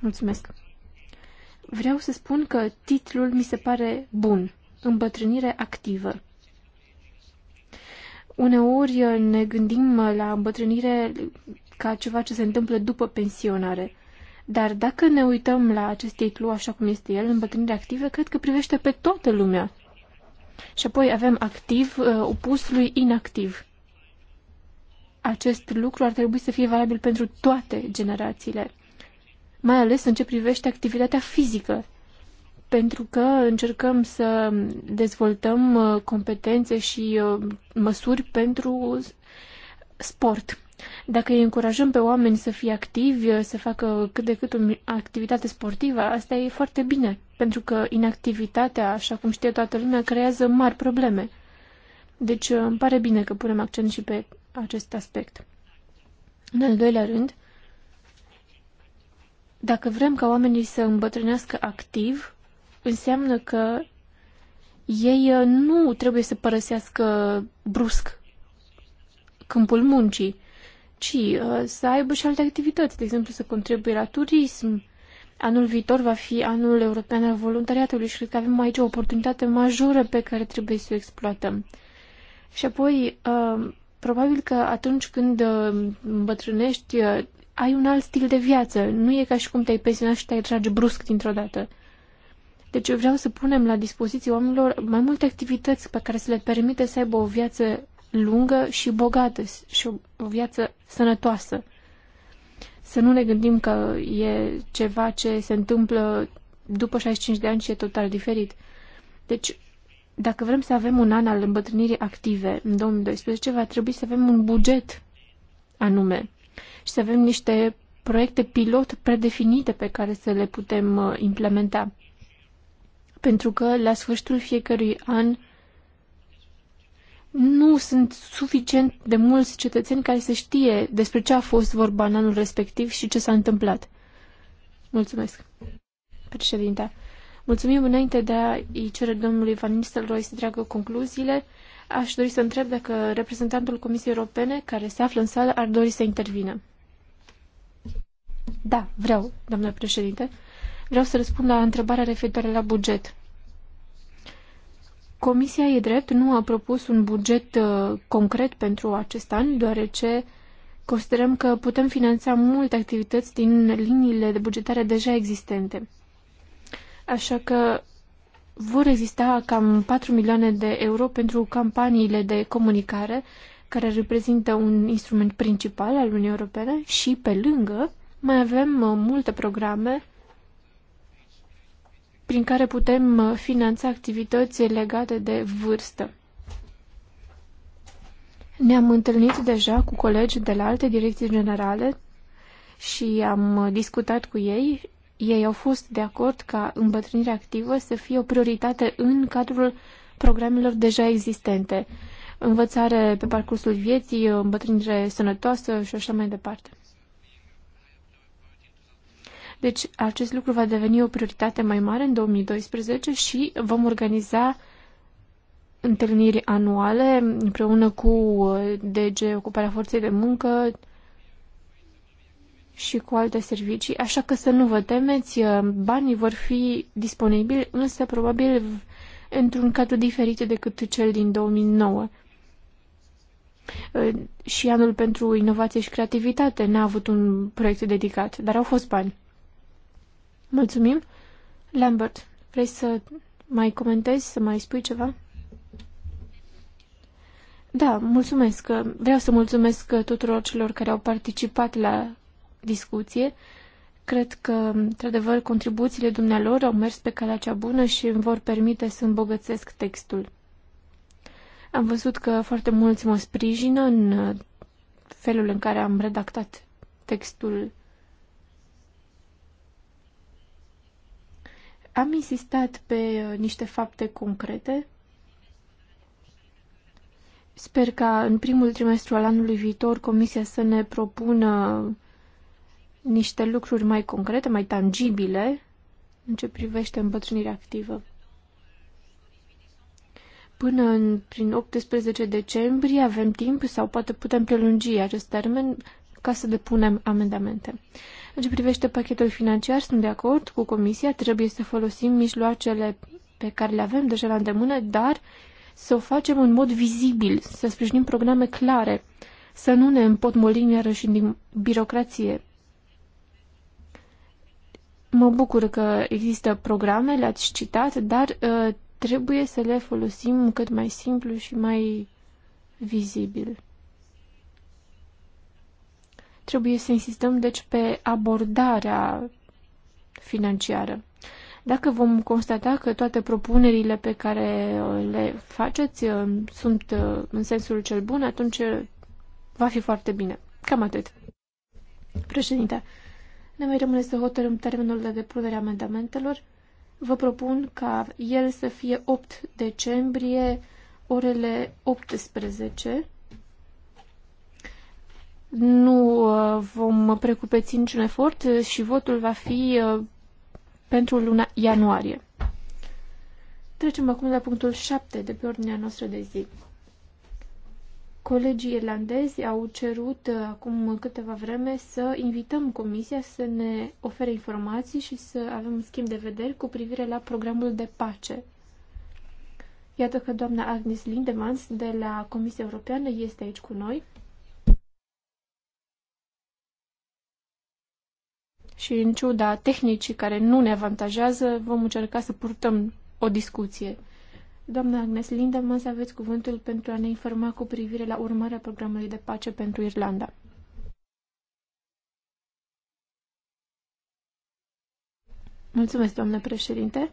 Mulțumesc. Vreau să spun că titlul mi se pare bun. Îmbătrânire activă. Uneori uh, ne gândim uh, la îmbătrânire ca ceva ce se întâmplă după pensionare. Dar dacă ne uităm la acest titlu, așa cum este el, îmbătrânire activă, cred că privește pe toată lumea. Și apoi avem activ uh, opusului inactiv acest lucru ar trebui să fie valabil pentru toate generațiile, mai ales în ce privește activitatea fizică, pentru că încercăm să dezvoltăm uh, competențe și uh, măsuri pentru sport. Dacă îi încurajăm pe oameni să fie activi, uh, să facă cât de cât o activitate sportivă, asta e foarte bine, pentru că inactivitatea, așa cum știe toată lumea, creează mari probleme. Deci îmi pare bine că punem accent și pe acest aspect. În al doilea rând, dacă vrem ca oamenii să îmbătrânească activ, înseamnă că ei uh, nu trebuie să părăsească brusc câmpul muncii, ci uh, să aibă și alte activități, de exemplu să contribuie la turism. Anul viitor va fi anul european al voluntariatului și cred că avem aici o oportunitate majoră pe care trebuie să o exploatăm. Și apoi, uh, Probabil că atunci când uh, îmbătrânești, uh, ai un alt stil de viață. Nu e ca și cum te-ai pensionat și te-ai trage brusc dintr-o dată. Deci eu vreau să punem la dispoziție oamenilor mai multe activități pe care să le permite să aibă o viață lungă și bogată și o viață sănătoasă. Să nu ne gândim că e ceva ce se întâmplă după 65 de ani și e total diferit. Deci dacă vrem să avem un an al îmbătrânirii active în 2012, va trebui să avem un buget anume și să avem niște proiecte pilot predefinite pe care să le putem uh, implementa. Pentru că la sfârșitul fiecărui an nu sunt suficient de mulți cetățeni care să știe despre ce a fost vorba în anul respectiv și ce s-a întâmplat. Mulțumesc, președinte. Mulțumim înainte de a-i cere domnului Van Nistelrooy să treacă concluziile. Aș dori să întreb dacă reprezentantul Comisiei Europene, care se află în sală, ar dori să intervină. Da, vreau, doamnă președinte. Vreau să răspund la întrebarea referitoare la buget. Comisia e drept, nu a propus un buget uh, concret pentru acest an, deoarece considerăm că putem finanța multe activități din liniile de bugetare deja existente. Așa că vor exista cam 4 milioane de euro pentru campaniile de comunicare, care reprezintă un instrument principal al Uniunii Europene și, pe lângă, mai avem uh, multe programe prin care putem uh, finanța activități legate de vârstă. Ne-am întâlnit deja cu colegi de la alte direcții generale și am uh, discutat cu ei ei au fost de acord ca îmbătrânirea activă să fie o prioritate în cadrul programelor deja existente. Învățare pe parcursul vieții, îmbătrânire sănătoasă și așa mai departe. Deci acest lucru va deveni o prioritate mai mare în 2012 și vom organiza întâlniri anuale împreună cu uh, DG Ocuparea Forței de Muncă, și cu alte servicii, așa că să nu vă temeți, uh, banii vor fi disponibili, însă probabil într-un cadru diferit decât cel din 2009. Uh, și anul pentru inovație și creativitate n-a avut un proiect dedicat, dar au fost bani. Mulțumim. Lambert, vrei să mai comentezi, să mai spui ceva? Da, mulțumesc. Vreau să mulțumesc tuturor celor care au participat la discuție. Cred că, într-adevăr, contribuțiile dumnealor au mers pe calea cea bună și îmi vor permite să îmbogățesc textul. Am văzut că foarte mulți mă sprijină în uh, felul în care am redactat textul. Am insistat pe uh, niște fapte concrete. Sper ca în primul trimestru al anului viitor Comisia să ne propună niște lucruri mai concrete, mai tangibile în ce privește îmbătrânirea activă. Până în, prin 18 decembrie avem timp sau poate putem prelungi acest termen ca să depunem amendamente. În ce privește pachetul financiar, sunt de acord cu Comisia, trebuie să folosim mijloacele pe care le avem deja la îndemână, dar să o facem în mod vizibil, să sprijinim programe clare, să nu ne împotmolim iarăși din birocrație. Mă bucur că există programe, le-ați citat, dar uh, trebuie să le folosim cât mai simplu și mai vizibil. Trebuie să insistăm, deci, pe abordarea financiară. Dacă vom constata că toate propunerile pe care uh, le faceți uh, sunt uh, în sensul cel bun, atunci va fi foarte bine. Cam atât. Președinte, ne mai rămâne să hotărâm termenul de depunere a amendamentelor. Vă propun ca el să fie 8 decembrie, orele 18. Nu uh, vom precupeți niciun efort și votul va fi uh, pentru luna ianuarie. Trecem acum la punctul 7 de pe ordinea noastră de zi. Colegii irlandezi au cerut uh, acum câteva vreme să invităm Comisia să ne ofere informații și să avem un schimb de vederi cu privire la programul de pace. Iată că doamna Agnes Lindemans de la Comisia Europeană este aici cu noi. Și în ciuda tehnicii care nu ne avantajează, vom încerca să purtăm o discuție. Doamna Agnes Lindemann, să aveți cuvântul pentru a ne informa cu privire la urmarea programului de pace pentru Irlanda. Mulțumesc, doamnă președinte.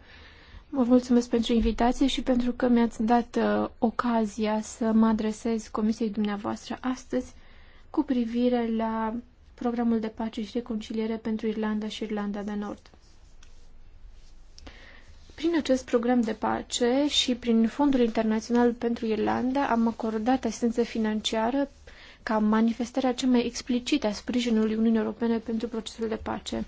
Vă mulțumesc pentru invitație și pentru că mi-ați dat uh, ocazia să mă adresez comisiei dumneavoastră astăzi cu privire la programul de pace și reconciliere pentru Irlanda și Irlanda de Nord. Prin acest program de pace și prin Fondul Internațional pentru Irlanda am acordat asistență financiară ca manifestarea cea mai explicită a sprijinului Uniunii Europene pentru procesul de pace.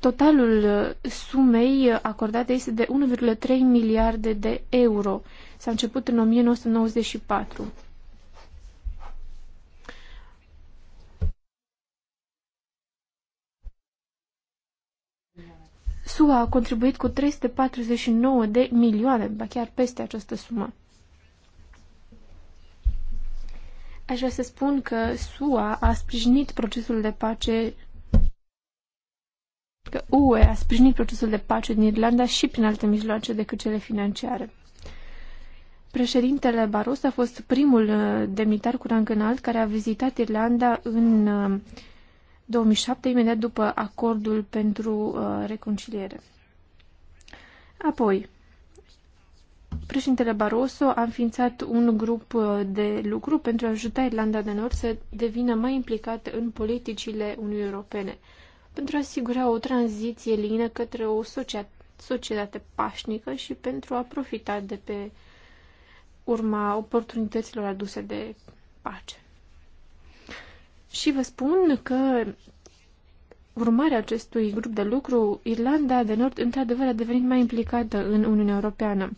Totalul uh, sumei uh, acordate este de 1,3 miliarde de euro. S-a început în 1994. SUA a contribuit cu 349 de milioane, ba chiar peste această sumă. Aș vrea să spun că SUA a sprijinit procesul de pace că UE a sprijinit procesul de pace din Irlanda și prin alte mijloace decât cele financiare. Președintele Barroso a fost primul uh, demnitar cu rang înalt care a vizitat Irlanda în uh, 2007, imediat după acordul pentru uh, reconciliere. Apoi, președintele Barroso a înființat un grup uh, de lucru pentru a ajuta Irlanda de Nord să devină mai implicată în politicile Uniunii Europene, pentru a asigura o tranziție lină către o societate pașnică și pentru a profita de pe urma oportunităților aduse de pace. Și vă spun că urmarea acestui grup de lucru, Irlanda de Nord într-adevăr a devenit mai implicată în Uniunea Europeană.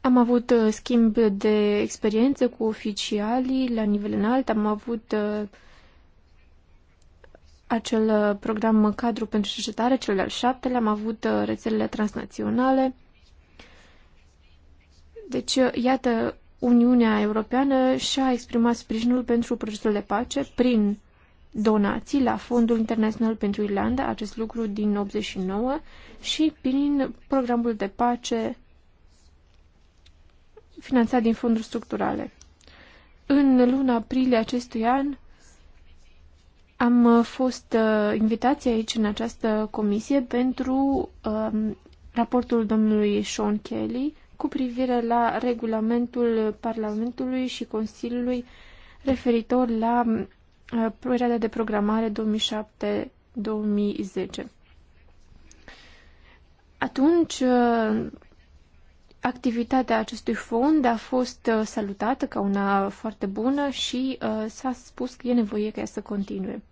Am avut uh, schimb de experiență cu oficialii la nivel înalt, am avut uh, acel uh, program cadru pentru cercetare, cel de-al șaptele, am avut rețelele transnaționale. Deci, iată, Uniunea Europeană și-a exprimat sprijinul pentru procesul de pace prin donații la Fondul Internațional pentru Irlanda, acest lucru din 89, și prin programul de pace finanțat din fonduri structurale. În luna aprilie acestui an am fost uh, invitați aici în această comisie pentru um, raportul domnului Sean Kelly cu privire la regulamentul Parlamentului și Consiliului referitor la uh, perioada de programare 2007-2010. Atunci, uh, activitatea acestui fond a fost uh, salutată ca una foarte bună și s-a spus că e nevoie ca ea să continue.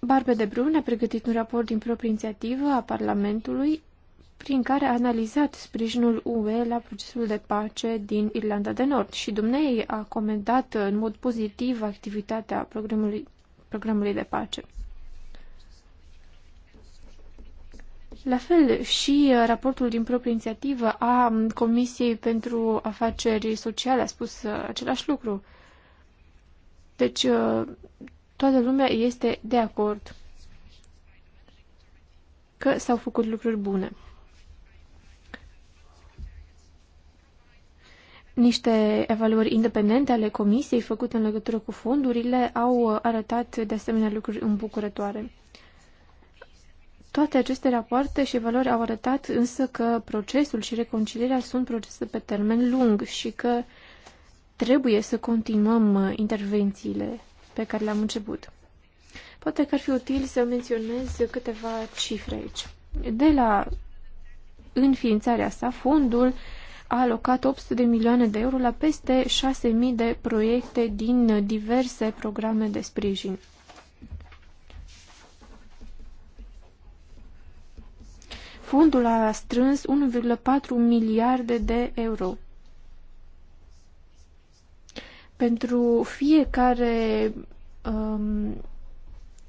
Barbe de Brun a pregătit un raport din proprie inițiativă a Parlamentului prin care a analizat sprijinul UE la procesul de pace din Irlanda de Nord și dumnei a comentat în mod pozitiv activitatea programului, programului de pace. La fel și uh, raportul din proprie inițiativă a Comisiei pentru Afaceri Sociale a spus uh, același lucru. Deci uh, toată lumea este de acord că s-au făcut lucruri bune. Niște evaluări independente ale comisiei făcute în legătură cu fondurile au arătat de asemenea lucruri îmbucurătoare. Toate aceste rapoarte și valori au arătat însă că procesul și reconcilierea sunt procese pe termen lung și că trebuie să continuăm uh, intervențiile pe care le-am început. Poate că ar fi util să menționez câteva cifre aici. De la înființarea sa, fondul a alocat 800 de milioane de euro la peste 6.000 de proiecte din diverse programe de sprijin. Fondul a strâns 1,4 miliarde de euro. Pentru fiecare um,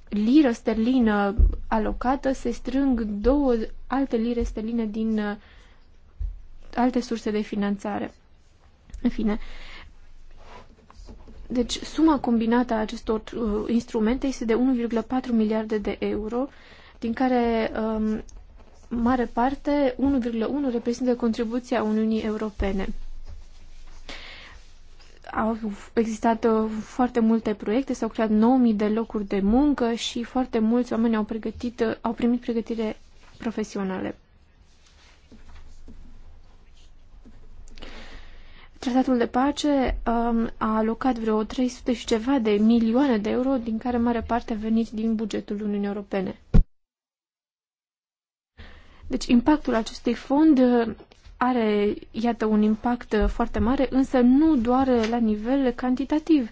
liră sterlină alocată se strâng două alte lire sterline din uh, alte surse de finanțare. În fine, deci suma combinată a acestor uh, instrumente este de 1,4 miliarde de euro, din care um, mare parte, 1,1 reprezintă contribuția Uniunii Europene. Au existat uh, foarte multe proiecte, s-au creat 9000 de locuri de muncă și foarte mulți oameni au, pregătit, uh, au primit pregătire profesională. Tratatul de pace um, a alocat vreo 300 și ceva de milioane de euro, din care mare parte venit din bugetul Uniunii Europene. Deci impactul acestui fond uh, are, iată, un impact uh, foarte mare, însă nu doar la nivel cantitativ.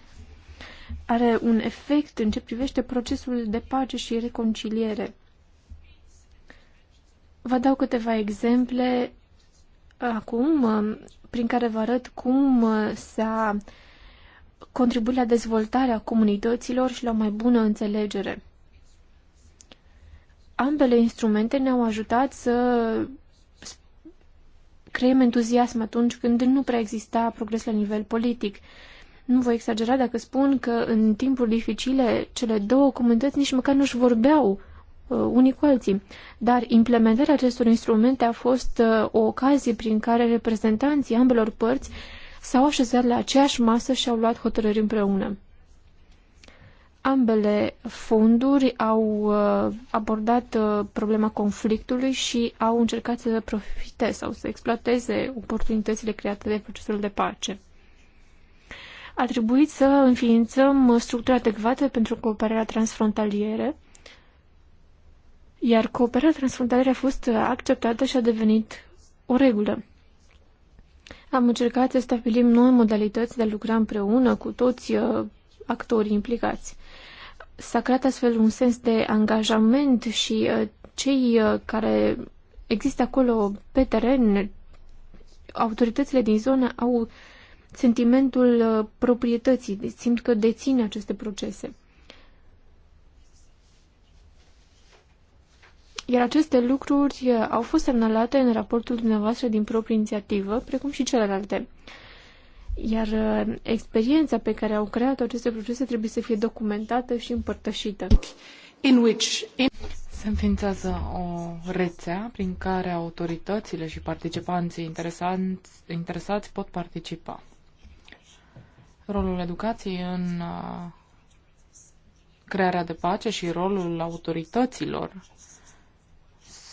Are un efect în ce privește procesul de pace și reconciliere. Vă dau câteva exemple acum uh, prin care vă arăt cum uh, s-a contribuit la dezvoltarea comunităților și la o mai bună înțelegere. Ambele instrumente ne-au ajutat să creăm entuziasm atunci când nu prea exista progres la nivel politic. Nu voi exagera dacă spun că în timpuri dificile cele două comunități nici măcar nu-și vorbeau Uh, unii cu alții. Dar implementarea acestor instrumente a fost uh, o ocazie prin care reprezentanții ambelor părți s-au așezat la aceeași masă și au luat hotărâri împreună. Ambele fonduri au uh, abordat problema conflictului și au încercat să profite sau să exploateze oportunitățile create de procesul de pace. A trebuit să înființăm structuri adecvate pentru cooperarea transfrontalieră, iar cooperarea transfrontalieră a fost acceptată și a devenit o regulă. Am încercat să stabilim noi modalități de a lucra împreună cu toți uh, actorii implicați. S-a creat astfel un sens de angajament și uh, cei uh, care există acolo pe teren, autoritățile din zonă au sentimentul proprietății, simt că dețin aceste procese. Iar aceste lucruri uh, au fost semnalate în raportul dumneavoastră din proprie inițiativă, precum și celelalte. Iar uh, experiența pe care au creat aceste procese trebuie să fie documentată și împărtășită. In which in... Se înființează o rețea prin care autoritățile și participanții interesanți, interesați pot participa. Rolul educației în uh, crearea de pace și rolul autorităților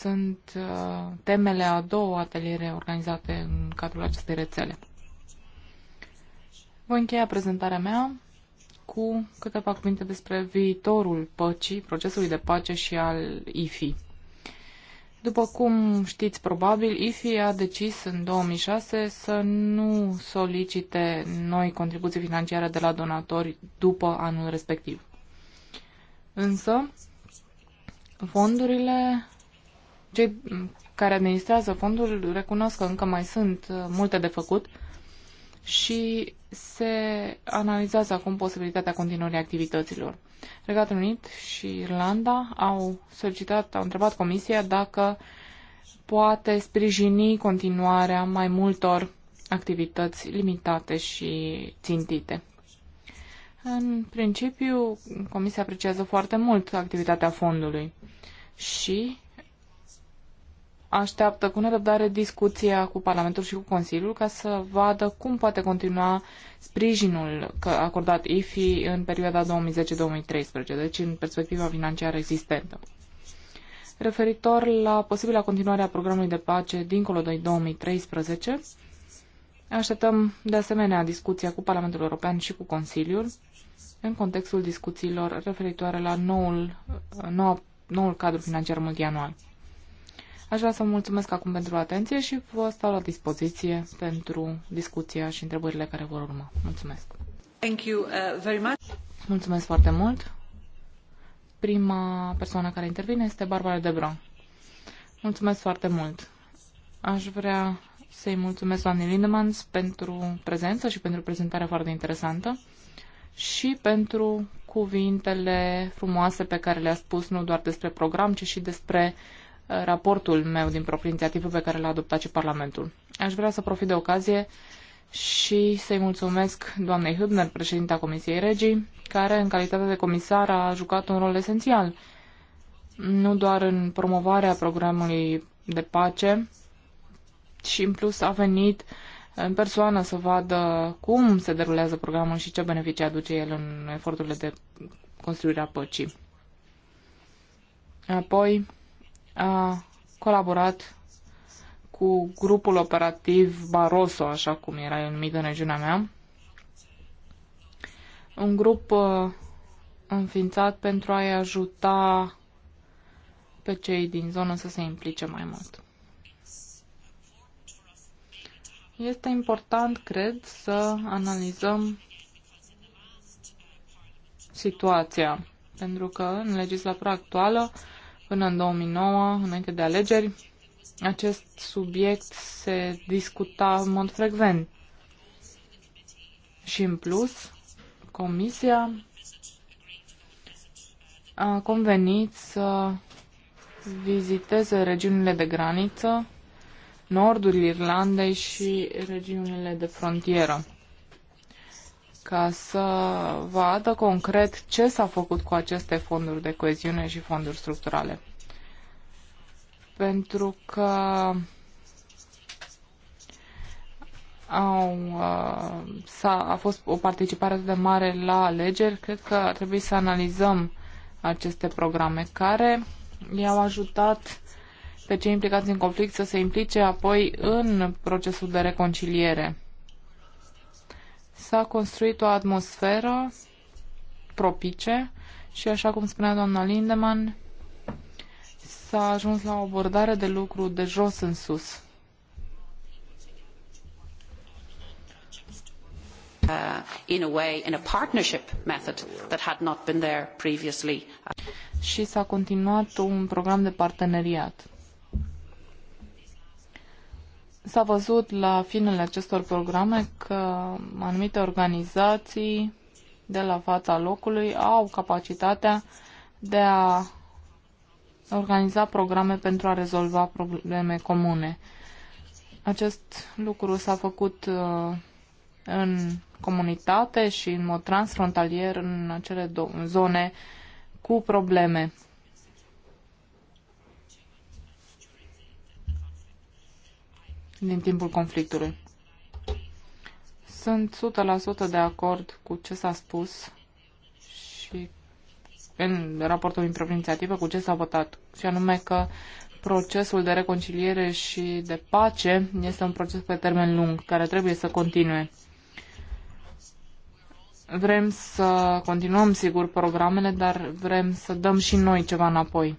sunt uh, temele a două ateliere organizate în cadrul acestei rețele. Voi încheia prezentarea mea cu câteva cuvinte despre viitorul păcii, procesului de pace și al IFI. După cum știți probabil, IFI a decis în 2006 să nu solicite noi contribuții financiare de la donatori după anul respectiv. Însă, fondurile cei care administrează fondul recunosc că încă mai sunt uh, multe de făcut și se analizează acum posibilitatea continuării activităților. Regatul Unit și Irlanda au solicitat, au întrebat Comisia dacă poate sprijini continuarea mai multor activități limitate și țintite. În principiu, Comisia apreciază foarte mult activitatea fondului și așteaptă cu nerăbdare discuția cu Parlamentul și cu Consiliul ca să vadă cum poate continua sprijinul acordat IFI în perioada 2010-2013, deci în perspectiva financiară existentă. Referitor la posibila continuare a programului de pace dincolo de 2013, așteptăm de asemenea discuția cu Parlamentul European și cu Consiliul în contextul discuțiilor referitoare la noul, noua, noul cadru financiar multianual. Aș vrea să mulțumesc acum pentru atenție și vă stau la dispoziție pentru discuția și întrebările care vor urma. Mulțumesc! Thank you, uh, very much. Mulțumesc foarte mult! Prima persoană care intervine este Barbara Debron. Mulțumesc foarte mult! Aș vrea să-i mulțumesc doamnei Lindemans pentru prezență și pentru prezentarea foarte interesantă și pentru cuvintele frumoase pe care le-a spus nu doar despre program, ci și despre uh, raportul meu din proprie inițiativă pe care l-a adoptat și Parlamentul. Aș vrea să profit de ocazie și să-i mulțumesc doamnei Hübner, președinta Comisiei Regii, care, în calitate de comisar, a jucat un rol esențial, nu doar în promovarea programului de pace, și în plus a venit în persoană să vadă cum se derulează programul și ce beneficii aduce el în eforturile de construire a păcii. Apoi, a colaborat cu grupul operativ Barroso, așa cum era el numit în regiunea mea, un grup uh, înființat pentru a-i ajuta pe cei din zonă să se implice mai mult. Este important, cred, să analizăm situația, pentru că în legislatura actuală până în 2009, înainte de alegeri, acest subiect se discuta în mod frecvent. Și în plus, Comisia a convenit să viziteze regiunile de graniță, nordul Irlandei și regiunile de frontieră ca să vadă concret ce s-a făcut cu aceste fonduri de coeziune și fonduri structurale. Pentru că au, uh, a a fost o participare atât de mare la alegeri, cred că ar trebui să analizăm aceste programe care i-au ajutat pe cei implicați în conflict să se implice apoi în procesul de reconciliere s-a construit o atmosferă propice și, așa cum spunea doamna Lindemann, s-a ajuns la o abordare de lucru de jos în sus. Uh, in a way, in a partnership method that had not been there previously. Și s-a continuat un program de parteneriat. S-a văzut la finele acestor programe că anumite organizații de la fața locului au capacitatea de a organiza programe pentru a rezolva probleme comune. Acest lucru s-a făcut uh, în comunitate și în mod transfrontalier în acele zone cu probleme. din timpul conflictului. Sunt 100% de acord cu ce s-a spus și în raportul din proprie cu ce s-a votat, și anume că procesul de reconciliere și de pace este un proces pe termen lung care trebuie să continue. Vrem să continuăm, sigur, programele, dar vrem să dăm și noi ceva înapoi.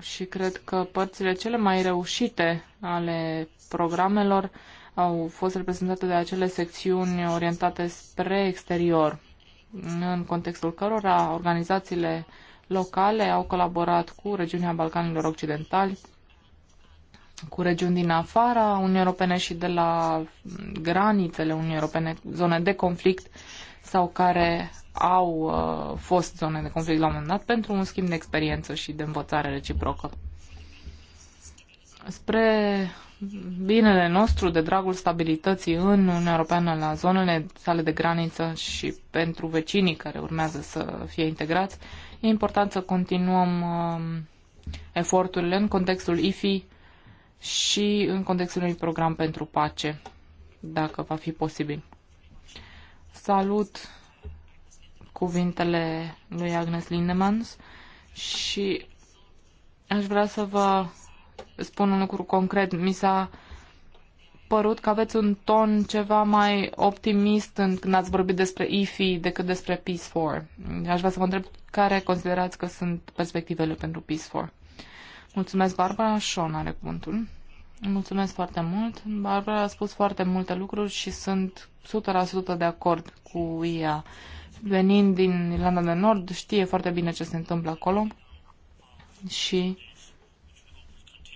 Și cred că părțile cele mai reușite ale programelor au fost reprezentate de acele secțiuni orientate spre exterior, în contextul cărora organizațiile locale au colaborat cu regiunea Balcanilor Occidentali, cu regiuni din afara Uniunii Europene și de la granițele Uniunii Europene, zone de conflict sau care au uh, fost zone de conflict la un moment dat pentru un schimb de experiență și de învățare reciprocă. Spre binele nostru, de dragul stabilității în Uniunea Europeană, la zonele sale de graniță și pentru vecinii care urmează să fie integrați, e important să continuăm um, eforturile în contextul IFI și în contextul unui program pentru pace, dacă va fi posibil. Salut cuvintele lui Agnes Lindemans și aș vrea să vă spun un lucru concret. Mi s-a părut că aveți un ton ceva mai optimist în, când ați vorbit despre IFI decât despre Peace 4. Aș vrea să vă întreb care considerați că sunt perspectivele pentru Peace 4. Mulțumesc, Barbara. Sean are cuvântul. Mulțumesc foarte mult. Barbara a spus foarte multe lucruri și sunt 100% de acord cu ea. Venind din Irlanda de Nord, știe foarte bine ce se întâmplă acolo și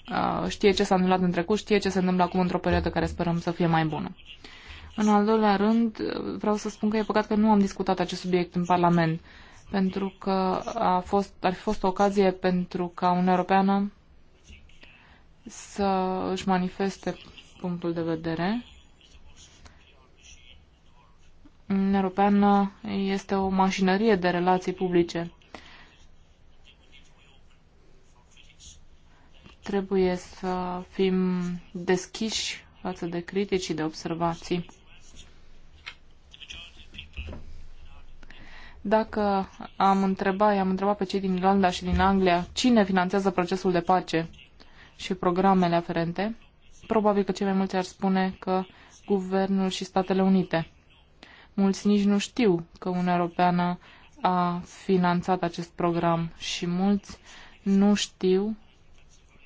Uh, știe ce s-a întâmplat în trecut, știe ce se întâmplă acum într-o perioadă care sperăm să fie mai bună. În al doilea rând, vreau să spun că e păcat că nu am discutat acest subiect în Parlament, pentru că a fost, ar fi fost o ocazie pentru ca Uniunea Europeană să își manifeste punctul de vedere. Uniunea Europeană este o mașinărie de relații publice Trebuie să fim deschiși față de critici și de observații. Dacă am întrebat, i-am întrebat pe cei din Irlanda și din Anglia cine finanțează procesul de pace și programele aferente, probabil că cei mai mulți ar spune că guvernul și Statele Unite. Mulți nici nu știu că Uniunea Europeană a finanțat acest program și mulți nu știu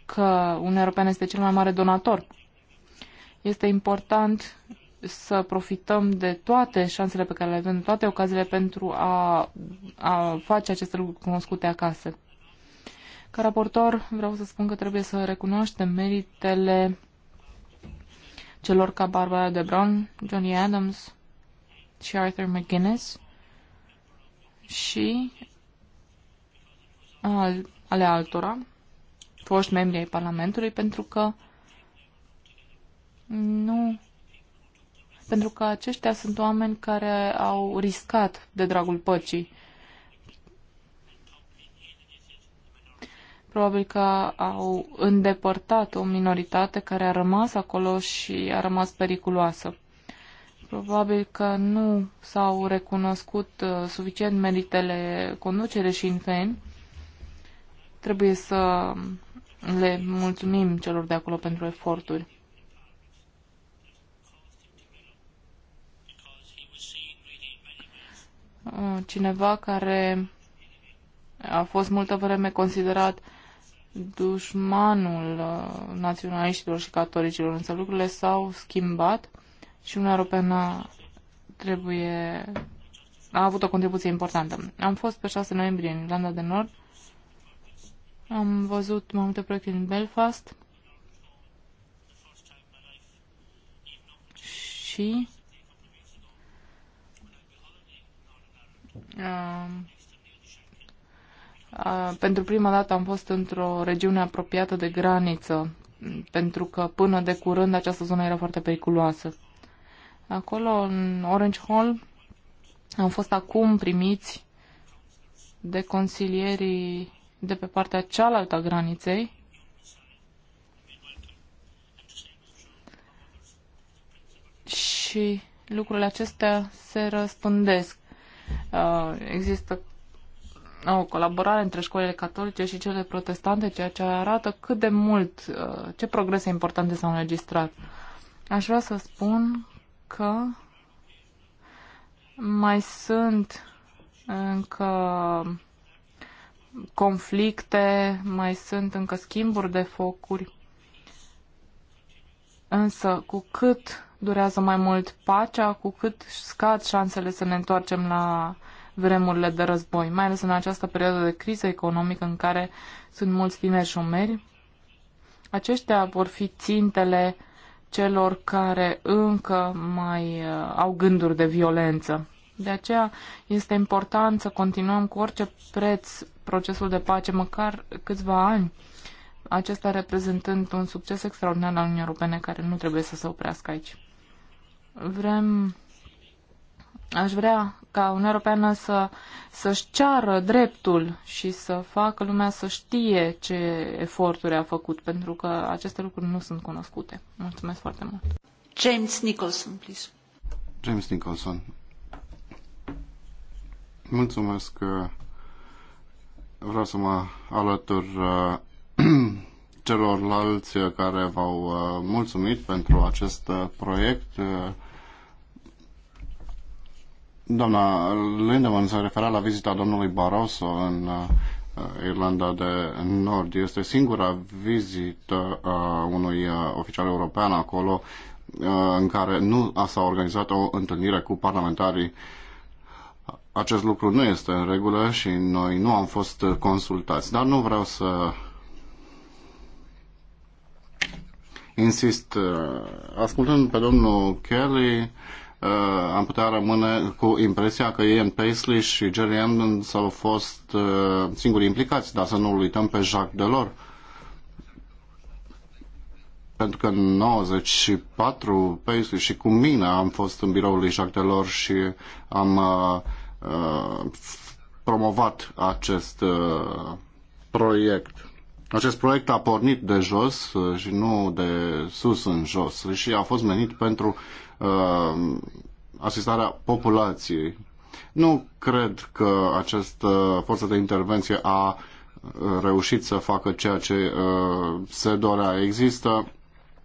că Uniunea Europeană este cel mai mare donator. Este important să profităm de toate șansele pe care le avem, toate ocaziile pentru a, a face aceste lucruri cunoscute acasă. Ca raportor vreau să spun că trebuie să recunoaștem meritele celor ca Barbara de Brown, Johnny Adams și Arthur McGuinness și ale altora, foști membri ai Parlamentului pentru că nu pentru că aceștia sunt oameni care au riscat de dragul păcii. Probabil că au îndepărtat o minoritate care a rămas acolo și a rămas periculoasă. Probabil că nu s-au recunoscut uh, suficient meritele conducere și în Trebuie să le mulțumim celor de acolo pentru eforturi. Uh, cineva care a fost multă vreme considerat dușmanul uh, naționaliștilor și catolicilor, însă lucrurile s-au schimbat și Uniunea Europeană trebuie a avut o contribuție importantă. Am fost pe 6 noiembrie în Irlanda de Nord am văzut mai multe proiecte în Belfast și uh, pentru prima dată am fost într-o regiune apropiată de graniță, pentru că până de curând această zonă era foarte periculoasă. Acolo, în Orange Hall, am fost acum primiți de consilierii de pe partea cealaltă a graniței. Și lucrurile acestea se răspândesc. Uh, există o colaborare între școlile catolice și cele protestante, ceea ce arată cât de mult, uh, ce progrese importante s-au înregistrat. Aș vrea să spun că mai sunt încă conflicte, mai sunt încă schimburi de focuri. Însă, cu cât durează mai mult pacea, cu cât scad șansele să ne întoarcem la vremurile de război, mai ales în această perioadă de criză economică în care sunt mulți tineri șomeri. Aceștia vor fi țintele celor care încă mai uh, au gânduri de violență. De aceea este important să continuăm cu orice preț procesul de pace măcar câțiva ani, acesta reprezentând un succes extraordinar al Uniunii Europene care nu trebuie să se oprească aici. Vrem aș vrea ca Uniunea Europeană să, să-și ceară dreptul și să facă lumea să știe ce eforturi a făcut, pentru că aceste lucruri nu sunt cunoscute. Mulțumesc foarte mult. James Nicholson, please. James Nicholson. Mulțumesc, uh, Vreau să mă alătur uh, celorlalți care v-au uh, mulțumit pentru acest uh, proiect. Doamna Lindemann se refera la vizita domnului Barroso în Irlanda de Nord. Este singura vizită a unui oficial european acolo în care nu s-a organizat o întâlnire cu parlamentarii uh, acest lucru nu este în regulă și noi nu am fost consultați. Dar nu vreau să insist. Uh, ascultând pe domnul Kelly, uh, am putea rămâne cu impresia că Ian Paisley și Jerry s au fost uh, singuri implicați, dar să nu uităm pe Jacques Delors. Pentru că în 94 Paisley și cu mine am fost în biroul lui Jacques Delors și am Uh, promovat acest uh, proiect. Acest proiect a pornit de jos uh, și nu de sus în jos și a fost menit pentru uh, asistarea populației. Nu cred că această forță de intervenție a reușit să facă ceea ce uh, se dorea. Există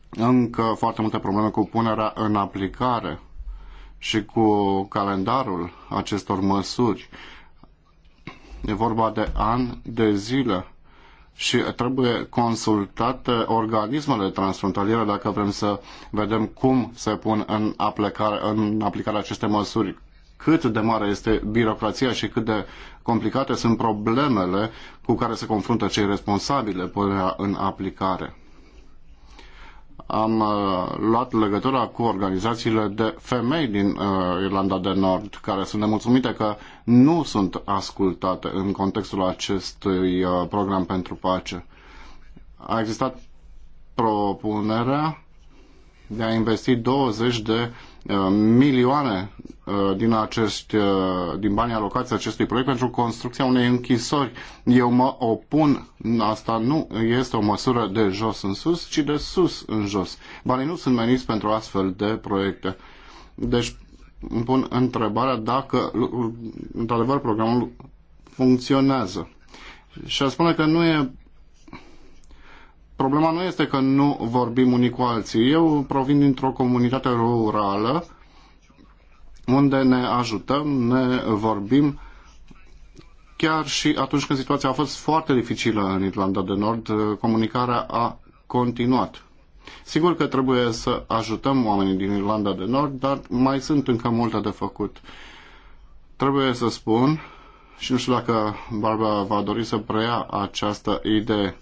încă foarte multe probleme cu punerea în aplicare și cu calendarul acestor măsuri. E vorba de ani de zile și trebuie consultate organismele transfrontaliere dacă vrem să vedem cum se pun în aplicare, în aplicare aceste măsuri, cât de mare este birocrația și cât de complicate sunt problemele cu care se confruntă cei responsabili punerea în aplicare am uh, luat legătura cu organizațiile de femei din uh, Irlanda de Nord, care sunt nemulțumite că nu sunt ascultate în contextul acestui uh, program pentru pace. A existat propunerea de a investi 20 de Uh, milioane uh, din, acești, uh, din banii alocați acestui proiect pentru construcția unei închisori. Eu mă opun, asta nu este o măsură de jos în sus, ci de sus în jos. Banii nu sunt meniți pentru astfel de proiecte. Deci îmi pun întrebarea dacă într-adevăr programul funcționează. Și a spune că nu e problema nu este că nu vorbim unii cu alții. Eu provin dintr-o comunitate rurală unde ne ajutăm, ne vorbim chiar și atunci când situația a fost foarte dificilă în Irlanda de Nord, comunicarea a continuat. Sigur că trebuie să ajutăm oamenii din Irlanda de Nord, dar mai sunt încă multe de făcut. Trebuie să spun, și nu știu dacă Barbara va dori să preia această idee,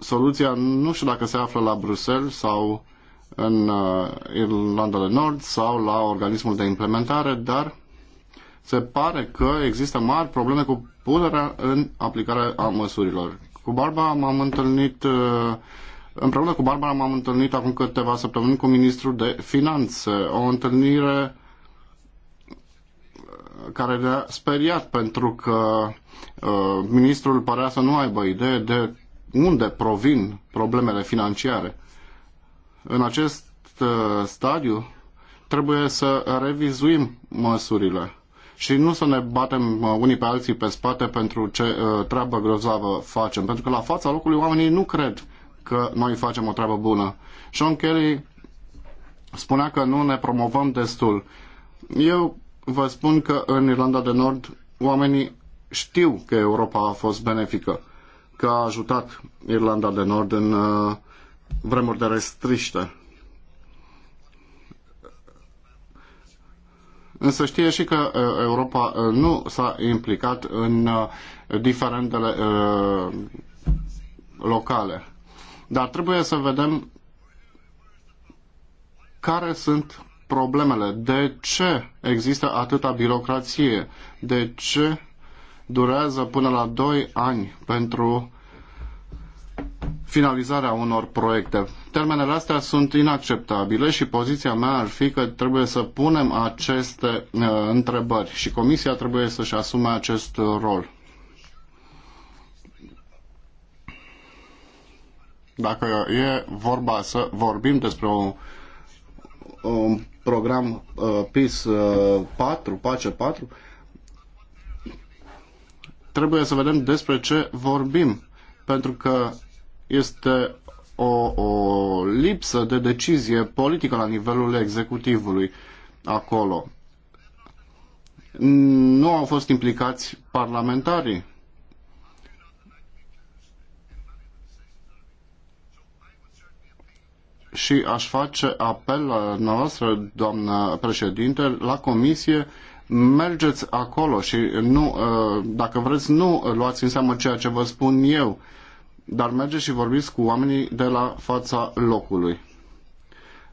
soluția nu știu dacă se află la Bruxelles sau în uh, Irlanda de Nord sau la organismul de implementare, dar se pare că există mari probleme cu punerea în aplicare a măsurilor. Cu Barba m-am întâlnit uh, împreună cu Barbara m-am întâlnit acum câteva săptămâni cu ministrul de finanțe. O întâlnire uh, care ne-a speriat pentru că uh, ministrul părea să nu aibă idee de unde provin problemele financiare. În acest uh, stadiu trebuie să revizuim măsurile și nu să ne batem uh, unii pe alții pe spate pentru ce uh, treabă grozavă facem. Pentru că la fața locului oamenii nu cred că noi facem o treabă bună. Sean Kelly spunea că nu ne promovăm destul. Eu vă spun că în Irlanda de Nord oamenii știu că Europa a fost benefică că a ajutat Irlanda de Nord în uh, vremuri de restriște. Însă știe și că uh, Europa uh, nu s-a implicat în diferendele locale. Dar trebuie să vedem care sunt problemele, de ce există atâta birocrație, de ce durează până la 2 ani pentru finalizarea unor proiecte. Termenele astea sunt inacceptabile și poziția mea ar fi că trebuie să punem aceste uh, întrebări și Comisia trebuie să-și asume acest rol. Dacă e vorba să vorbim despre un, un program uh, PIS uh, 4, PACE 4, trebuie să vedem despre ce vorbim, pentru că este o, o lipsă de decizie politică la nivelul executivului acolo. Nu au fost implicați parlamentarii. Și aș face apel la noastră, doamnă președinte, la comisie uh, mergeți acolo și nu, uh, dacă vreți, nu luați în seamă ceea ce vă spun eu, dar mergeți și vorbiți cu oamenii de la fața locului.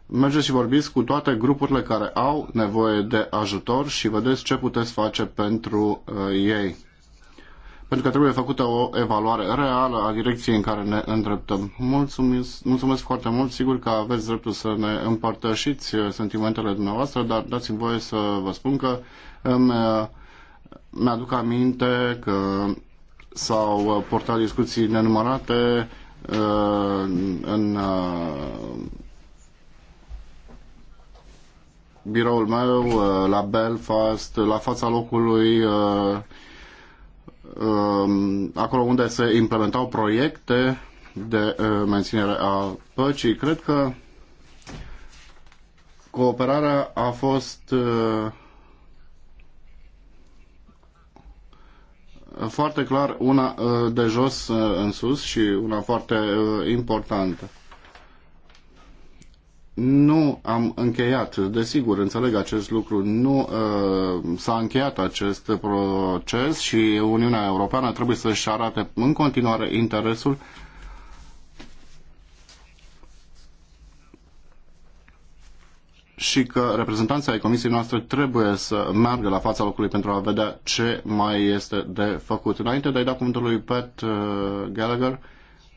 Mergeți și vorbiți cu toate grupurile care au nevoie de ajutor și vedeți ce puteți face pentru uh, ei pentru că trebuie făcută o evaluare reală a direcției în care ne îndreptăm. Mulțumesc, mulțumesc foarte mult, sigur că aveți dreptul să ne împărtășiți sentimentele dumneavoastră, dar dați-mi voie să vă spun că mi-aduc aminte că s-au portat discuții nenumărate în uh, biroul meu uh, la Belfast, la fața locului uh, Um, acolo unde se implementau proiecte de uh, menținere a păcii. Cred că cooperarea a fost uh, foarte clar una uh, de jos în sus și una foarte importantă nu am încheiat, desigur, înțeleg acest lucru, nu uh, s-a încheiat acest proces și Uniunea Europeană trebuie să-și arate în continuare interesul și că reprezentanții ai comisiei noastre trebuie să meargă la fața locului pentru a vedea ce mai este de făcut. Înainte de a-i da cuvântul lui Pat uh, Gallagher,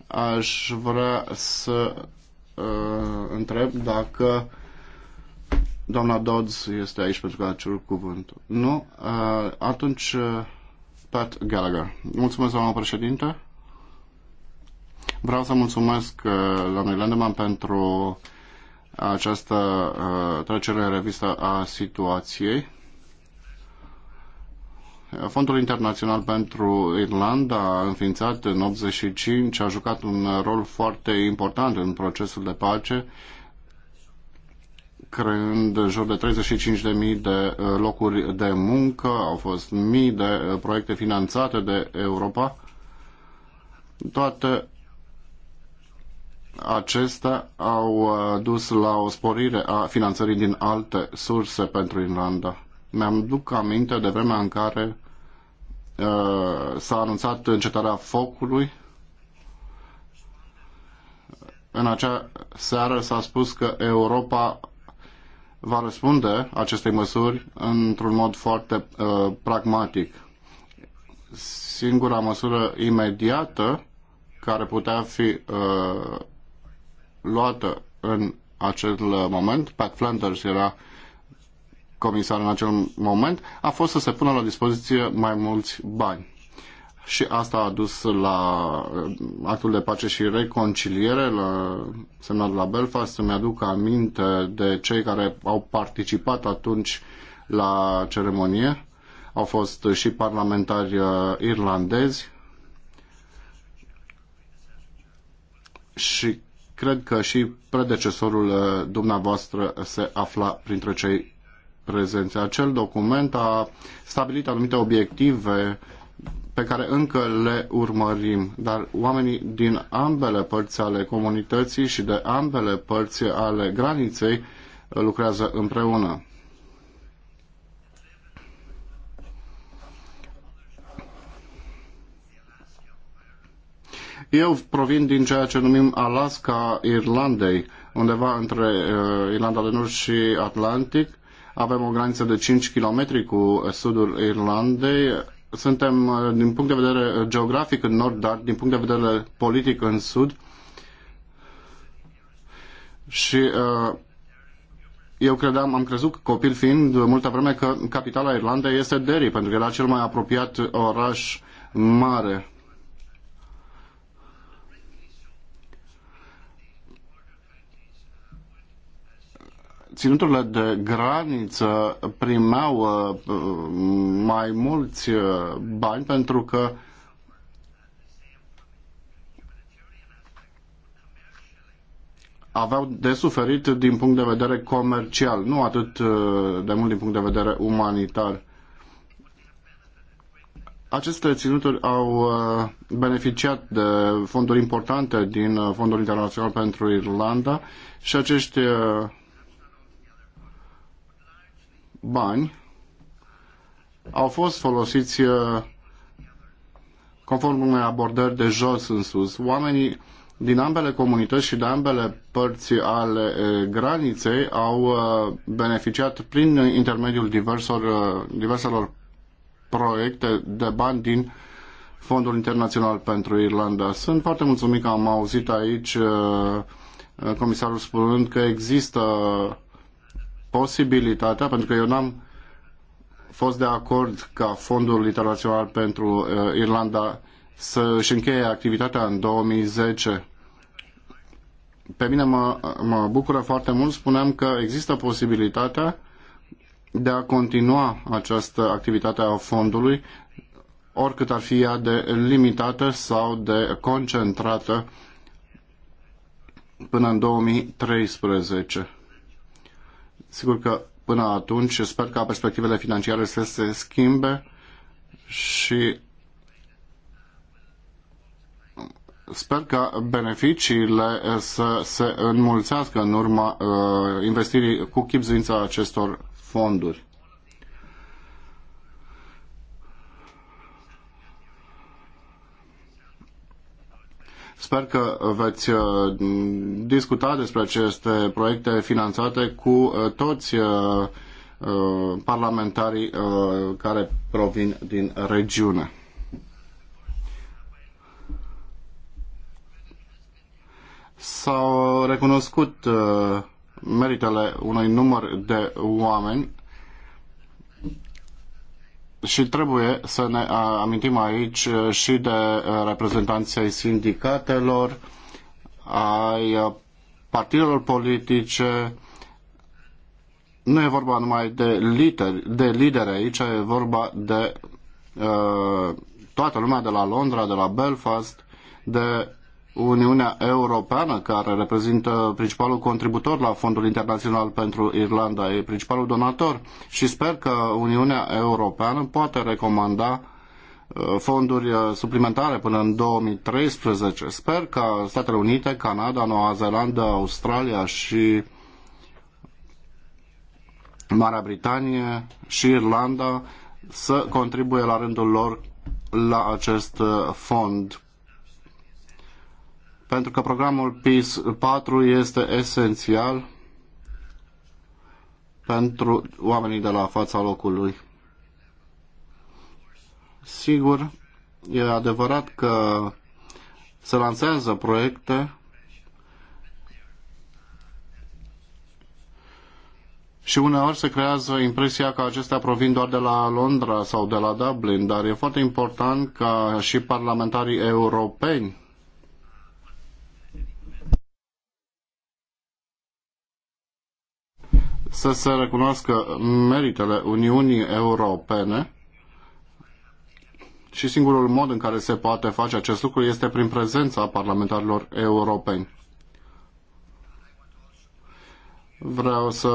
aș vrea să uh, întreb dacă doamna Dodds este aici pentru că a cerut cuvântul. Nu? Uh, atunci, uh, Pat Gallagher. Mulțumesc, doamna președinte. Vreau să mulțumesc uh, doamnei Lendeman pentru această uh, trecere în revistă a situației. Fondul Internațional pentru Irlanda, înființat în 85, a jucat un rol foarte important în procesul de pace, creând în jur de 35.000 de uh, locuri de muncă, au fost mii de uh, proiecte finanțate de Europa. Toate acestea au uh, dus la o sporire a finanțării din alte surse pentru Irlanda. Mi-am duc aminte de vremea în care uh, s-a anunțat încetarea focului. În acea seară s-a spus că Europa va răspunde acestei măsuri într-un mod foarte uh, pragmatic. Singura măsură imediată care putea fi uh, luată în acel moment, Pat Flanders era comisar în acel moment a fost să se pună la dispoziție mai mulți bani. Și asta a dus la uh, actul de pace și reconciliere la, semnat la Belfast. Îmi aduc aminte de cei care au participat atunci la ceremonie. Au fost și parlamentari uh, irlandezi și cred că și predecesorul uh, dumneavoastră se afla printre cei prezenți. Acel document a stabilit anumite obiective pe care încă le urmărim, dar oamenii din ambele părți ale comunității și de ambele părți ale graniței uh, lucrează împreună. Eu provin din ceea ce numim Alaska Irlandei, undeva între uh, Irlanda de Nord și Atlantic avem o graniță de 5 km cu sudul Irlandei. Suntem, uh, din punct de vedere geografic, în nord, dar din punct de vedere politic, în sud. Și uh, eu credeam, am crezut, copil fiind, multă vreme că capitala Irlandei este Derry, pentru că era cel mai apropiat oraș mare. ținuturile de graniță primeau uh, mai mulți uh, bani pentru că aveau de suferit din punct de vedere comercial, nu atât uh, de mult din punct de vedere umanitar. Aceste ținuturi au beneficiat de fonduri importante din Fondul Internațional pentru Irlanda și acești bani au fost folosiți uh, conform unei abordări de jos în sus. Oamenii din ambele comunități și de ambele părți ale uh, graniței au uh, beneficiat prin intermediul diversor, diverselor proiecte de bani din Fondul Internațional pentru Irlanda. Sunt foarte mulțumit că am auzit aici comisarul spunând că există posibilitatea, pentru că eu n-am fost de acord ca Fondul Internațional pentru uh, Irlanda să își încheie activitatea în 2010. Pe mine mă, mă bucură foarte mult, spuneam că există posibilitatea de a continua această activitate a fondului, oricât ar fi ea de limitată sau de concentrată până în 2013. Sigur că până atunci sper ca perspectivele financiare să se schimbe și sper ca beneficiile să se înmulțească în urma uh, investirii cu chipzuința acestor fonduri. Sper că veți uh, discuta despre aceste proiecte finanțate cu uh, toți uh, parlamentarii care provin din regiune. S-au recunoscut meritele unui număr de oameni și trebuie să ne amintim aici uh, și de uh, reprezentanții sindicatelor, ai uh, partidelor politice. Nu e vorba numai de lideri, de lideri aici, e vorba de uh, toată lumea de la Londra, de la Belfast, de Uniunea Europeană, care reprezintă principalul contributor la Fondul Internațional pentru Irlanda, e principalul donator și sper că Uniunea Europeană poate recomanda uh, fonduri uh, suplimentare până în 2013. Sper că Statele Unite, Canada, Noua Zeelandă, Australia și Marea Britanie și Irlanda să contribuie la rândul lor la acest uh, fond pentru că programul PIS 4 este esențial pentru oamenii de la fața locului. Sigur, e adevărat că se lansează proiecte Și uneori se creează impresia că acestea provin doar de la Londra sau de la Dublin, dar e foarte important ca și parlamentarii europeni să se recunoască meritele Uniunii Europene și singurul mod în care se poate face acest lucru este prin prezența parlamentarilor europeni. Vreau să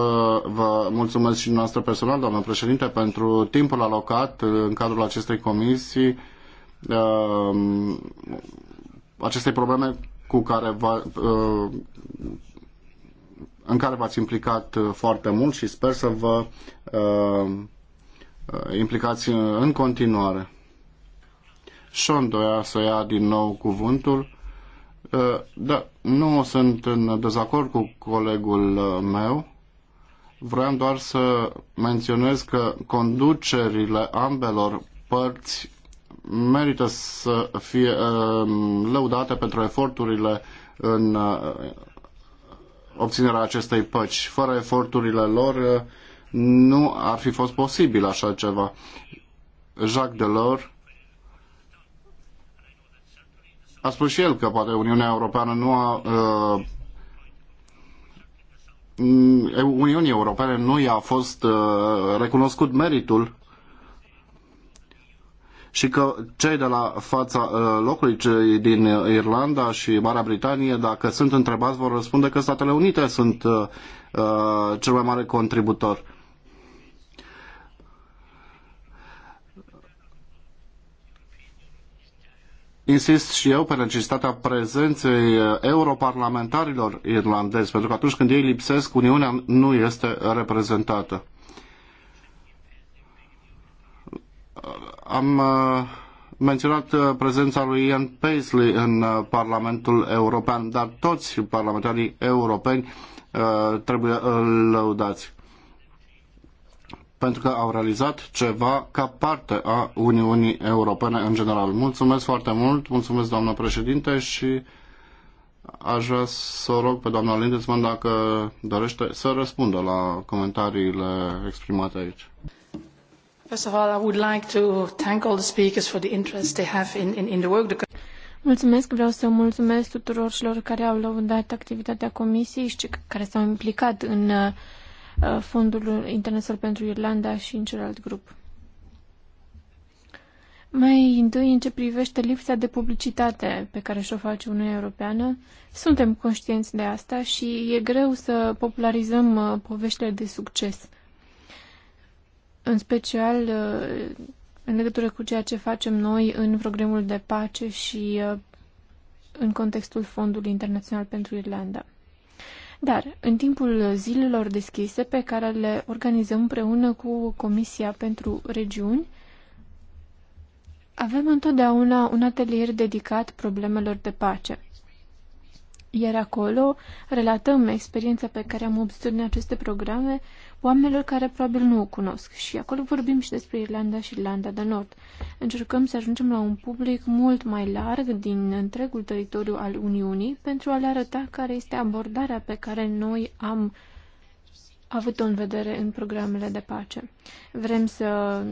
vă mulțumesc și noastră personal, doamnă președinte, pentru timpul alocat în cadrul acestei comisii, um, acestei probleme cu care va, uh, în care v-ați implicat uh, foarte mult și sper să vă uh, uh implicați uh, în continuare. Sean doia să ia din nou cuvântul. Uh, da, nu sunt în dezacord cu colegul meu. Vreau doar să menționez că conducerile ambelor părți merită să fie uh, lăudate pentru eforturile în uh, obținerea acestei păci. Fără eforturile lor uh, nu ar fi fost posibil așa ceva. Jacques Delors a spus și el că poate Uniunea Europeană nu a uh, Uniunii Europene nu i-a fost uh, recunoscut meritul și că cei de la fața uh, locului, cei din uh, Irlanda și Marea Britanie, dacă sunt întrebați, vor răspunde că Statele Unite sunt uh, cel mai mare contributor. Insist și eu pe necesitatea prezenței europarlamentarilor irlandezi, pentru că atunci când ei lipsesc, Uniunea nu este reprezentată am uh, menționat uh, prezența lui Ian Paisley în uh, Parlamentul European, dar toți parlamentarii europeni trebuie lăudați pentru că au realizat ceva ca parte a Uniunii Europene în general. Mulțumesc foarte mult, mulțumesc doamnă președinte și aș vrea să o rog pe doamna Lindesman dacă dorește să răspundă la comentariile exprimate aici. First of all, I would like to thank all the speakers for the interest they have in, in, in the work. The... Mulțumesc, vreau să mulțumesc tuturor celor care au lăudat activitatea comisiei și care s-au implicat în uh, Fondul Internațional pentru Irlanda și în celălalt grup. Mai întâi, în ce privește lipsa de publicitate pe care și-o face Uniunea Europeană, suntem conștienți de asta și e greu să popularizăm uh, poveștile de succes – în special uh, în legătură cu ceea ce facem noi în programul de pace și uh, în contextul Fondului Internațional pentru Irlanda. Dar, în timpul zilelor deschise pe care le organizăm împreună cu Comisia pentru Regiuni, avem întotdeauna un atelier dedicat problemelor de pace. Iar acolo relatăm experiența pe care am obținut în aceste programe, oamenilor care probabil nu o cunosc. Și acolo vorbim și despre Irlanda și Irlanda de Nord. Încercăm să ajungem la un public mult mai larg din întregul teritoriu al Uniunii pentru a le arăta care este abordarea pe care noi am avut-o în vedere în programele de pace. Vrem să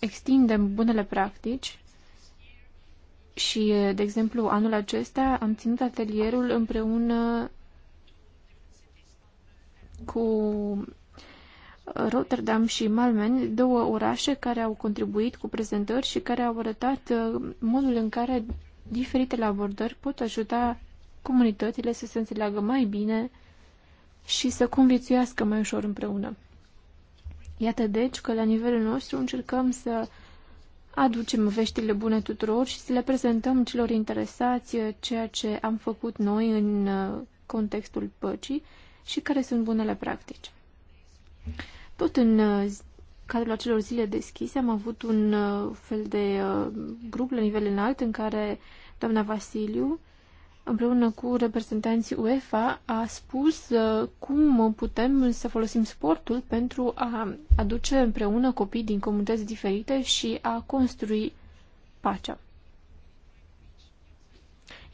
extindem bunele practici și, de exemplu, anul acesta am ținut atelierul împreună cu uh, Rotterdam și Malmen, două orașe care au contribuit cu prezentări și care au arătat uh, modul în care diferitele abordări pot ajuta comunitățile să se înțeleagă mai bine și să conviețuiască mai ușor împreună. Iată deci că la nivelul nostru încercăm să aducem veștile bune tuturor și să le prezentăm celor interesați uh, ceea ce am făcut noi în contextul păcii și care sunt bunele practici. Tot în uh, cadrul acelor zile deschise am avut un uh, fel de uh, grup la nivel înalt în care doamna Vasiliu, împreună cu reprezentanții UEFA, a spus cum putem să folosim sportul pentru a aduce împreună copii din comunități diferite și a construi pacea.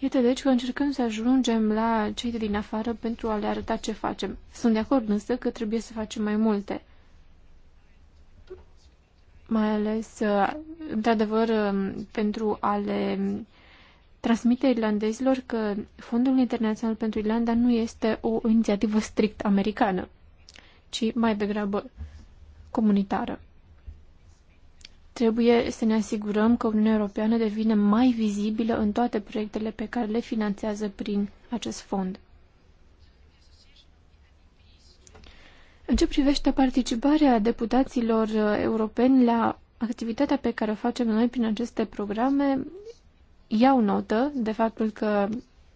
Iată deci că încercăm să ajungem la cei de din afară pentru a le arăta ce facem. Sunt de acord însă că trebuie să facem mai multe. Mai ales, uh, într-adevăr, um, pentru a le transmite irlandezilor că Fondul Internațional pentru Irlanda nu este o inițiativă strict americană, ci mai degrabă comunitară. Trebuie să ne asigurăm că Uniunea Europeană devine mai vizibilă în toate proiectele pe care le finanțează prin acest fond. În ce privește participarea deputaților uh, europeni la activitatea pe care o facem noi prin aceste programe, iau notă de faptul că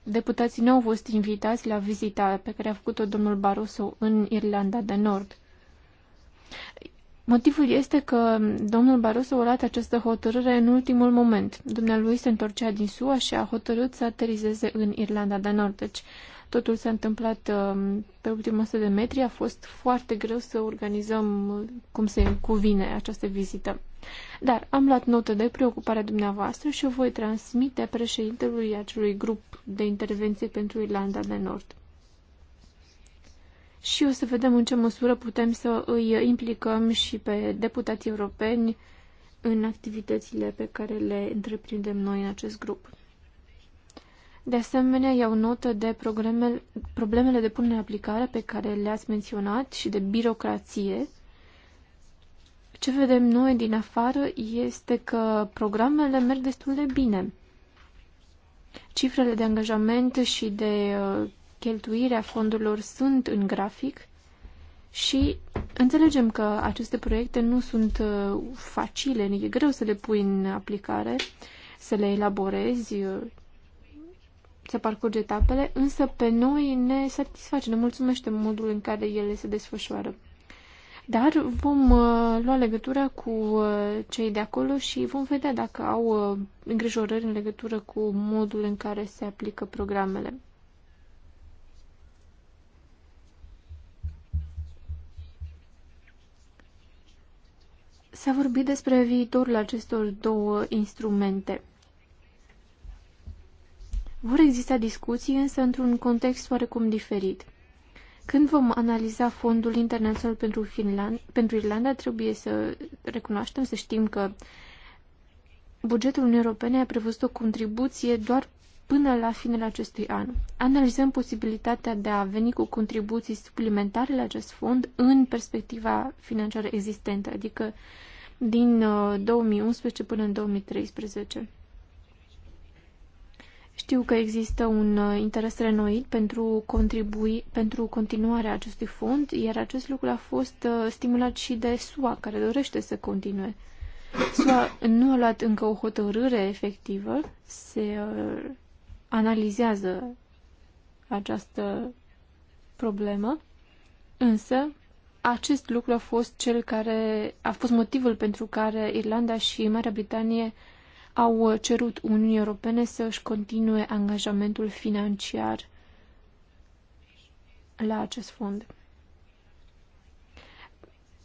deputații nu au fost invitați la vizita pe care a făcut-o domnul Barroso în Irlanda de Nord. Motivul este că domnul Barroso a luat această hotărâre în ultimul moment. Dumnealui se întorcea din SUA și a hotărât să aterizeze în Irlanda de Nord. Deci totul s-a întâmplat um, pe ultima 100 de metri. A fost foarte greu să organizăm uh, cum se cuvine această vizită. Dar am luat notă de preocuparea dumneavoastră și o voi transmite președintelui acelui grup de intervenție pentru Irlanda de Nord și o să vedem în ce măsură putem să îi implicăm și pe deputații europeni în activitățile pe care le întreprindem noi în acest grup. De asemenea, iau notă de problemele, problemele de punere în aplicare pe care le-ați menționat și de birocrație. Ce vedem noi din afară este că programele merg destul de bine. Cifrele de angajament și de uh, cheltuirea fondurilor sunt în grafic și înțelegem că aceste proiecte nu sunt uh, facile, e greu să le pui în aplicare, să le elaborezi, uh, să parcurgi etapele, însă pe noi ne satisface, ne mulțumește modul în care ele se desfășoară. Dar vom uh, lua legătura cu cei de acolo și vom vedea dacă au îngrijorări în legătură cu modul în care se aplică programele. S-a vorbit despre viitorul acestor două instrumente. Vor exista discuții, însă într-un context oarecum diferit. Când vom analiza Fondul Internațional pentru, Finland, pentru Irlanda, trebuie să recunoaștem, să știm că bugetul Uniunii Europene a prevăzut o contribuție doar până la finele acestui an. Analizăm posibilitatea de a veni cu contribuții suplimentare la acest fond în perspectiva financiară existentă, adică din 2011 uh, până în 2013. Știu că există un uh, interes renoit pentru, contribui, pentru continuarea acestui fond, iar acest lucru a fost uh, stimulat și de SUA, care dorește să continue. SUA nu a luat încă o hotărâre efectivă, se analizează această problemă, însă acest lucru a fost cel care a fost motivul pentru care Irlanda și Marea Britanie au cerut Uniunii Europene să își continue angajamentul financiar la acest fond.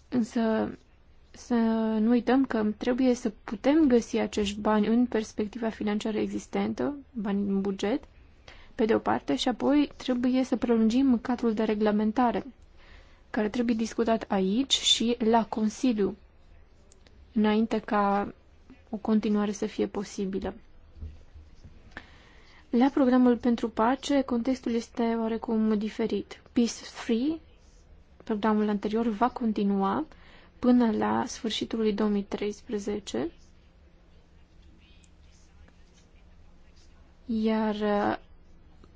Însă să nu uităm că trebuie să putem găsi acești bani în perspectiva financiară existentă, bani în buget, pe de o parte, și apoi trebuie să prelungim cadrul de reglementare, care trebuie discutat aici și la Consiliu, înainte ca o continuare să fie posibilă. La programul pentru pace, contextul este oarecum diferit. Peace 3, programul anterior, va continua până la sfârșitul lui 2013, iar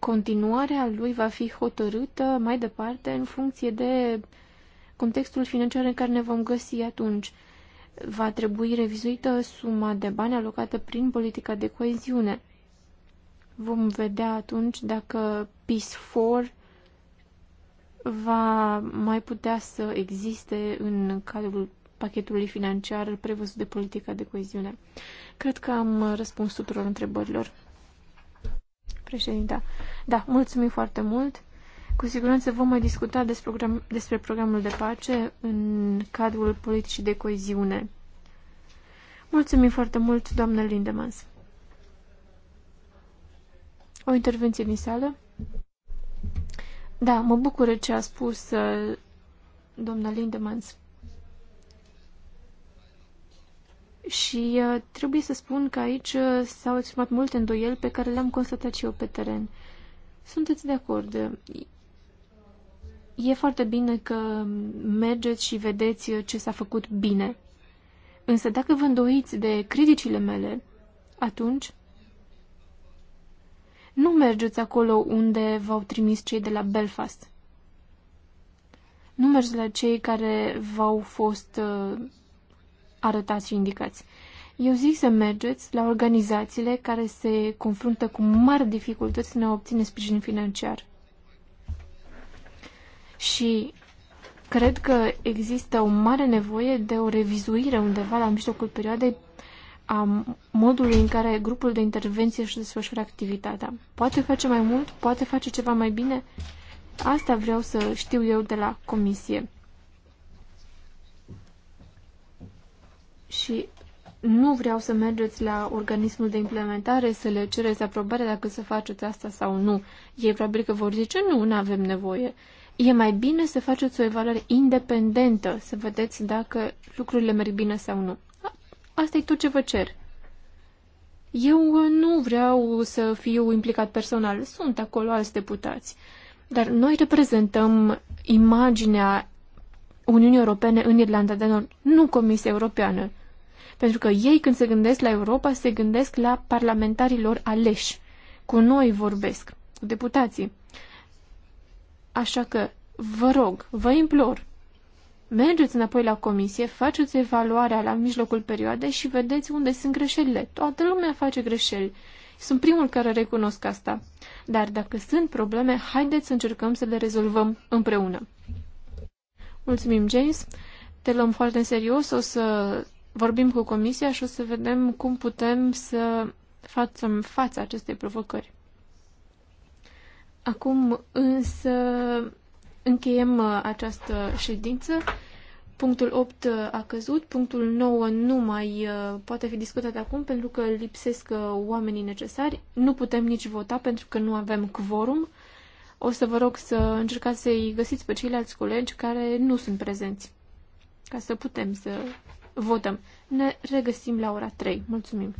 continuarea lui va fi hotărâtă mai departe în funcție de contextul financiar în care ne vom găsi atunci. Va trebui revizuită suma de bani alocată prin politica de coeziune. Vom vedea atunci dacă PIS 4 va mai putea să existe în cadrul pachetului financiar prevăzut de politica de coeziune. Cred că am răspuns tuturor întrebărilor. Președinta, da, mulțumim foarte mult. Cu siguranță vom mai discuta despre, program, despre programul de pace în cadrul politicii de coeziune. Mulțumim foarte mult, doamnă Lindemans. O intervenție din sală? Da, mă bucură ce a spus uh, doamna Lindemans. Și uh, trebuie să spun că aici uh, s-au exprimat multe îndoieli pe care le-am constatat și eu pe teren. Sunteți de acord? E foarte bine că mergeți și vedeți uh, ce s-a făcut bine. Însă dacă vă îndoiți de criticile mele, atunci nu mergeți acolo unde v-au trimis cei de la Belfast. Nu mergeți la cei care v-au fost arătați și indicați. Eu zic să mergeți la organizațiile care se confruntă cu mari dificultăți în a obține sprijin financiar. Și cred că există o mare nevoie de o revizuire undeva la mijlocul perioadei a modului în care grupul de intervenție își desfășoară activitatea. Poate face mai mult, poate face ceva mai bine. Asta vreau să știu eu de la comisie. și nu vreau să mergeți la organismul de implementare să le cereți aprobarea dacă să faceți asta sau nu. Ei probabil că vor zice nu, nu avem nevoie. E mai bine să faceți o evaluare independentă, să vedeți dacă lucrurile merg bine sau nu. Asta e tot ce vă cer. Eu uh, nu vreau să fiu implicat personal. Sunt acolo alți deputați. Dar noi reprezentăm imaginea Uniunii Europene în Irlanda de Nord, nu Comisia Europeană. Pentru că ei, când se gândesc la Europa, se gândesc la parlamentarii lor aleși. Cu noi vorbesc, cu deputații. Așa că, vă rog, vă implor, mergeți înapoi la comisie, faceți evaluarea la mijlocul perioadei și vedeți unde sunt greșelile. Toată lumea face greșeli. Sunt primul care recunosc asta. Dar dacă sunt probleme, haideți să încercăm să le rezolvăm împreună. Mulțumim, James. Te luăm foarte în serios. O să vorbim cu Comisia și o să vedem cum putem să facem față acestei provocări. Acum însă încheiem uh, această ședință. Punctul 8 uh, a căzut, punctul 9 nu mai uh, poate fi discutat acum pentru că lipsesc oamenii necesari. Nu putem nici vota pentru că nu avem quorum. O să vă rog să încercați să-i găsiți pe ceilalți colegi care nu sunt prezenți ca să putem să votăm. Ne regăsim la ora 3. Mulțumim!